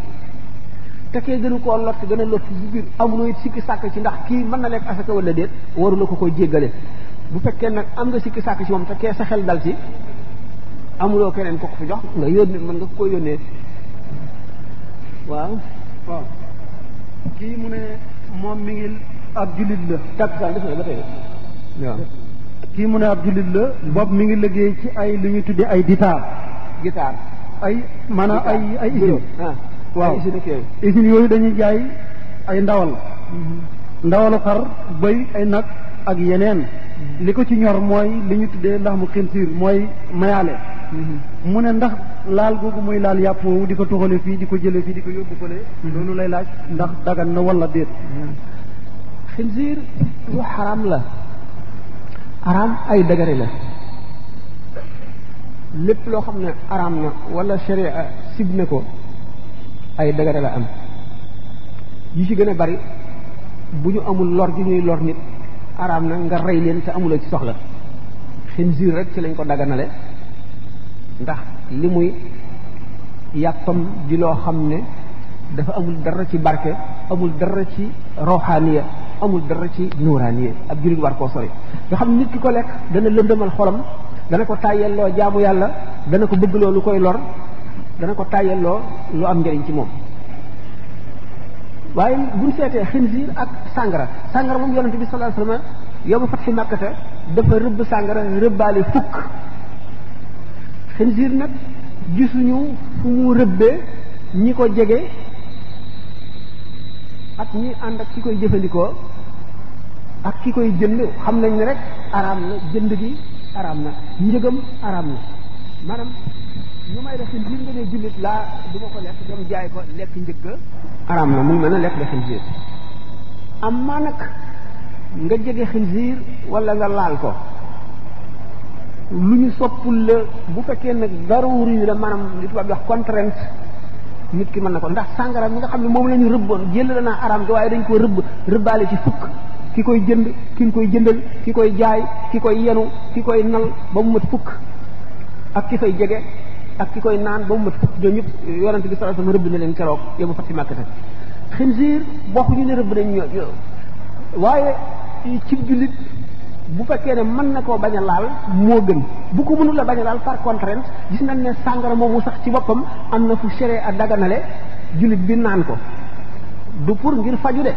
te kee gënu koo lott gën a lott ci biir amuloo it sikki sàkk ci ndax kii mën na lekk asaka wala déet waru la ko koy jéggale bu fekkee nag am nga sikki sàkk ci moom te kee sa xel dal ci amuloo keneen ko ko fi jox nga yónnee mën nga ko koy yónnee waaw kii mu ne moom mi ngi ab jullit la takkusaan def na ba tey waaw kii mu ne ab jullit la bopp mi ngi liggéey ci ay lu ñu tuddee ay guitare guitare ay maanaam ay ay usine waaw usines yooyu dañuy jaay ay ndawal mm-hmm. ndawalu xar bëy ay nag ak yeneen mm-hmm. li ko ci ñor mooy li ñu tuddee mu xinsiir mooy mayaale mm-hmm. mu ne ndax laal googu muy laal yàpp woowu di ko tuxale fii di ko jële fii di ko yóbbu fële loolu lay laaj ndax dagan na wala déet xinsiir lu xaram la xaram ay dagari la lépp loo xam ne xaram na walla sharia sib na ko ay dëgëra la am yi ci gën a bari bu ñu amul lor ju ñuy lor nit araam na nga rey leen te amuloo ci soxla xinziir rek ci lañ ko daganale ndax li muy yàppam di loo xam ne dafa amul dara ci barke amul dara ci roxaaniya amul dara ci nuuraaniya ak jullit war koo sori nga xam nit ki ko lekk dana lëndëmal xolam dana ko tàyyelloo jaamu yàlla dana ko bëgg lu koy lor dana ko tàyyelloo lu am njëriñ ci moom waaye buñ seetee xinziir ak sàngara sàngara moom yonente bi sallallahu alayhi wasallam yowma fatxi màkkata dafa rëbb sàngara rëbbaale fukk xinziir nag gisuñu fu mu rëbbee ñi ko jege ak ñi ànd ak ki koy jëfandikoo ak ki koy jënd xam nañ ne rek araam na jënd gi araam na njëgam araam na maanaam lu may laa du ma ko lekk dem jaay ko lekk njëgg araam na muy mën a lekk am maa nga jege xinziir wala nga laal ko lu ñu soppul la bu fekkee nag daruri la maanaam li tubaab di wax nit ki mën na ko ndax sàngara mi nga xam ne moom la ñu rëbboon jël naa araam gi waaye dañ ko rëbb rëbbaale ci fukk ki koy jënd ki koy jëndal ki koy jaay ki koy yenu ki koy nal ba mu mat fukk ak ki fay jege ak ki koy naan ba mu mat fukk ñooñu ñëpp yonante bi sallallahu alayhi wasallam rëbb na leen keroog yow ma fat fi màkkata xinziir bokkuñu ne rëbb nañ yo waaye ci jullit bu fekkee ne mën na koo bañ a moo gën bu ko mënul a bañ laal par contrainte gis nañ ne sàngara moomu sax ci boppam am na fu chéré a daganale jullit bi naan ko du pour ngir faju de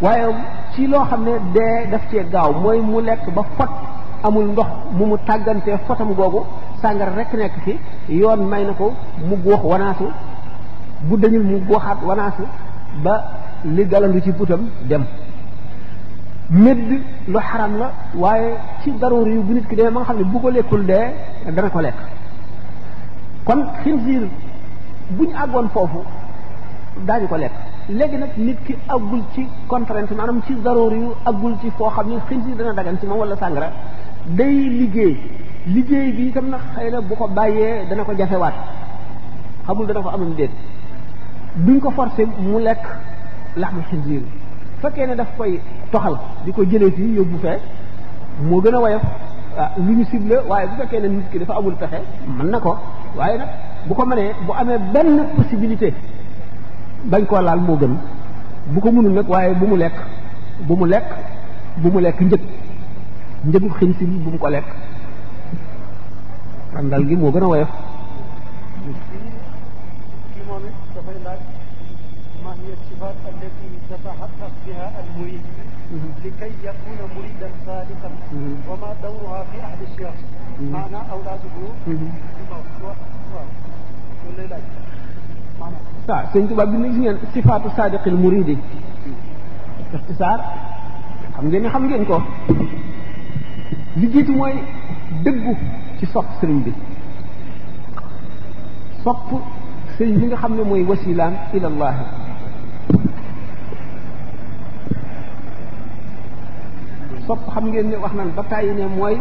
waaye ci loo xam ne dee def cee gaaw mooy mu lekk ba fot amul ndox mu mu tàggantee xotam googu sàngara rek nekk fi yoon may na ko mu góox wanaasu bu dañul mu góoxaat wanaasu ba li galandu ci butam dem médd lu xaram la waaye ci daruur yu bu nit ki dee ma nga xam ne bu ko lekkul dee dana ko lekk kon xinziir bu ñu àggoon foofu daañu ko lekk léegi nag nit ki àggul ci contrainte maanaam ci daruur yu àggul ci foo xam ne xinziir dana dagan ci moom walla sàngara day liggéey liggéey bi tam nag xëy na bu ko bàyyee dana ko jafewaat xamul dana ko amam déet duñ ko forcé mu lekk lax laxmu xinziir bi fekkee ne daf koy toxal di ko jëlee fii yóbbu fee moo gën a woyof ah lu ñu ciblé waaye bu fekkee ne nit ki dafa amul pexe man na ko waaye nag bu ko mënee bu amee benn possibilité bañ koo laal moo gën bu ko mënul nekk waaye bu mu lekk bu mu lekk bu mu lekk njëg njëgu xinsi bi bu mu ko lekk randal gi moo gën a woyof ما هي الصفات التي تتحقق بها المريد لكي يكون مريدا صادقا وما دورها في أهل الشيخ معنى أولاده waaw sëñ tuba bi nag ngeen sifaatu sadiqil muridi ixtisaar xam ngeen ne xam ngeen ko li mooy dëggu ci sopp sëriñ bi sopp sëriñ bi nga xam ne mooy wasilaam ilallaahi sopp xam ngeen ne wax naan ba tàyyi mooy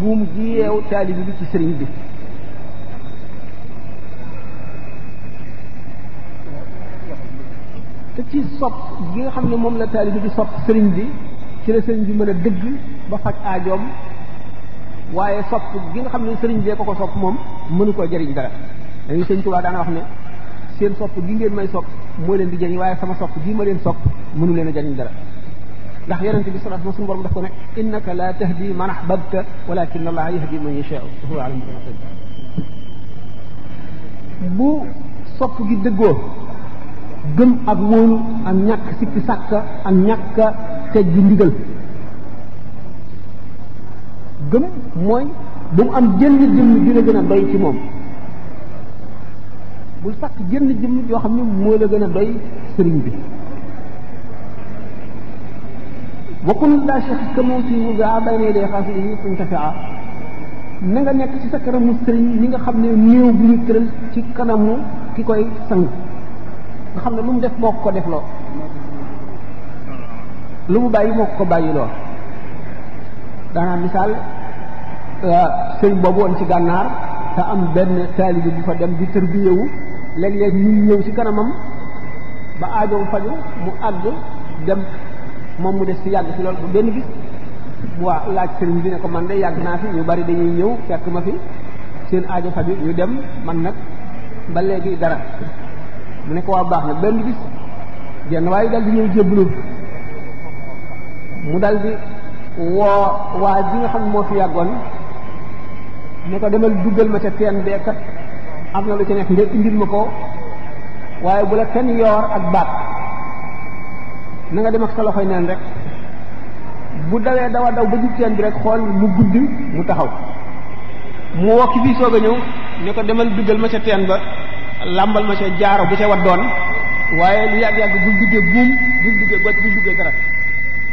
buum gi yeew taalibi bi ci sëriñ bi te ci sopp gi nga xam ne moom la taalibi bi sopp sëriñ bi ci la sëriñ bi mën a dëgg ba faj aajoom waaye sopp gi nga xam ne sëriñ bee ko ko sopp moom mënu koo jëriñ dara dañuy sëriñ Tuubaa daana wax ne seen sopp gi ngeen may sopp moo leen di jëriñ waaye sama sopp gi ma leen sopp mënu leen a dara ndax yonente bi sallallahu alayhi wa sallam borom daf ko ne innaka la tahdi man ahbabta walakin allah yahdi man yashaa'u wa huwa alam bi bu sopp gi dëggoo gëm ak wóolu ak ñàkk sikki sàkka ak ñàkk tej ji ndigal gëm mooy bu mu am jënn jëmm dina gën a doy ci moom bul sàkk jënn jëmm yoo xam ne moo la gën a doy sëriñ bi waqul laa shakka mawti gaa bayna yaday xaasilihi tuntafia na nga nekk ci sa kanamu sëriñ li nga xam ne néew bu ñu tëral ci kanamu ki koy sang xam ne lu mu def moo ko def loo lu mu bàyyi moo ko bàyyi loo daanaa misaal euh, sëñ boobu ci gànnaar te am benn taalibi bu fa dem bi tër bi yëwu léeg-léeg ñuy ñëw ci kanamam ba aajoom faju mu àgg dem moom mu des ci yàgg ci loolu bu benn bis waa laaj sëriñ bi ne ko man de yàgg naa fi ñu bari dañuy ñëw fekk ma fi seen aajo faju ñu dem man nag ba léegi dara mu ne ko waa baax na benn bis genn waaye dal di ñëw jébbalu mu dal waa ji nga xam ne moo fi yàggoon ne ko demal duggal ma ca teen bee kat am na lu ci nekk nga indil ma ko waaye bu la kenn yoor ak baat na nga dem ak sa loxoy rek bu dawee dawa daw ba jub teen bi rek xool mu guddi mu taxaw moo wokki fii soog a ñëw ne ko demal duggal ma ca teen ba làmbal ma ca jaaro bu ca doon waaye lu yàgg-yàgg buñ duggee buum buñ duggee goj buñ duggee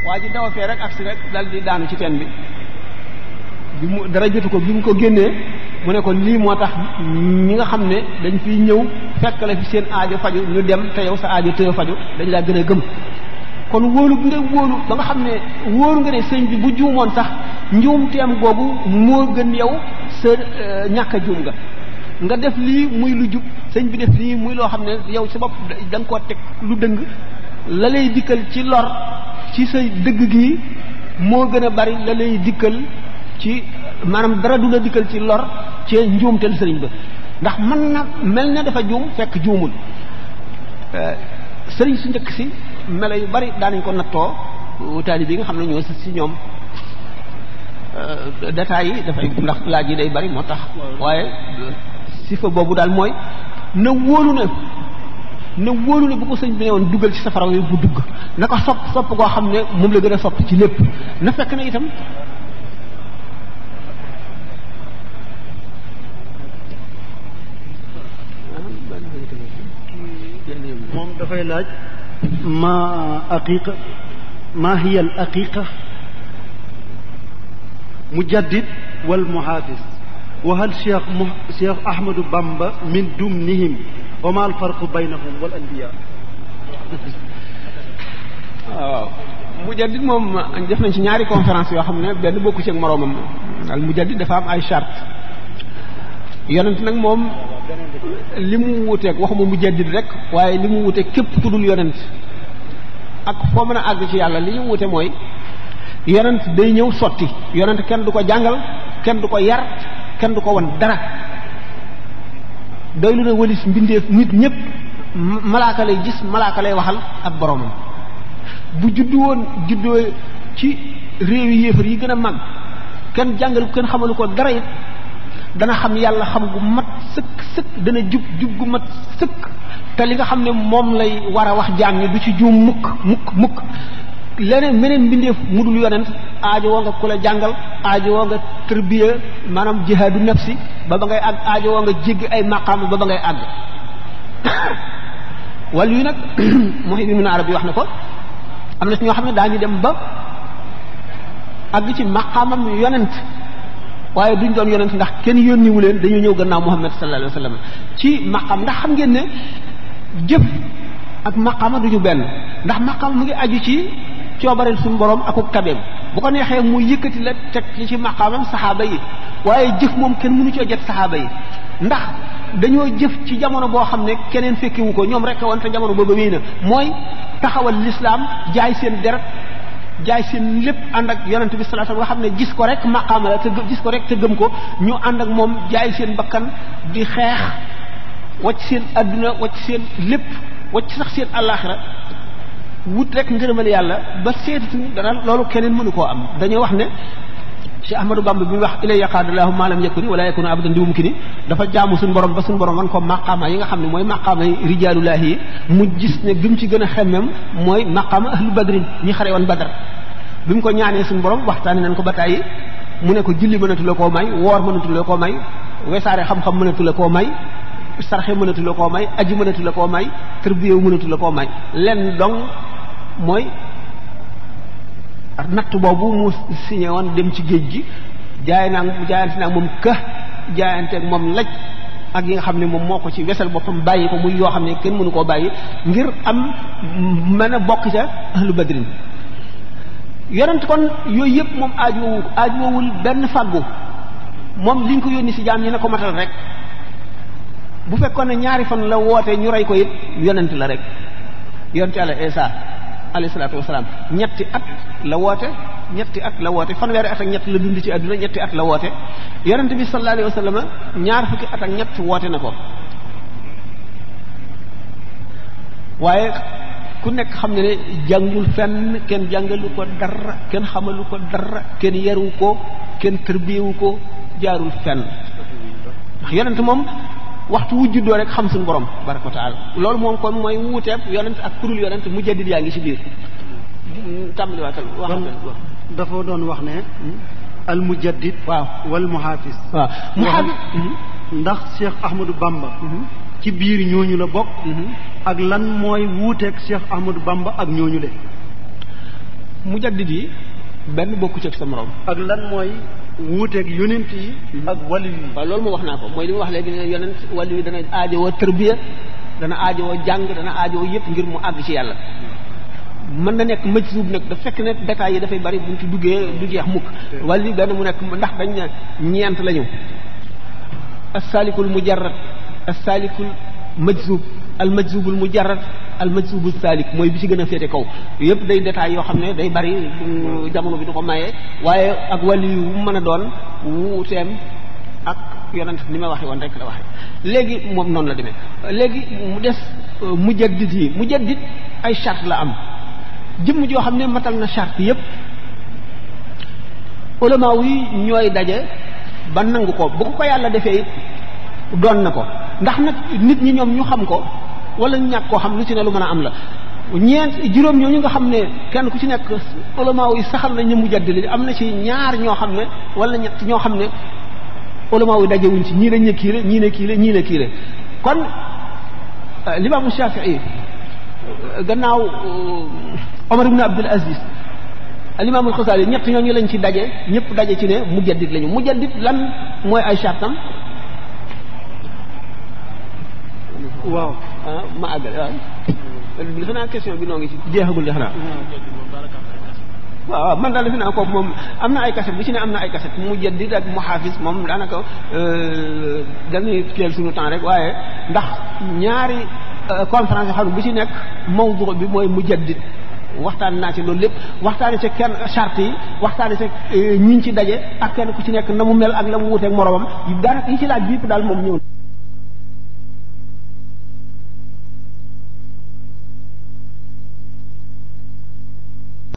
waa ji daw fee rek agsi rek dal di daanu ci teen bi mu dara jotu ko bi ko génnee mu ne lii moo tax ñi nga xam ne dañ fiy ñëw fekk la seen aajo faju ñu dem te sa aajo tëye faju dañ laa gën gëm kon wóolu bi nga wóolu xam ne wóoru nga ne bi bu juumoon sax njuum teem googu moo gën yow sa euh, ñàkk a juum nga nga def lii muy lu jub sëñ bi def lii muy loo xam ne yow sa bopp da koo teg lu dëng la lay dikkal ci lor ci sa dëgg gi moo gën a bari la lay dikkal ci maanaam dara du la dikkal ci lor ci njuumteel sëriñ ba ndax mën na mel na dafa juum fekk juumul euh, sëriñ su njëkk si melo yu bari daanañ ko nattoo taalibe yi nga xam ne ñoo si ñoom euh, détails yi dafay ndax laaj yi day bari moo tax waaye sifa bobu dal moy na wóolu ne na wóolu ne bu ko sëñ bi newon duggal ci safara way bu dugg na sop sop go xamne mom la gëna sop ci lépp na fekk na itam mom da fay laaj ma aqiqa ma hiya al aqiqa mujaddid wal muhafiz وهل شيخ مه... شيخ أحمد بامبا من ضمنهم وما الفرق بينهم والأنبياء mujaddid moom def nañ ci ñaari conférence yoo xam ne bokku ci ak moromam al mujaddid dafa am ay charte yonent nag moom limu mu wuteeg waxuma mujaddid rek waaye limu mu wuteeg ku dul yonent ak foo mën a ci yàlla li ñu wute mooy yonent day ñëw sotti yonent kenn du ko kenn yar kenn du ko won dara doy lu na wëlis mbindeef nit ñépp malaaka lay gis malaaka lay waxal ak boromam bu juddu woon juddoo ci réew yi yi gën a mag kenn jàngal kenn xamalu ko dara it dana xam yàlla xam gu mat sëkk sëkk dana jub jub gu mat sëkk te li nga xam ne moom lay war a wax jaam ñi du ci juum mukk mukk mukk leneen meneen mbindeef mu dul yonent aajo woo nga ku jàngal aajo woo nga tërbiya maanaam jihaadu nafsi ba ba ngay àgg aajo woo nga jéggi ay maqaama ba ba ngay àgg [COUGHS] wala yu nag [COUGHS] Muhyiddin Arabi yi wax na ko am na si ñoo xam ne daañu dem ba àgg ci maqaamam yonent waaye duñ doon yonent ndax kenn yónniwu leen dañoo ñëw gannaaw Muhammad sallallahu alayhi wa sallam ci maqaam ndax xam ngeen ne jëf ak maqaama duñu benn ndax maqaama mu ngi aju ci coobareel suñ borom ak kabeem bu ko neexee mu yëkkati la teg ci ci maqaamam saxaaba yi waaye jëf moom kenn mënu coo jot saxaaba yi ndax dañoo jëf ci jamono boo xam ne keneen fekkiwu ko ñoom rek woon te jamono booba wéy na mooy taxawal lislaam jaay seen deret jaay seen lépp ànd ak yonente bi salaa nga xam ne gis ko rek maqaama la te gis ko rek te gëm ko ñu ànd ak moom jaay seen bakkan di xeex wacc seen adduna wacc seen lépp wacc sax seen àllaaxira wut rek ngërëmal yàlla ba seetatuñu dana loolu keneen mënu koo am dañoo wax ne Cheikh Ahmadou Bamba bi wax ilay yaqaadalaahu maalam yakuni wala yakunu abadan di mumkin ni dafa jaamu suñu borom ba suñu borom wan ko maqaama yi nga xam ne mooy maqaama yi rijaalulaahi yi mu gis ne gëm ci gën a xemmem mooy maqaama ahlu badrin ñi xare woon badar bi mu ko ñaanee suñu borom waxtaane nañ ko ba tàyyi mu ne ko julli mënatu la koo may woor mënatu la koo may wesaare xam-xam mënatu la koo may sarxe mënatu koo may aji mënatu la koo may tërbiyew mënatu la koo may mooy natt boobu mu signé woon dem ci géej gi jaay naa jaayante naa moom kë jaayante moom laj ak yi nga xam ne moom moo ko ci wesal boppam bàyyi ko muy yoo xam ne kenn mënu koo bàyyi ngir am mën a bokk ca ahlu badrin yonent kon yooyu yëpp moom aajowul aajowul benn fàggu moom liñ ko yónni si jaam ñi na ko matal rek bu fekkoon ne ñaari fan la woote ñu rey ko it yonent la rek yonent yàlla Isa alayhi salaatu wasalaam ñetti at la woote ñetti at la woote fanweeri at ak ñett la dund ci àdduna ñetti at la woote yonent bi sallallahu alayhi wasallam ñaar fukki at ak ñett woote na ko waaye ku nekk xam ne ne jàngul fenn kenn jàngalu ko dara kenn xamalu ko dara kenn yaru ko kenn tërbiyewu ko jaarul fenn ndax yonent moom waxtu wu juddoo rek xam suñu borom baraka wa taala loolu moom kon mooy wuuteeb yonent ak kudul yonent mujaddid yaa ngi ci biir tàmbaliwaatal wax dafa doon wax ne al mujaddid waaw wal muhaafis waaw muhaafis mhm. ndax Cheikh Ahmadou Bamba mhm. biir ñooñu la bokk mhm. ak lan mooy wuuteeg Cheikh Ahmadou Bamba ak ñooñu le mujaddid yi benn bokku ci ak sa morom ak lan mooy wuuteeg yonent yi ak wàllu yi waaw loolu moo wax naa ko mooy li mu wax léegi ne yonent wàllu yi dana aajowoo tërbiya dana aajowoo jàng dana aajowoo yëpp ngir mu àgg ci yàlla mën na nekk maj suub nag da fekk ne détails yi dafay bari buñ ci duggee du jeex mukk wàllu yi benn mu nekk ndax dañ ne ñeent la ñu asaalikul mujarrad asaalikul majzub al majzubul mujarrad almajsubu salik mooy bi ci gën a féete kaw yëpp day détail yoo xam ne day bari euh, jamono bi du ko mayee waaye ak wàllu yu mën a doon wuuteem ak yonent ni ma waxe woon rekk la waxe léegi moom noonu la demee léegi mu des euh, mujaddid yi mujaddid ay charte la am jëmm joo xam ne matal na charte yëpp ulama yi ñooy daje ba nangu ko bu ko ko yàlla defee it doon na ko ndax nag nit ñi ñoom ñu xam ko wala ñu ñàkk koo xam lu ci ne lu mën a am la ñeent juróom ñooñu nga xam ne kenn ku ci nekk ulamaaw yi saxal nañ ne mujaddid am na ci ñaar ñoo xam ne wala ñett ñoo xam ne ulamaaw yi dajewuñ ci ñii dañ ne kii la ñii ne kii la ñii ne kii la kon euh, limaamu Shafii gannaaw euh, Omar ibn Abdul Aziz alimaam al Xasaali ñett ñooñu lañ ci daje ñëpp daje ci ne mujaddid lañu mujaddid lan mooy ay shartam waaw ah ma àggale waaw. Ah. defe naa question bi noo ngi ci jeexagul defe naa. Ah, waaw man daal defe naa kooku moom am na ay kaset bu ci ne am na ay kaset mu jënd ak mu xaafis moom daanaka euh, dañuy teel suñu temps rek waaye ndax ñaari euh, conférence yoo xam ne bu ci nekk mawdu bi mooy mu jënd. waxtaan naa ci loolu lépp waxtaane ci kenn charte yi waxtaane ci euh, ñiñ ci daje ak kenn ku ci nekk na mu mel ak la mu wuteeg moroomam daanaka yi ci laaj bi yëpp daal moom ñëw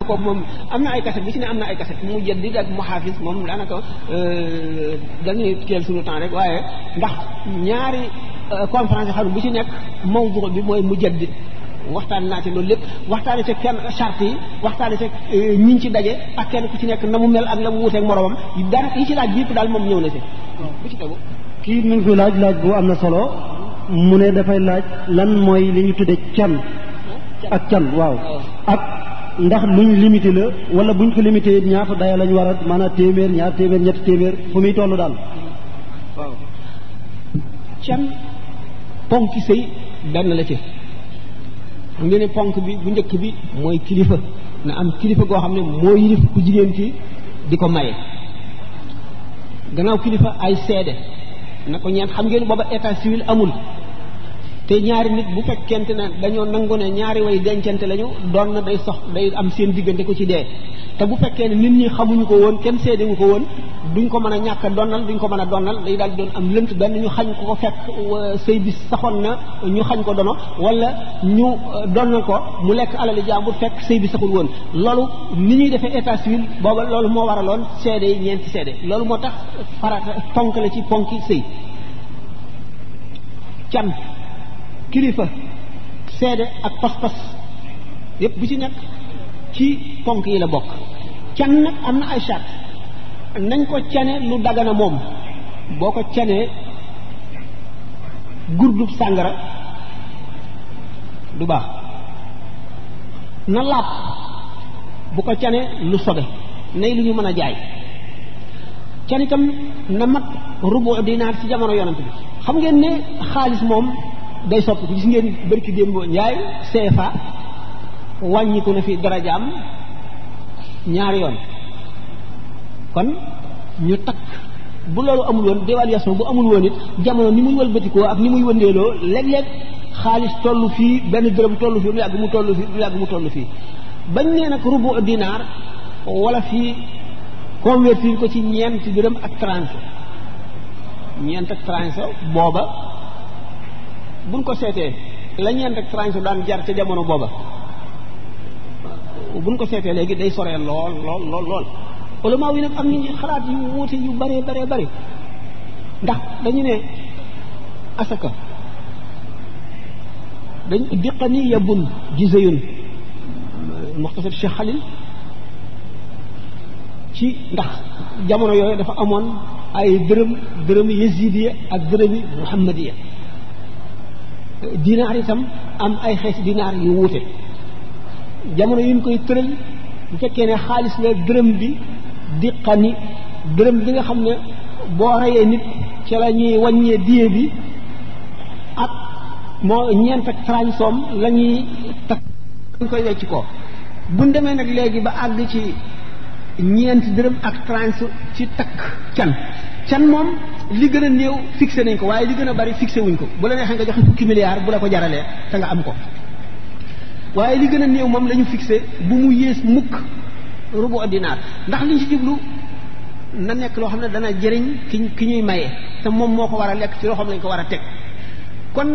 kooku moom am na ay kaset bu ci ne am na ay kaset mu jël di ak mu xaafis moom daanaka euh, dañuy teel suñu temps rek waaye ndax ñaari euh, conférence yi xam bu ci nekk mawdu bi mooy mu jël di waxtaan naa ci loolu lépp waxtaane ci kenn charte yi waxtaane ci euh, ñiñ ci daje ak kenn ku ci nekk na mu mel ak la mu wuuteeg moroomam dara yi ci laaj yëpp daal moom ñëw na ci bu kii mi ngi fi laaj laaj bu am na solo mu ne dafay laaj lan mooy li ñu tudde can ak can waaw ah. ak ndax luñ limité la wala buñ ko limité ñaata daya lañ war a maanaam téeméer ñaar téeméer ñetti téeméer fu muy toll daal. waaw. can ponk sëy benn la ci. mu ngi ponk bi bu njëkk bi mooy kilifa na am kilifa goo xam ne moo yilif ku jigéen ki di ko maye. gannaaw kilifa ay seede na ko ñeent xam ngeen booba état civil amul. te ñaari nit bu kent ne dañoo nangu ne ñaari way dencante lañu doon na day sox day am seen diggante ko ci dee te bu fekkee ne nit ñi xamuñu ko woon kenn séedewu ko woon duñ ko mën a ñàkk a donnal duñ ko mën a donnal day daal di doon am lënt benn ñu xañ ko ko fekk sëy bi saxoon na ñu xañ ko dono wala ñu euh, donnal ko mu lekk alali jàmbur fekk sëy bi saxul woon loolu ni ñuy defee état civil booba loolu moo waraloon seede yi ñeenti seede loolu moo tax farata ponk la ci ponki sëy can kilifa seede ak pas-pas yépp bu ci nekk ci ponk yi la bokk can nag am na ay charte nañ ko cane lu dagana moom boo ko canee gurdub sàngara du baax na laab bu ko cane lu sobe nay lu ñu mën a jaay can itam na mat rubu dinaar ci jamono yonent bi xam ngeen ne xaalis moom day soppi gis ngeen barki démboo njaay CFA wàññiku na fi darajaam ñaari yoon kon ñu takk bu loolu amul woon dévaluation bu amul woon it jamono ni muy wëlbatikoo ak ni muy wëndeeloo léeg-léeg xaalis toll fii benn dërëm tollu fii lu yàgg mu toll fii lu yàgg fii bañ nee nag rubu dinaar wala fii convertir ko ci ñeent dërëm ak tranche ñeent ak tranche booba buñ ko seetee la ñeen rek tranche daan jar ca jamono booba buñ ko seetee léegi day soree lool lool lool lool ulama yi nag am nañu xalaat yu wuute yu bare bare bare ndax dañu ne asaka dañ diqani yabun jizayun muxtasar Cheikh Khalil ci ndax jamono yooyu dafa amoon ay dërëm dërëmi yasidiya ak dërëmi muhammadiya dinaar itam am ay xeeti dinaar yu wuute jamono yu ñu koy tëral bu fekkee ne xaalis la dërëm bi diqani dërëm bi nga xam ne boo reyee nit ci la ñuy wàññee diye bi ak moo ñeent ak traañ soom la ñuy takk ñu koy wecc ko bu demee nag léegi ba àgg ci ñeent dërëm ak tranche ci takk can can moom li gën a néew fixé nañ ko waaye li gën a bari fixé wuñ ko bu la neexee nga joxe fukki milliards bu la ko jaralee te nga am ko waaye li gën a néew moom lañu ñu bu mu yées mukk rubu ordinaire ndax liñ ci jublu na nekk loo xam ne dana jëriñ ki ki ñuy maye te moom moo ko war a lekk ci loo loxoom lañ ko war a teg kon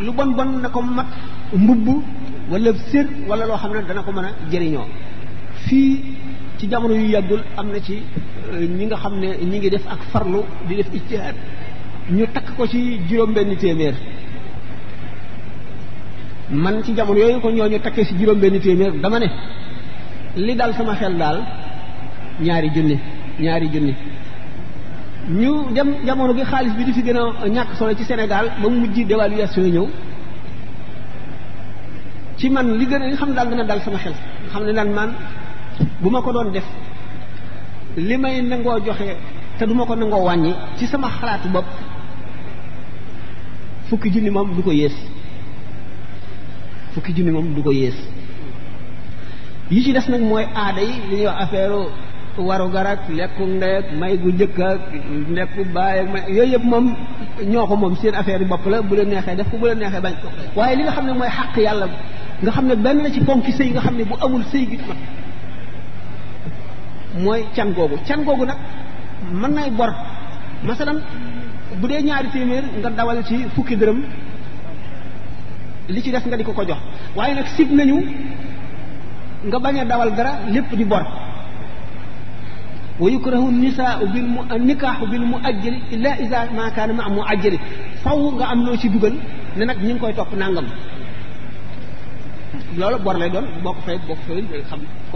lu bon bon na ko mat mbubb wala sér wala loo xam ne dana ko mën a jëriñoo fii ci jamono yu yàggul am na ci euh, ñi nga xam ne ñi ngi def ak farlu di def ijtihaad ñu takk ko ci juróom benn téeméer man ci jamono yooyu ko ñooñu takkee ci juróom benn téeméer dama ne li daal sama xel daal ñaari junni ñaari junni ñu dem jamono bi xaalis bi di fi gën a ñàkk solo ci Sénégal ba mu mujj dévaluation ñëw ci man li gën a xam daal dana dal sama xel xam ne daal man bu ma ko doon def li may nangoo joxe te du ma ko nangoo wàññi ci sama xalaatu bopp fukki junni moom du ko yées fukki junni moom du ko yées yi ci des nag mooy aada yi li ñuy wax affaire waru garak lekku ndeyeg may gu njëkk ak lekku bàyyi may yooyu yëpp moom ñoo ko moom seen affaire yi bopp la bu la neexee def ko bu la neexee bañ ko waaye li nga xam ne mooy xàq yàlla nga xam ne benn la ci ponki sëy nga xam ne bu amul sëy gi mat mooy can googu can googu nag mën nay bor masalan bu dee ñaari téeméer nga dawal ci fukki dërëm li ci des nga di ko ko jox waaye nag sib nañu nga bañ a dawal dara lépp di bor wa yukrahu nisaau bil mu nikaaxu bil mu ajjali illa isa ma kaana ma mu ajjali faw nga am loo ci dugal ne nag ñi ngi koy topp nangam loolu bor lay doon boo ko fay boo ko fay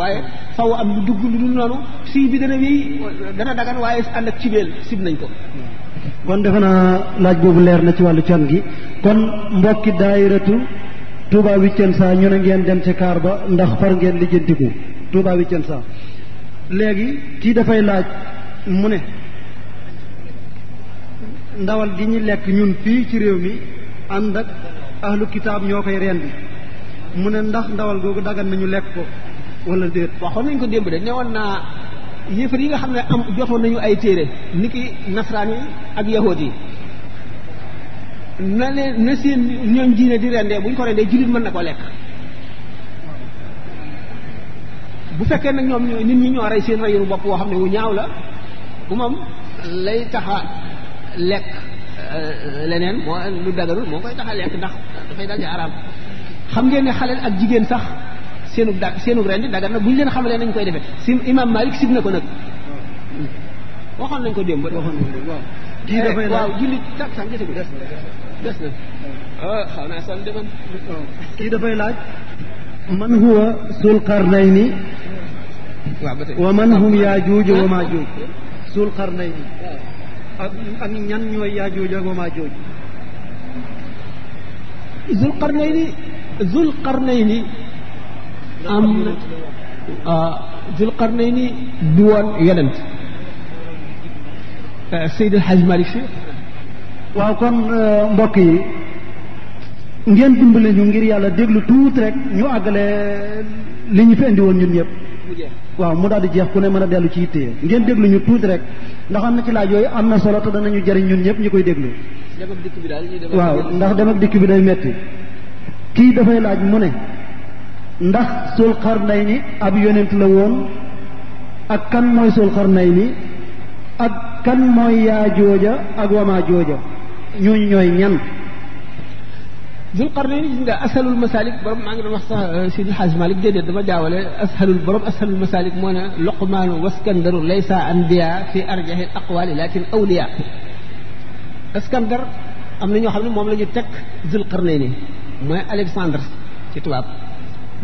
waaye faw am lu dugg lu dul noonu sii bi dana wéy dana dagan waaye ànd ak cibeel sib nañ ko kon defe naa laaj boobu leer na ci wàllu can gi kon mbokki daayiratu Touba Vicenza ñu ne ngeen dem ci kaar ba ndax par ngeen lijjantiku Touba Vicenza léegi kii dafay laaj mu ne ndawal gi ñu lekk ñun fii ci réew mi ànd ak ahlu kitaab ñoo koy reen bi mu ne ndax ndawal googu dagan nañu lekk ko wala déet waxoon nañ ko démb de newoon naa yéefar yi nga xam ne am jotoon nañu ay téere nit ki nasaraan yi ak yahood yi na leen na seen ñoom diine di rendee bu ñu ko rendee jullit mën na ko lekk bu fekkee nag ñoom nit ñi ñoo rey seen reyinu bopp woo xam ne wu ñaaw la bu moom lay taxa lekk euh, leneen moo lu daganul moo koy taxa lekk ndax dafay dal di araam xam ngeen ne xaleel ak jigéen sax seenub da seenub rendi dagan na bu leen xamalee nañ koy defee si imam Malik sib na ko nag waxoon nañ ko démb waxoon nañ ko waaw. kii dafay waaw julli tak sax des na des na. xaw naa sonn demoon. kii dafay laaj. man huwa sul qarnayni. ba wa man hum yaajuuj wa maajuuj. sul qarnayni. ak ak ñan ñooy yaajuuj ak wa maajuuj. sul qarnayni. zul qarnayni am na ah, zul qarnayni du woon yonent eh, Seydil Hadj Malick waaw kon eh, mbokk yi ngeen dimbale ñu ngir yàlla déglu tuuti rek ñu àggale li ñu fi indi woon ñun ñëpp waaw mu daal di jeex ku ne mën a dellu ci yitte ngeen déglu ñu tuuti rek ndax am na ci laaj yooyu am na solo te ñu jariñ ñun ñëpp ñu koy déglu waaw ndax dem ak dikk bi day metti kii dafay laaj mu ne ndax sul xarnay ni ab yonent la woon ak kan mooy sul xarnay ni ak kan mooy yaa jooja ak wamaa jooja ñooñ ñooy ñan ذو القرنين عند أسهل المسالك برم ما عندنا محصة سيد الحاج مالك جديد دم جاولة أسهل برم أسهل المسالك مونا لقمان واسكندر ليس أنبياء في أرجح الأقوال لكن أولياء اسكندر أم نيو خامن موم لا نيو تك ذو القرنين mooy Alexandre ci tubaab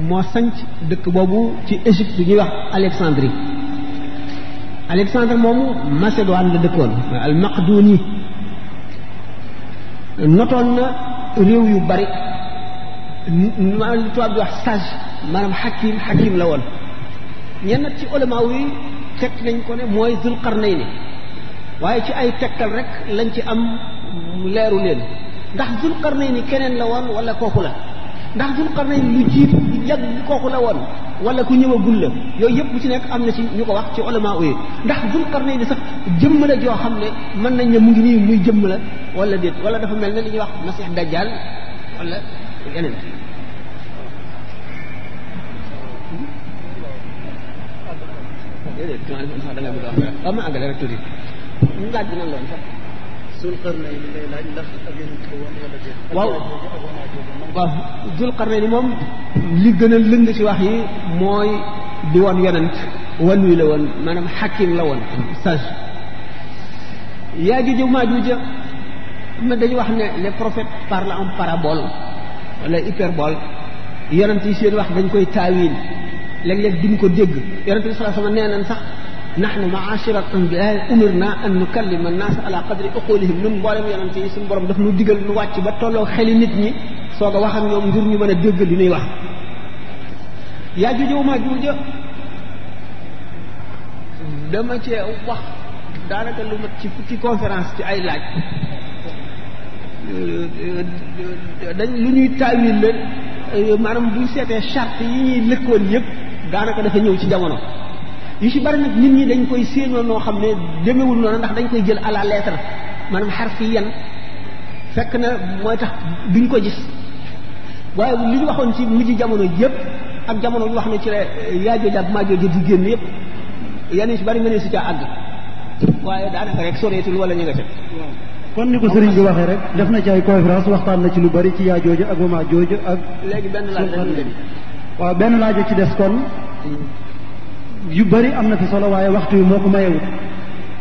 moo sanc dëkk boobu ci Égypte ñuy wax Alexandrie Alexandre moomu Macédoine la dëkkoon mooy al-Maqduni notoon na réew yu bari maanaam li tubaab di wax sage maanaam xakim xakim la woon ñenn ci ulama yi teg nañ ko ne mooy Zulqarnayni waaye ci ay tegtal rek lañ ci am leeru leen ndax Zul Qarnayni keneen la woon wala kooku la ndax Zul Qarnayni lu jiitu lu yàgg kooku la woon wala ku ñëwagul la yooyu yëpp bu ci nekk am na ci ñu ko wax ci ulama yi ndax Zul Qarnayni sax jëmm la joo xam ne mën nañ ne mu ngi nii muy jëmm la wala déet wala dafa mel ne li ñuy wax Masih Dajjal wala yeneen. déedéet a wax waaw ma àggale rek tuuti ñu laaj ذو القرنين لا اله الا waaw waaw dul qarnayni moom li gën a lënd ci wax yi mooy di woon yonent wan wi la woon maanaam xakim la woon sage yaa gi jëw maajuuja ma dañu wax ne les prophètes parlent en parabole wala hyperbole yonent yi seen wax dañ koy taawil léeg-léeg duñ ko dégg yonent bi salaa sama nee nan sax نحن معاشر الانبياء امرنا ان نكلم الناس على قدر اقولهم نم بارم يانتي سن بارم داف نو ديغال نو واتي با تولو خيلي نيت ني سوغا واخا نيوم ندير ني مانا ديغال لي ني واخ يا جوجو ما جوجو دما تي واخ دانكا لو مات سي فوتي كونفرنس سي اي لاج dañ lu ñuy tawil le manam bu sété charte yi ñi lekkon yépp danaka dafa ñëw ci jamono yu ci bari nag nit ñi dañ koy séenoo noo xam ne demewul noonu ndax dañ koy jël à la lettre maanaam harfiyan fekk na mooy tax duñ ko gis waaye li ñu waxoon ci mujj jamono yëpp ak jamono ñu wax ne ci la yaajooj ak maajooja di génn yëpp yenn ci bari nga ne si caa àgg waaye daanaka rek soreetul wala ñu nga ca kon ni ko sëriñ bi waxee rek def na ci ay waxtaan na ci lu bari ci yaajooja ak maajooja ak léegi benn laaj waaw benn laaj ci des kon hmm. yu bari am na fi solo waaye waxtu wi moo ko mayewut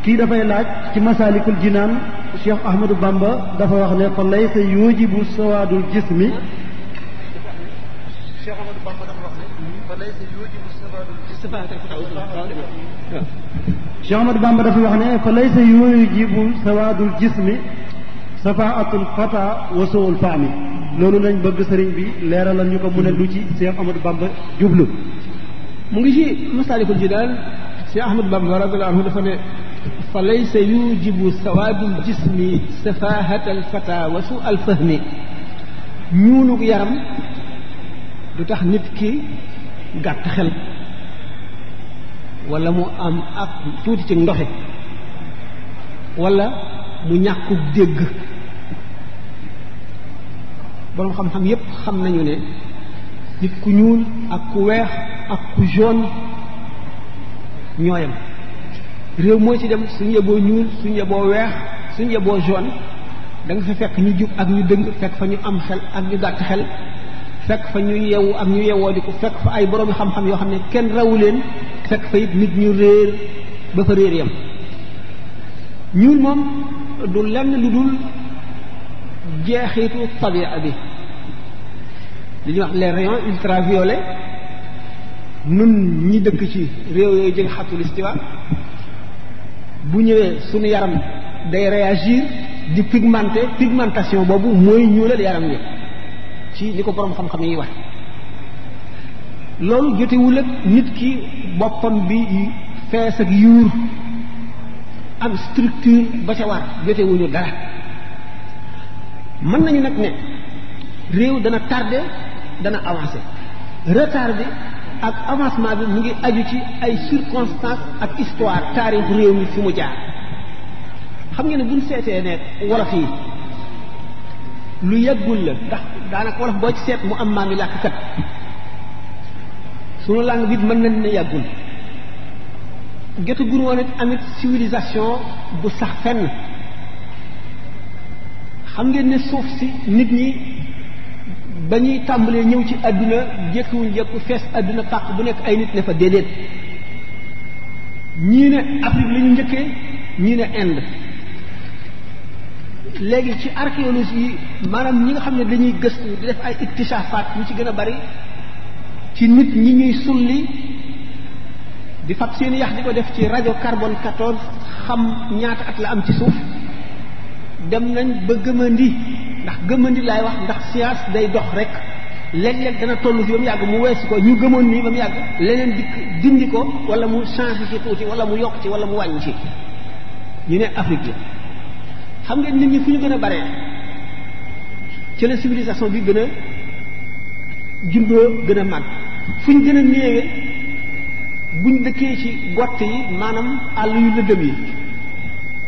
kii dafay laaj ci masaalikul jinaan Cheikh Ahmadou Bamba dafa wax ne fa laysa yujibu sawaadul jismi Cheikh Ahmadou Bamba dafa wax ne fa laysa yujibu sawaadul wax ne fa laysa yujibu sawaadul jismi safaatul fata wa loolu lañ bëgg sëriñ bi leeralal ñu ko mu ne lu ci Cheikh Ahmadou Bamba jublu موجي مصالح الجدال سي احمد بن رضي الله عنه فليس يوجب سواد الجسم سفاهة الفتى وسوء الفهم نيونو يارم دو تخ نيت كي غات خل ولا مو ام اك توتي تي ندوخي ولا مو نياكو ديغ بروم خام خام ييب خام نانيو ني نيت كو نيول اك كو ak ku jaune ñooyam réew moo ci dem suñ yeboo ñuul suñ yeboo weex suñ yeboo jaune da nga fa fekk ñu jub ak ñu dëng fekk fa ñu am xel ak ñu gàtt xel fekk fa ñu yewu ak ñu yewoo di ko fekk fa ay boroomi xam-xam yoo xam ne kenn rawu leen fekk fa it nit ñu réer ba fa réer yam ñuul moom du lenn lu dul jeexitu tabia bi li ñuy wax les rayons ultraviolets nun ñi dëkk ci réew yooyu jël xatul istiwa bu ñëwee suñu yaram day réagir di pigmenter pigmentation boobu mooy ñuulal yaram wi ci li ko borom xam-xam yi wax loolu jotewul ak nit ki boppam bi fees ak yuur ak structure ba ca war jotewuñu dara mën nañu nag ne réew dana tardé dana avancé retardé ak avancement bi mu ngi aju ci ay circonstances ak histoire taarix réew mi fi mu jaar xam ngeen ne buñ seetee ne wolof yi lu yàggul la ndax daanaka wolof boo ci seet mu am maam yi làkk kat sunu langue bi mën nañ ne yàggul gerte gu woon it amit civilisation bu sax fenn xam ngeen ne suuf si nit ñi ba ñuy tàmbalee ñëw ci àdduna jékkiwuñ jékku fees adduna pàq bu nekk ay nit ne fa déedéet ñii ne Afrique la ñu njëkkee ñii ne Inde léegi ci archéologie maanaam ñi nga xam ne dañuy gëstu di def ay iktisaafaat ñu ci gën a bari ci nit ñi ñuy sulli di fab seen yax di ko def ci rajo carbon 14 xam ñaata at la am ci suuf dem nañ ba gëmandi ndax gëmandi laay wax ndax science day dox rek léeg-léeg dana toll fi ba mu yàgg mu weesu ko ñu gëmoon nii ba mu yàgg leneen dikk dindi ko wala mu changé ci tuuti wala mu yokk ci wala mu wàññi si ñu ne Afrique la xam ngeen nit ñi fu ñu gën a baree ci la civilisation bi gën a jundoo gën fu ñu gën a néewee buñ dëkkee ci gott yi maanaam àll yu lëndëm yi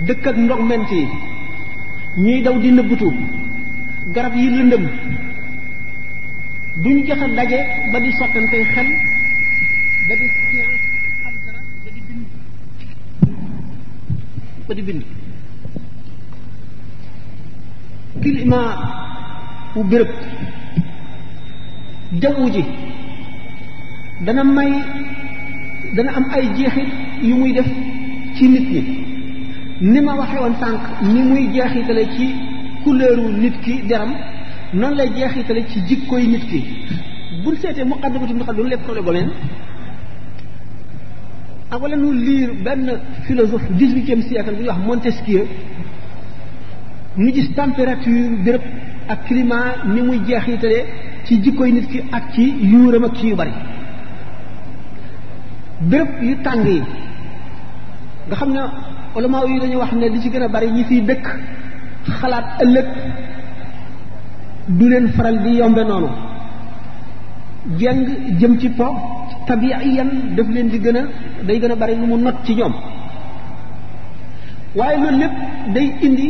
dëkk ak ndogment yi ñuy daw di nëbbutu garab yi lëndëm duñ jot daje ba di sottantey xel ba di science am dara jawwu ji dana may dana am ay jeexit yu muy def ci nit ñi ni ma waxe woon sànq ni muy jeexitale ci couleuru nit ki deram noonu lay jeexitale ci jikkoy nit ki buñ seetee muqaddamatul muqaddam lépp xole gomeen ak wala nu lire benn philosophe dix-huitième siècle bu ñuy wax Montesquieu ñu gis température béréb ak climat ni muy jeexitale ci jikkoy nit ki ak ci yuuram ak ci yu bari béréb yu tàng yi nga xam ne ulama yi dañu wax ne li ci gën a bari ñi fiy dëkk xalaat ëllëg du leen faral di yombe noonu jeng jëm ci po tabiiyan daf leen di gën a day gën a bari lu mu not ci ñoom waaye loolu lépp day indi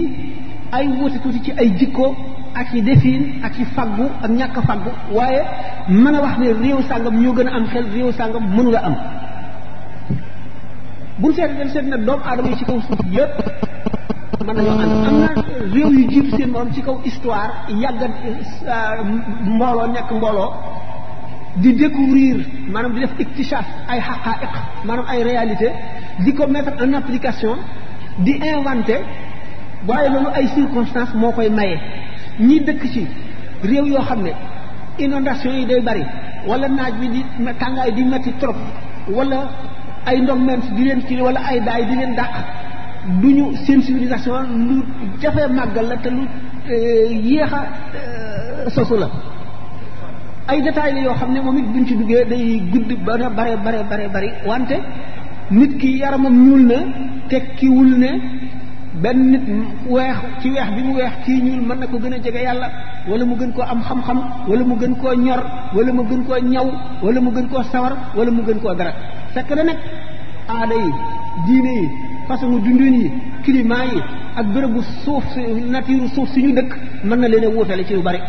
ay wuute tuuti ci ay jikko ak yi defiin ak yi faggu ak ñàkk faggu waaye mën a wax ne réew sàngam ñoo gën a am xel réew sàngam mënula am buñ seet dañ seet ne doom aadama yi ci kaw suuf yëpp mën nañoo ànd am na réew yu jiitu seen morom ci kaw histoire yàgg euh, mbooloo nekk mbooloo di découvrir maanaam di def iktishaaf ay xaqaa'iq man ay réalité di ko mettre en application di inventer waaye loolu ay circonstances moo koy maye ñi dëkk ci réew yoo xam ne inondation yi day bari wala naaj bi di tàngaay di metti trop wala ay ndogment di leen kii wala ay daay di leen dàq du ñu seen civilisation lu jafee màggal la te lu eh, yéex eh, sosu la ay détails la yoo xam ne moom it buñ ci duggee day gudd ba na bare bare bare bari wante nit ki yaramam ñuul na tekkiwul ne benn nit weex ci weex bi mu weex kii ñuul mën na ko gën a jege yàlla wala mu gën koo am xam-xam wala mu gën koo ñor wala mu gën koo ñaw wala mu gën koo sawar wala mu gën koo dara fekk na nag aada yi diine yi façon dundin yi climat yi ak bërëbu suuf si nature suuf si ñu dëkk mën na leen a wóotale ci lu bari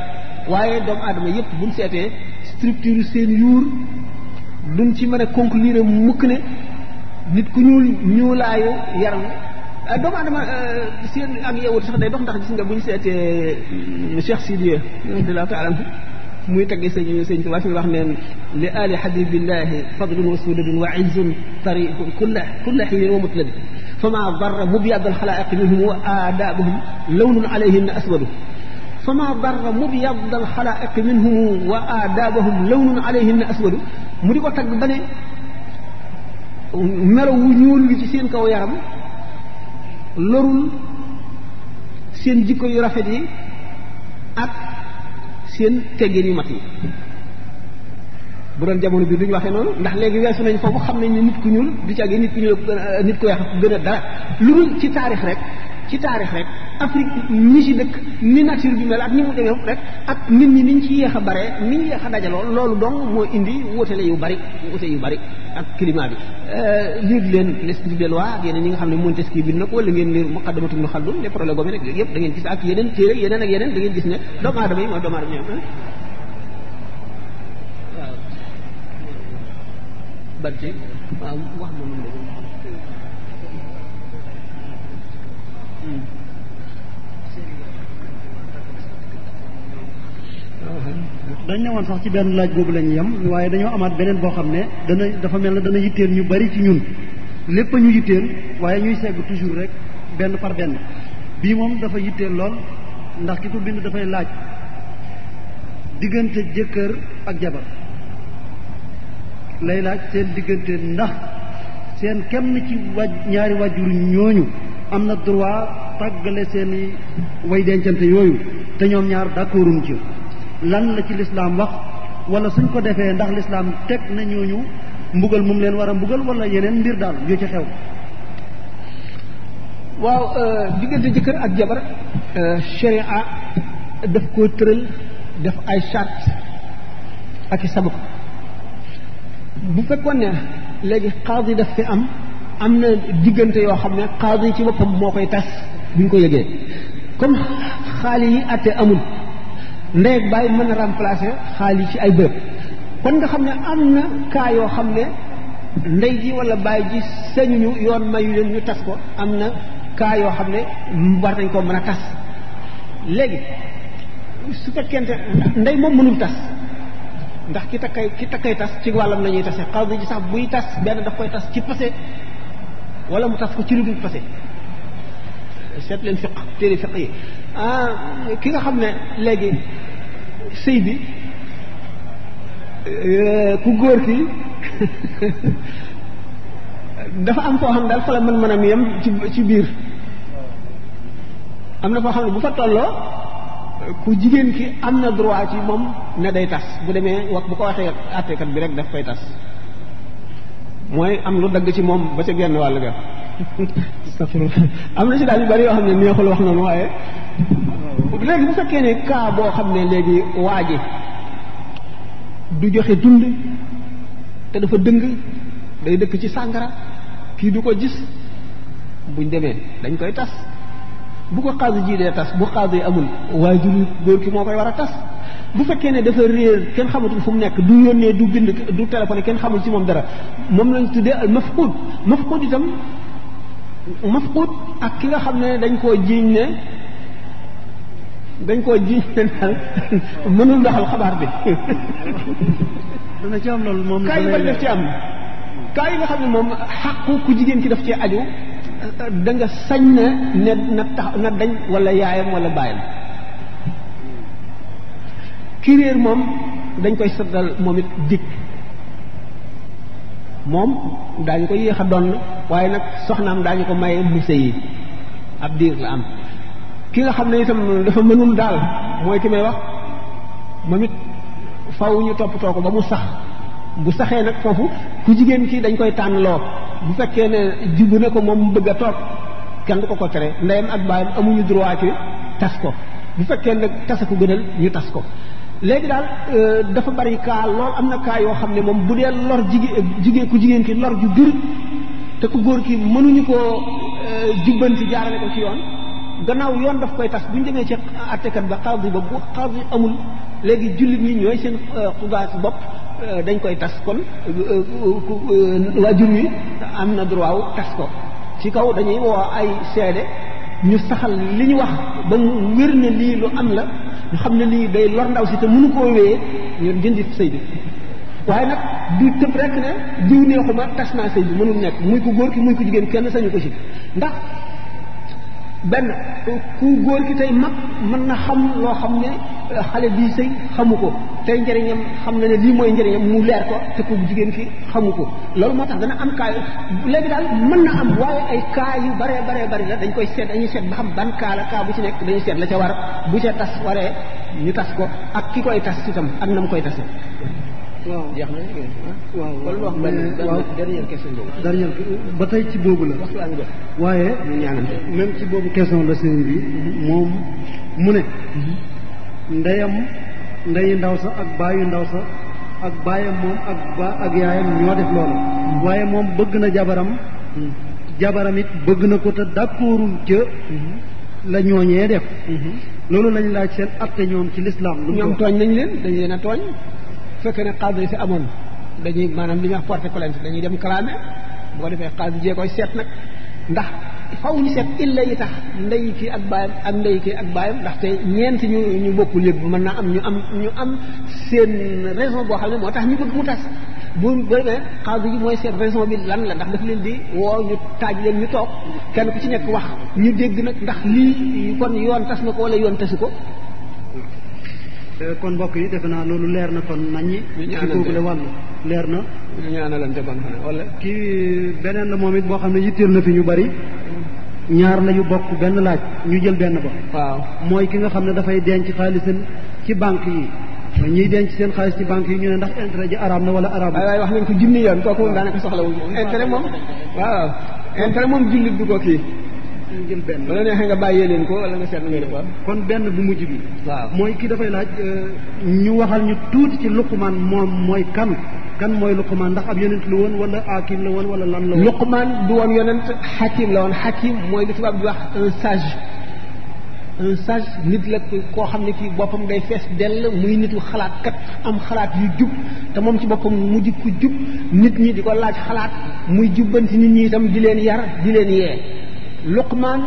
waaye doomu aadama yépp buñ seetee structure seen yuur duñ ci mën a conclure mukk ne nit ku ñuul ñuulaayu yaram doomu aadama euh, seen ak yeewut sax day dox ndax gis nga buñ seetee euh, Cheikh Sidiye radiyallahu ta'ala muy tagge sëñ sëñ Tuubaa fi wax neen li ali habibillahi fadlun wa sulubun wa izzun tariqun kulla kulla hiin wa mutlab fama darra mubyad khalaiq minhum wa adabuhum lawnun alayhin aswadu فما ضر مبيض الخلائق منهم وآدابهم لون عليهن أسود مديكو تاك بني ملو نيول لي سين كاو يارام لورول سين جيكو يو رافet yi ak seen teggin yu mat yi bu doon jamono bi duñu waxee noonu ndax léegi weesu nañ foofu xam nañ nit ku ñuul du ci àgg nit ku ñuul nit ku weex ku gën a dara lu dul ci taarix rek ci taarix rek Afrique ñi ci dëkk ni nature bi mel ak ni mu demee rek ak nit ñi niñ ci yéex a baree ni ñu yéex a dajaloo loolu dong moo indi wóotale yu bari wóote yu bari ak climat bi liir euh, leen les du waa ak yeneen yi nga xam ne Montesquieu bi nag wala ngeen liir muqaddamatum nu xaldun les problèmes gomi rek yëpp da ngeen gis ak yeneen téere yeneen ak yeneen da gis ne doomu aadama yi mooy doomu aadama ñoom waaw ban ci waaw wax ma dañ ne woon sax ci benn laaj boobu lañuy ñu waaye dañoo amaat beneen boo xam ne dana dafa mel ne dana yitteel ñu bari ci ñun lépp a ñu yitteel waaye ñuy segg toujours rek benn par benn bii moom dafa yitteel lool ndax ki ko bind dafay laaj diggante jëkkër ak jabar lay laaj seen diggante ndax seen kenn ci waj ñaari wajur ñooñu am na droit tàggale seeni way dencante yooyu te ñoom ñaar d'accorduñ ci lan la ci lislaam wax wala suñ ko defee ndax lislaam teg na ñooñu mbugal moom leen war a mbugal wala yeneen mbir daal yu ci xew waaw euh, diggante jëkkër ak jabar euh, sharia daf koo tëral def ay charte ak i sabab bu fekkoon ne léegi xaadi daf fi am am na diggante yoo xam ne xaadi ci boppam moo koy tas bu ñu ko yëgee comme xaali yi àtte amul ndey ak bàyyi mën na remplacer xaalis ci ay bërëb kon nga xam ne am na kaa yoo xam ne ndey ji wala bàyyi ji sañuñu yoon mayu leen ñu tas ko am na kaa yoo xam ne war nañ koo mën a tas léegi su fekkente ndey moom mënul tas ndax ki takkay ki takkay tas ci wàllam la ñuy tase xaw ji sax buy tas benn daf koy tas ci passé wala mu tas ko ci lu dul passé seet leen fiq téere fiq yi ah, ki nga xam ne léegi sëy bi euh, ku góor ki [LAUGHS] dafa am foo xam daal fa la mën mën am ci biir am na foo xam ne bu fa tolloo ku jigéen ki am na droit ci moom ne day tas bu demee wax bu ko waxee àtteekat bi rek daf koy tas mooy am lu dagg ci moom ba ca genn wàll ga am na si daal yu bari yoo xam ne neexul wax noonu waaye léegi bu fekkee ne cas boo xam ne léegi waa du joxe dund te dafa dëng day dëkk ci sàngara kii du ko gis buñ demee dañ koy tas bu ko xaasi ji dee tas bu xaasi amul waaye jur góor ki moo koy war a tas bu fekkee ne dafa réer kenn xamatul fu mu nekk du yónnee du bind du téléphoné kenn xamul ci moom dara moom lañ tuddee al mafqud mafqud itam mafqut ak ki nga xam ne dañ koo jiiñ ne dañ koo jiiñ ne daal [LAUGHS] mënul doxal xabaar bi. [LAUGHS] dana ci am ci am kaa nga xam ne moom xàqu ku jigéen ki def ci aju da nga sañ na ne na tax na dañ wala yaayam wala baayam ki réer moom dañ koy saddal moom it dikk moom daañu ko yéex a doon waaye nag soxnaam daañu ko maye mu sëy ab diir la am ki nga xam ne itam dafa mënul daal mooy ki may wax moom it faw ñu toppatoo ko ba mu sax bu saxee nag foofu ku jigéen kii dañ koy tànnloo bu fekkee ne jubbu ne ko moom mu bëgg a toog kenn du ko ko tere ndeyam ak baayam amuñu droit ci tas ko bu fekkee nag tasa ku gënal ñu tas ko léegi daal euh, dafa bari kaa lool am na kaa yoo xam ne moom bu dee lor jigéen jigéen ku jigéen ki lor ju bir te ku góor ki mënuñu koo euh, jubbanti jaarale ko ci yoon gannaaw yoon daf koy tas bu ñu demee ci attekat ba xaadi ba bu xaadi amul léegi jullit ñi ñooy seen euh, xugaas bopp dañ koy tas kon waajur wi am na droit wu tas ko ci kaw dañuy woo ay seede ñu saxal li ñu wax ba mu wér ne lii lu am la ñu xam ne lii day lor ndaw si te mënu koo wéyee ñun jëndi sëy bi waaye nag du tëb rek ne diw neexuma tas naa sëy bi mënul nekk muy ko góor ki muy ko jigéen kenn sañu ko si ndax benn ku góor ki tey mag mën na xam loo xam ne euh, xale bii sëy xamu ko tey njëriñam xam na ne lii mooy njëriñam mu leer ko te ku jigéen ki xamu ko loolu moo tax dana am kaa léegi daal mën na am waaye ay kaa yi bare bare bari la dañ koy seet dañuy seet ba xam ban kaa la kaa bu ci nekk dañuy seet la ca war bu ca tas waree ñu tas ko ak ki koy tas itam ak na mu koy tase waaw jeex na ah. waaw kon wax question boobu. dernière ba tey ci boobu la. waxtu ànd waaye. ñu ñaanante même ci boobu question la sëñ bi moom mu ne. ndeyam ndeyu ndaw sa ak baayu ndaw sa ak baayam moom ak ba ak yaayam ñoo def loolu. waaye moom bëgg na jabaram. jabaram it bëgg na ko te d'accordul ca. la ñooñee def. Mhm. loolu lañ laaj seen atte ñoom ci lislaam. lu ñoom tooñ nañ leen dañ a tooñ. fekkee ne xaadi si amoon dañuy maanaam li ñuy wax porter plainte dañuy dem clamé bu ko defee xaadi jee koy seet nag ndax faw ñu seet illa yi tax ndey kii ak baayam ak ndey kii ak baayam ndaxte ñeent ñu ñu bokkul lépp mën naa am ñu am ñu am seen raison boo xam ne moo tax ñu bëgg mu tas bu bu demee xaadi ji mooy seen raison bi lan la ndax daf leen di woo ñu taaj leen ñu toog kenn ku ci nekk wax ñu dégg nag ndax lii kon yoon tas na ko wala yoon tasu ko Eh, kon mbokk yi defe naa loolu leer na kon naññi ci kooku le wàllu leer na ñaanalante ban xanaa wala kii beneen la moom it boo xam ne yitteel na fi ñu bari ñaar la yu bokk benn laaj ñu jël benn ba waaw mooy ki nga xam ne dafay denc xaalisam ci banque yi ñuy denc seen xaalis ci banque yi ñu ne ndax intérêt ji arabe na wala arabe waaye wax nañ ko junni yoon kooku moom daanaka soxlawul intérêt moom waaw intérêt moom jullit du ko kii ñu jël benn wala neexee nga bàyyee leen ko wala nga seet nga def kon benn bu mujj bi waaw mooy kii dafay laaj euh, ñu waxal ñu tuuti ci luqmaan moom mooy kan kan mooy luqmaan ndax ab yonent la woon wala hakim la woon wala lan la woon luqmaan du woon yonent hakim la woon hakim mooy li tubaab di wax sage un nit la koo xam ne kii boppam day fees dell muy nitu xalaat am xalaat yu jub te moom ci boppam mu jub ku jub nit ñi di ko laaj xalaat muy jubbanti nit ñi itam di leen yar di leen yee luqmaan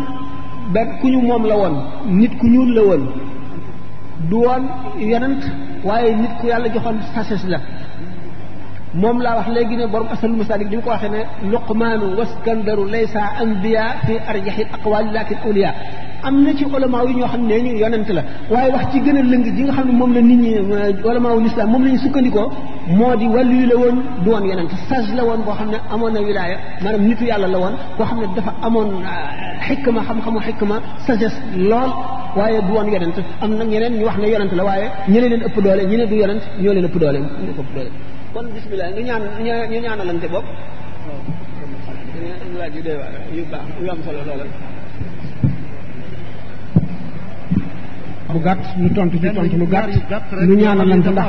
benn ku ñu moom la woon nit ku ñuul la woon du woon yonent waaye nit ku yàlla joxoon sases la moom la wax léegi ne borom asalul masalik li mu ko waxee ne luqmaanu waskandaru laysa anbiya fi arjaxil aqwaali lakin awliya am na ci olama yi ñoo xam ne ñu yonent la waaye wax ci gën a lëng nga xam ne moom la nit ñi olama wu moom la ñu sukkandikoo moo di wàllu la woon du woon yonent sage la woon boo xam ne amoon na wilaaya maanaam nitu yàlla la woon koo xam ne dafa amoon euh, xikma xam-xamu xikma sagesse lool waaye du woon yonent am na ñeneen ñu wax ne yonent la waaye ñi leen ëpp doole ñi ne du yonent ñoo leen ëpp doole ñoo leen ëpp doole kon bismillah ñu ñaan ñu ñaanalante bopp laaj yu doy waar yu baax yu am solo loola bu gàtt ñu tontu ci tontu lu gàtt ñu ñaanalante ndax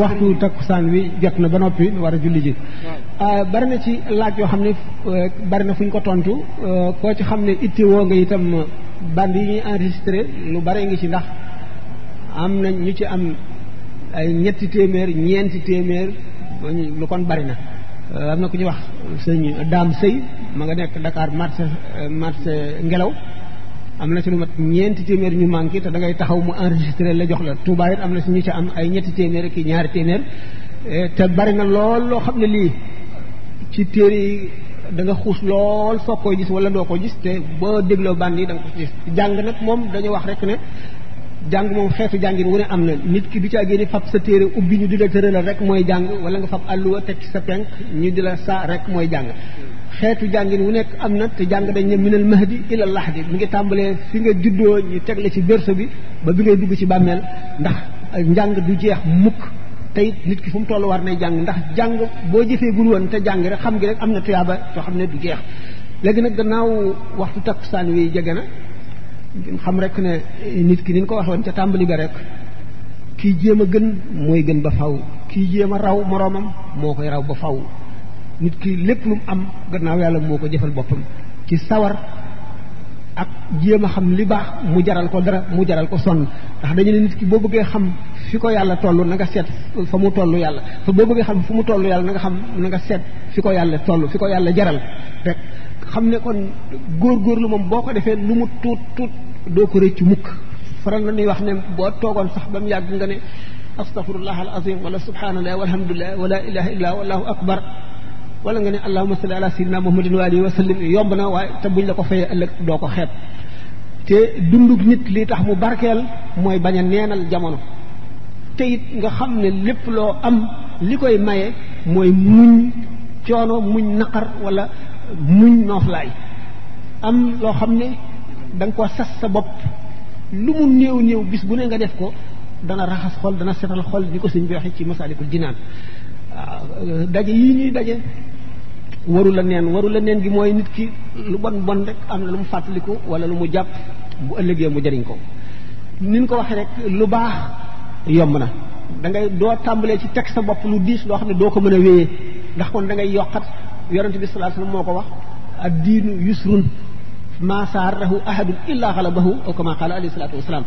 waxtu takkusaan wi jot na ba noppi war a julli ji ah, bari na ci laaj yoo xam ne eh, fuñ ko tontu eh, koo ci xam itti woo nga itam band yi ñuy lu bare ngi ci ndax am ñu ci am ay ñetti témèr ñenti témèr lu kon bari na euh, am ku ñu wax sëñ daam sey ma nga nek Dakar marché euh, marché ngelaw am ci lu mat ñenti témèr ñu manki te da ngay taxaw mu enregistrer la jox la Touba yi am ci ñu ci am ay ñetti témèr ki ñaar témèr euh, te bari na lool lo xam li ci téré da nga xuus lool soo gis wala do ko gis te bo dégloo bandi da nga ko gis jang nak mom dañu wax rek ne jàng moom xeetu jàngin wu ne am na nit ki du ci génne fab sa téere ubbi ñu di la tëralal rek mooy jàng wala nga fab àlluwa teg ci sa penk ñu di la saa rek mooy jàng xeetu jàngin wu nekk am na te jàng dañ ne minal mahdi ila lahdi mi ngi tàmbalee fi nga juddoo ñu teg ci berceau bi ba bi ngay dugg ci bàmmeel ndax njàng du jeex mukk tey nit ki mu toll war nay jàng ndax jàng boo jëfee gul woon te jàng xam ngi rek am na tuyaaba yoo xam ne du jeex léegi nag gannaaw waxtu saan wi jege na ngeen xam rek ne nit ki ni ko waxoon ca tàmbali ba rek kii jéem a gën mooy gën ba faw kii jéem a raw moroomam moo koy raw ba faw nit ki lépp lu mu am gannaaw yàlla moo ko jëfal boppam ci sawar ak jéem a xam li baax mu jaral ko dara mu jaral ko sonn ndax dañu ne nit ki boo bëggee xam fi ko yàlla toll na nga seet fa mu toll yàlla fa boo bëggee xam fu mu toll yàlla na nga xam nanga nga seet fi ko yàlla toll fi ko yàlla jaral rek xam ne kon góor góorlu ko defee lu doo ko rëcc mukk faral na nuy wax ne boo toogoon sax ba mu yàgg nga ne astaghfirullah al azim wala subhanallah walhamdulillah wala ilaha illa wallahu akbar wala nga ne allahuma salli ala sayyidina muhammadin wa alihi wa sallim yomb na waaye te buñ la ko fayee ëllëg doo ko xeeb te dundug nit li tax mu barkeel mooy bañ a neenal jamono te it nga xam ne lépp loo am li koy maye mooy muñ coono muñ naqar wala muñ nooflaay am loo xam ne danga nga ko sas sa bopp lu mu néew néew bis bu ne nga def ko dana raxas xol dana setal xol ni ko sëñ bi waxee ci masaalikul jinaan daje yi ñuy daje warula neen waru la neen gi mooy nit ki lu bon bon rek am na lu mu fàttaliku wala lu mu jàpp bu ëllëgee mu jariñ ko ni ko waxee rek lu baax yomb na dangay doo tàmbalee ci teg sa bopp lu diis loo xam ne doo ko mën a wéyee ndax kon da ngay yokkat yonente bi sallallahu moo ko wax ad diinu yusrun ma sarahu ahad illa ghalabahu aw kama qala sallallahu alaihi wasallam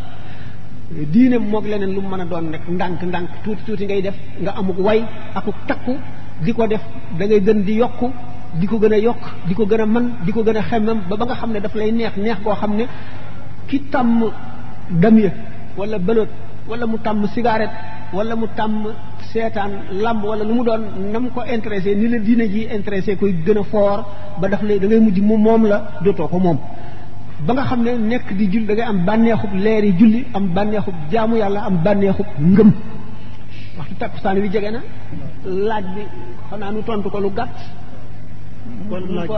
diine mok leneen lu mën a doon rek ndank ndànk tuuti tuuti ngay def nga amuk way akuk takku di ko def da ngay gën di yokku di ko gën a yokk di ko gën a man di ko gën a xemmam ba ba nga xam ne daf lay neex neex koo xam ne ki tàmm dam ya wala bëloot wala mu tàmm cigarette wala mu tàmm seetaan làmb wala lu mu doon na ko intéressé ni la diine ji intéressé koy gën a foor ba daf lay da ngay mujj mu moom la dootoo ko moom ba nga xam ne nekk di julli dangay am bànneexub leer yi julli am bànneexub jaamu yàlla am bànneexub ngëm waxtu takkusaan wi jege na laaj bi xanaa nu tontu ko lu gàtt kon laaj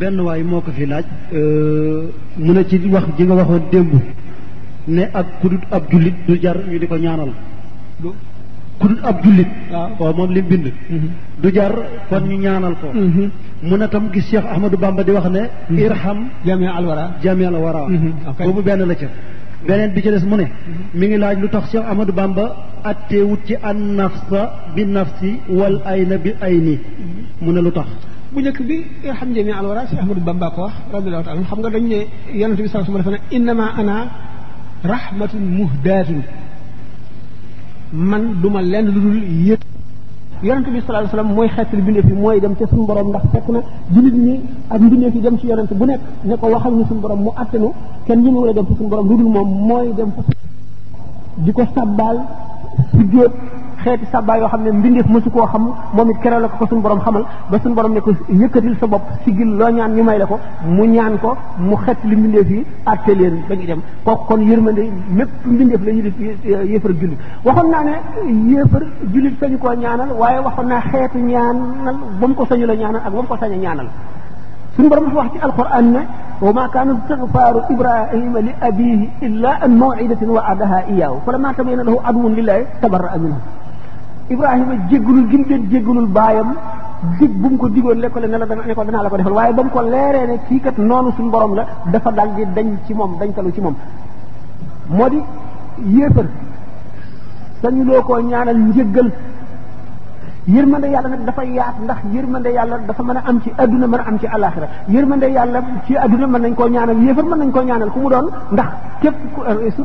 benn waay moo ko fi laaj euh, mu ne ci wax ji nga waxoon démb ne ak kudut ab jullit du jar ñu di ko ñaanal kudut ab jullit ah. waaw moom li mu bind mm-hmm. du jar kon ñu ñaanal ko mm-hmm. mu a tam gis Cheikh Ahmadou Bamba di wax ne mm-hmm. irham jami al wara jami al wara boobu benn la ca beneen bi ci des mu ne mi ngi laaj lu tax Cheikh Ahmadou Bamba atteewut ci an nafsa bi nafsi wal ayna bi ayni mu ne lu tax bu njëkk bi irham jami al wara Cheikh Ahmadou Bamba ko wax radiyallahu taala xam nga dañ ne yonent bi sallallahu alayhi wa sallam dafa ne ana rahmatun muhdaatun man duma lenn lu dul yëpp yonente bi sallallahu alayhi wasallam mooy xeetal bindeef yi mooy dem ca suñu borom ndax fekk na jullit ñi ak mbindeef yi dem ci yonente bu nekk ne ko waxal ñu suñu borom mu attanu kenn ñu war a dem ci suñu borom lu dul moom mooy dem fa di ko sàbbaal si jóot xeeti sàbba yoo xam ne mbindeef mësu koo xam moom kere la ko suñ borom xamal ba suñ borom ne ko yëkkatil sa bopp sigil loo ñaan ñu may la ko mu ñaan ko mu xet li mbindeef yi atte leen ba ñu dem kooku kon yërmande mépp mbindeef la ñu def yéefar jullit waxoon naa ne yéefar julit sañu koo ñaanal waaye waxoon naa xeetu ñaanal ba mu ko sañu la ñaanal ak ba mu ko sañu ñaanal suñ borom wax ci alquran ne وما كان استغفار إبراهيم لأبيه إلا أن موعدة وعدها إياه فلما تبين lahu adwun lillahi tabarra'a minhu Ibrahima jéggalul gi mu leen jéggalul baayam dig bu mu ko digoon lekko le ne la dana ne ko danaa la ko defal waaye ba mu ko leeree ne kii noonu suñu borom la dafa dal dañ ci moom dañ talu ci moom moo di yéefar sañu loo koo ñaanal njëggal yërmande yàlla nag dafa yaat ndax yërmande yàlla dafa mën a am ci àdduna mën a am ci alaxira yërmande yàlla ci àdduna mën nañ koo ñaanal yéefar mën nañ koo ñaanal ku mu doon ndax képp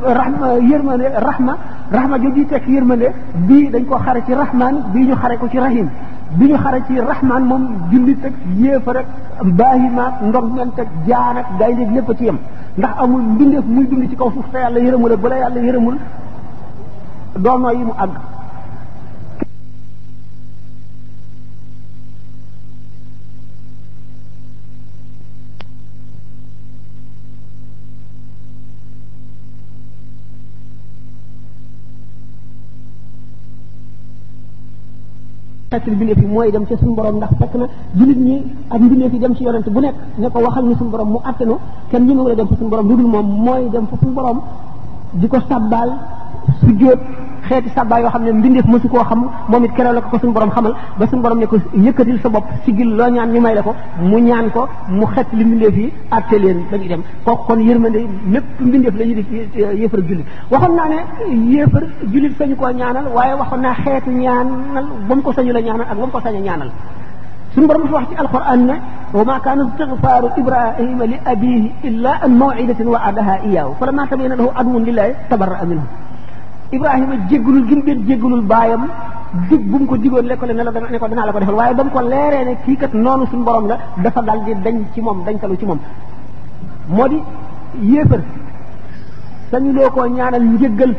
rahma yërmande rahma rahma jooju tekk yërmande bii dañ koo xare ci rahman bii ñu xare ko ci rahim bi ñu xare ci rahman moom jullit ak yéefar ak baahimaak ndogment ak jaan ak gayndeeg lépp ci yem ndax amul mbindeef muy dund ci kaw suuf te yàlla yërëmul ak bala yàlla yërëmul doo nooyi mu àgg takk bindeef yi mooy dem ci suñu borom ndax fekk na jullit ñi ak mbindeef yi dem ci yonent bu nekk ne ko waxal ñu suñu borom mu attanu kenn ñu ngi la dem ci suñu borom lu dul moom mooy dem fa suñu borom di ko sàbbaal su jóot xeeti sàbba yoo xam ne mbindeef mësu koo xam moom it la ko ko suñu borom xamal ba suñu borom ne ko yëkkatil sa bopp sigil loo ñaan ñu may la ko mu ñaan ko mu xet li mbindeef yi atte leen dañuy dem kooku kon yërmande lépp mbindeef la ñu di yéefar jullit waxoon naa ne yéefar julit sañu koo ñaanal waaye waxoon naa xeetu ñaanal ba mu ko sañu la ñaanal ak ba mu ko sañ a ñaanal suñu borom dafa wax ci alquran ne wa ma kaana istigfaaru ibrahima li abihi illa an mawidatin wa adaha iyaahu falamma tabayyana lahu adwun lillahi tabarra minhu Ibrahima a gi mu doon jéggalul baayam dig bu ko digoon lekkale ne la ne ko danaa la defal waaye ba ko leeree ne kii kat noonu suñu borom la dafa dal di dañ ci moom dañ talu ci moom moo di yéefar sañu loo koo ñaanal njëggal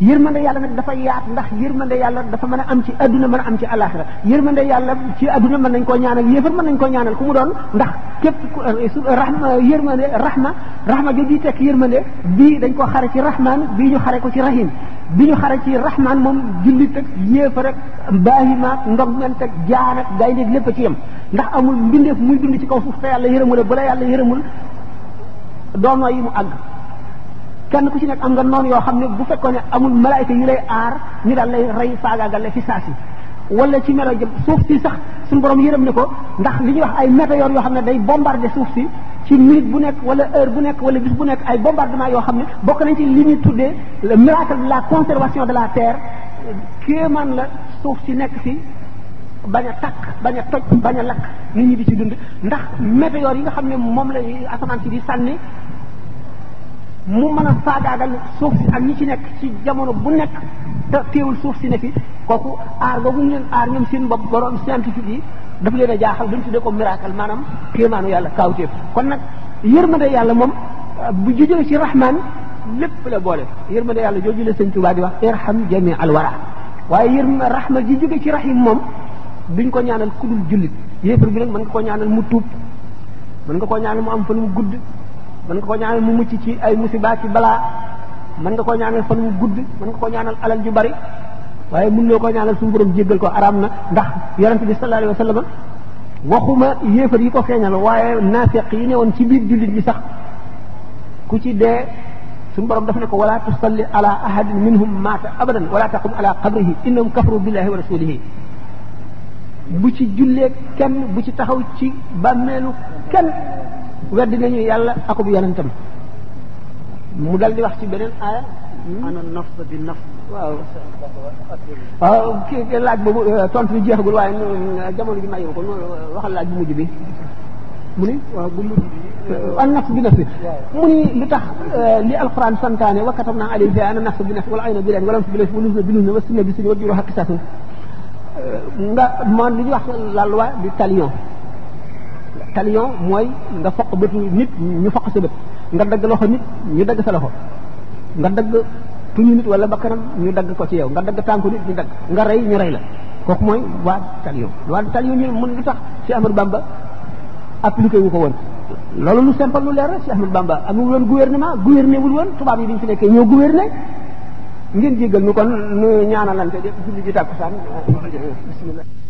yërmande yàlla nag dafa yaat ndax yërmande yàlla dafa man a am ci adduna man a am ci alaxira yërmande yàlla ci adduna mën nañ koo ñaanal yéefar mën nañ koo ñaanal ku mu doon ndax képp euh, euh, rahma euh, yërmande rahma rahma jo di tekk yërmande bii dañ koo xare ci rahman bii ñu xare ko ci rahim bi ñu xare ci rahman moom jullit ak yéefar ak baahimaak ndogment ak jaan ak gaynde lépp ci yem ndax amul mbindeef muy dund ci kaw suuf te yàlla yërëmul bu la yàlla yërëmul doonoo yi mu àgg kenn ku ci nekk am nga noonu yoo xam ne bu fekkoon ne amul malaayka yu lay aar ñu daal lay rey faagaagal la fi saasi wala ci melo jëm suuf si sax suñu borom yërëm ne ko ndax li ñuy wax ay météores yoo xam ne day bombardé suuf si ci minute bu nekk wala heure bu nekk wala bis bu nekk ay bombardement yoo xam ne bokk nañ ci li ñuy tuddee le miracle de la conservation de la terre kéemaan la suuf si nekk fi bañ a takk bañ a toj bañ a lakk nit ñi di ci dund ndax météores yi nga xam ne moom la asamaan si di mu mën a faagaagal suuf si ak ñi ci nekk ci jamono bu nekk te teewul suuf si ne fi kooku aar ba ñu leen aar ñoom seen bopp borom scientifique yi daf leen a jaaxal duñ tuddee ko miracle maanaam kéemaanu yàlla kaawteef kon nag yërmande yàlla moom bu jujjee ci rahmaan lépp la boole yërmande yàlla jooju la sëñ Tuubaa di wax irham jami al wara waaye yërm rahma ji jóge ci rahim moom duñ ko ñaanal ku dul jullit yéefar bi nag mën nga koo ñaanal mu tuub mën nga koo ñaanal mu am mu gudd mën nga ko ñaanal mu mucc ci ay musiba ci bala man nga ko ñaanal fan mu gudd man nga ko ñaanal alal ju bari waaye mën loo ko ñaanal suñu borom jéggal ko aram na ndax yonent bi sallallahu alayhi wasallam waxuma yéefar yi ko feeñal waaye naafiq yi newoon ci biir jullit bi sax ku ci dee suñu borom daf ne ko wala tusalli ala ahadin minhum maata abadan wala taqum ala qabrihi innahum kafaru billahi wa rasulihi bu ci jullee kenn bu ci taxaw ci bàmmeelu kenn weddi nañu yàlla akub tam mu dal di wax ci beneen aaya ana nafs bi nafs waaw kii laaj boobu euh, tontu bi jeexagul waaye jamono ji mayewu ko euh, waxal laaj bu mujj bi mu ni bu mujj bi euh, an nafs mu ni lu tax li alquran santaane wa katabna alayhi ana nafs bi nafs wala ayna bi leen wala bi leen wala bi leen wa sunna bi sunna wa juruha qisas nga man li ñuy wax lalwa du talion talion mooy nga foq bëtu nit ñu foq sa bët nga dagg loxo nit ñu dagg sa loxo nga dagg tuñu nit wala bakkanam ñu dagg ko ci yow nga dagg tànku nit ñu dagg nga rey ñu rey la kooku mooy waa talion waa talion ñu mën lu tax ci Ahmadou Bamba appliqué wu ko woon loolu lu simple lu leer Cheikh Ahmadou Bamba amul woon gouvernement gouverné wul woon tubaab yi bi ñu fi nekkee ñoo gouverné ngeen jéggal ñu kon ñu ñaanalante de julli ji tàkkusaan bismillah